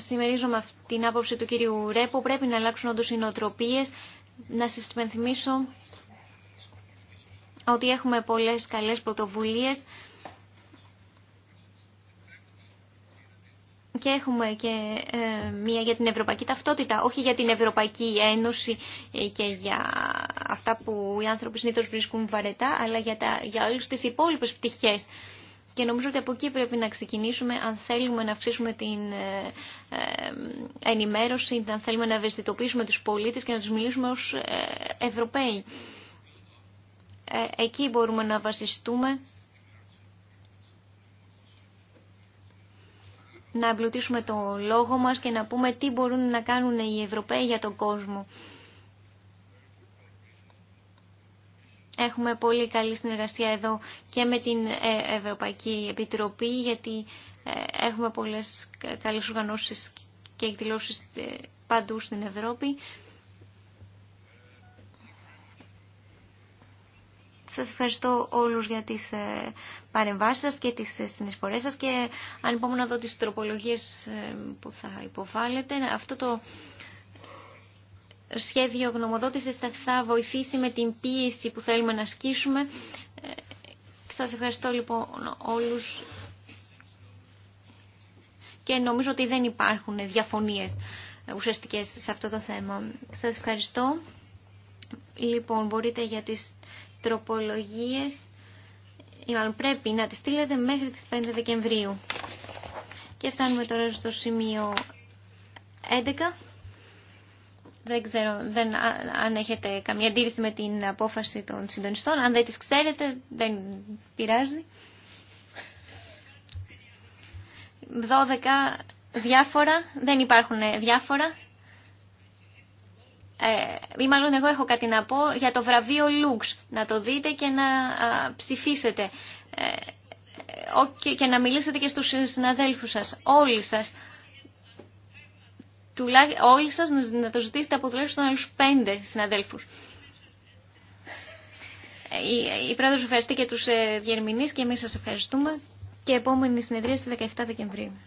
συμμερίζομαι αυτήν την άποψη του κύριου Ρέπο. Πρέπει να αλλάξουν όντως οι νοοτροπίες. Να σας υπενθυμίσω ότι έχουμε πολλές καλές πρωτοβουλίες και έχουμε και ε, μία για την ευρωπαϊκή ταυτότητα, όχι για την Ευρωπαϊκή Ένωση ε, και για αυτά που οι άνθρωποι συνήθως βρίσκουν βαρετά, αλλά για, τα, για όλες τις υπόλοιπες πτυχές και νομίζω ότι από εκεί πρέπει να ξεκινήσουμε αν θέλουμε να αυξήσουμε την ε, ε, ενημέρωση, αν θέλουμε να ευαισθητοποιήσουμε τους πολίτες και να τους μιλήσουμε ως ε, Ευρωπαίοι. Εκεί μπορούμε να βασιστούμε να εμπλουτίσουμε το λόγο μας και να πούμε τι μπορούν να κάνουν οι Ευρωπαίοι για τον κόσμο. Έχουμε πολύ καλή συνεργασία εδώ και με την ε, Ευρωπαϊκή Επιτροπή γιατί ε, έχουμε πολλές καλές οργανώσεις και εκδηλώσεις ε, παντού στην Ευρώπη. Σας ευχαριστώ όλους για τις παρεμβάσεις σας και τις συνεισφορές σας και αν να δω τις τροπολογίες που θα υποβάλλετε. Αυτό το σχέδιο γνωμοδότησης θα βοηθήσει με την πίεση που θέλουμε να ασκήσουμε. Ε, σας ευχαριστώ λοιπόν όλους και νομίζω ότι δεν υπάρχουν διαφωνίες ε, ουσιαστικές σε αυτό το θέμα. Σας ευχαριστώ. Λοιπόν, μπορείτε για τις τροπολογίες, ή μάλλον πρέπει να τις στείλετε μέχρι τις 5 Δεκεμβρίου. Και φτάνουμε τώρα στο σημείο 11 δεν ξέρω, δεν, αν έχετε καμία αντίρρηση με την απόφαση των συντονιστών. Αν δεν τις ξέρετε, δεν πειράζει. 12 διάφορα, δεν υπάρχουν ε, διάφορα. Ε, ή μάλλον εγώ έχω κάτι να πω για το βραβείο Λουξ. Να το δείτε και να α, ψηφίσετε. Ε, ε και, και να μιλήσετε και στους συναδέλφους σας, όλοι σας όλοι σας να το ζητήσετε από τουλάχιστον άλλους πέντε συναδέλφους. Η, η πρόεδρος ευχαριστεί και τους ε, διερμηνείς και εμείς σας ευχαριστούμε και επόμενη συνεδρία στη 17 Δεκεμβρίου.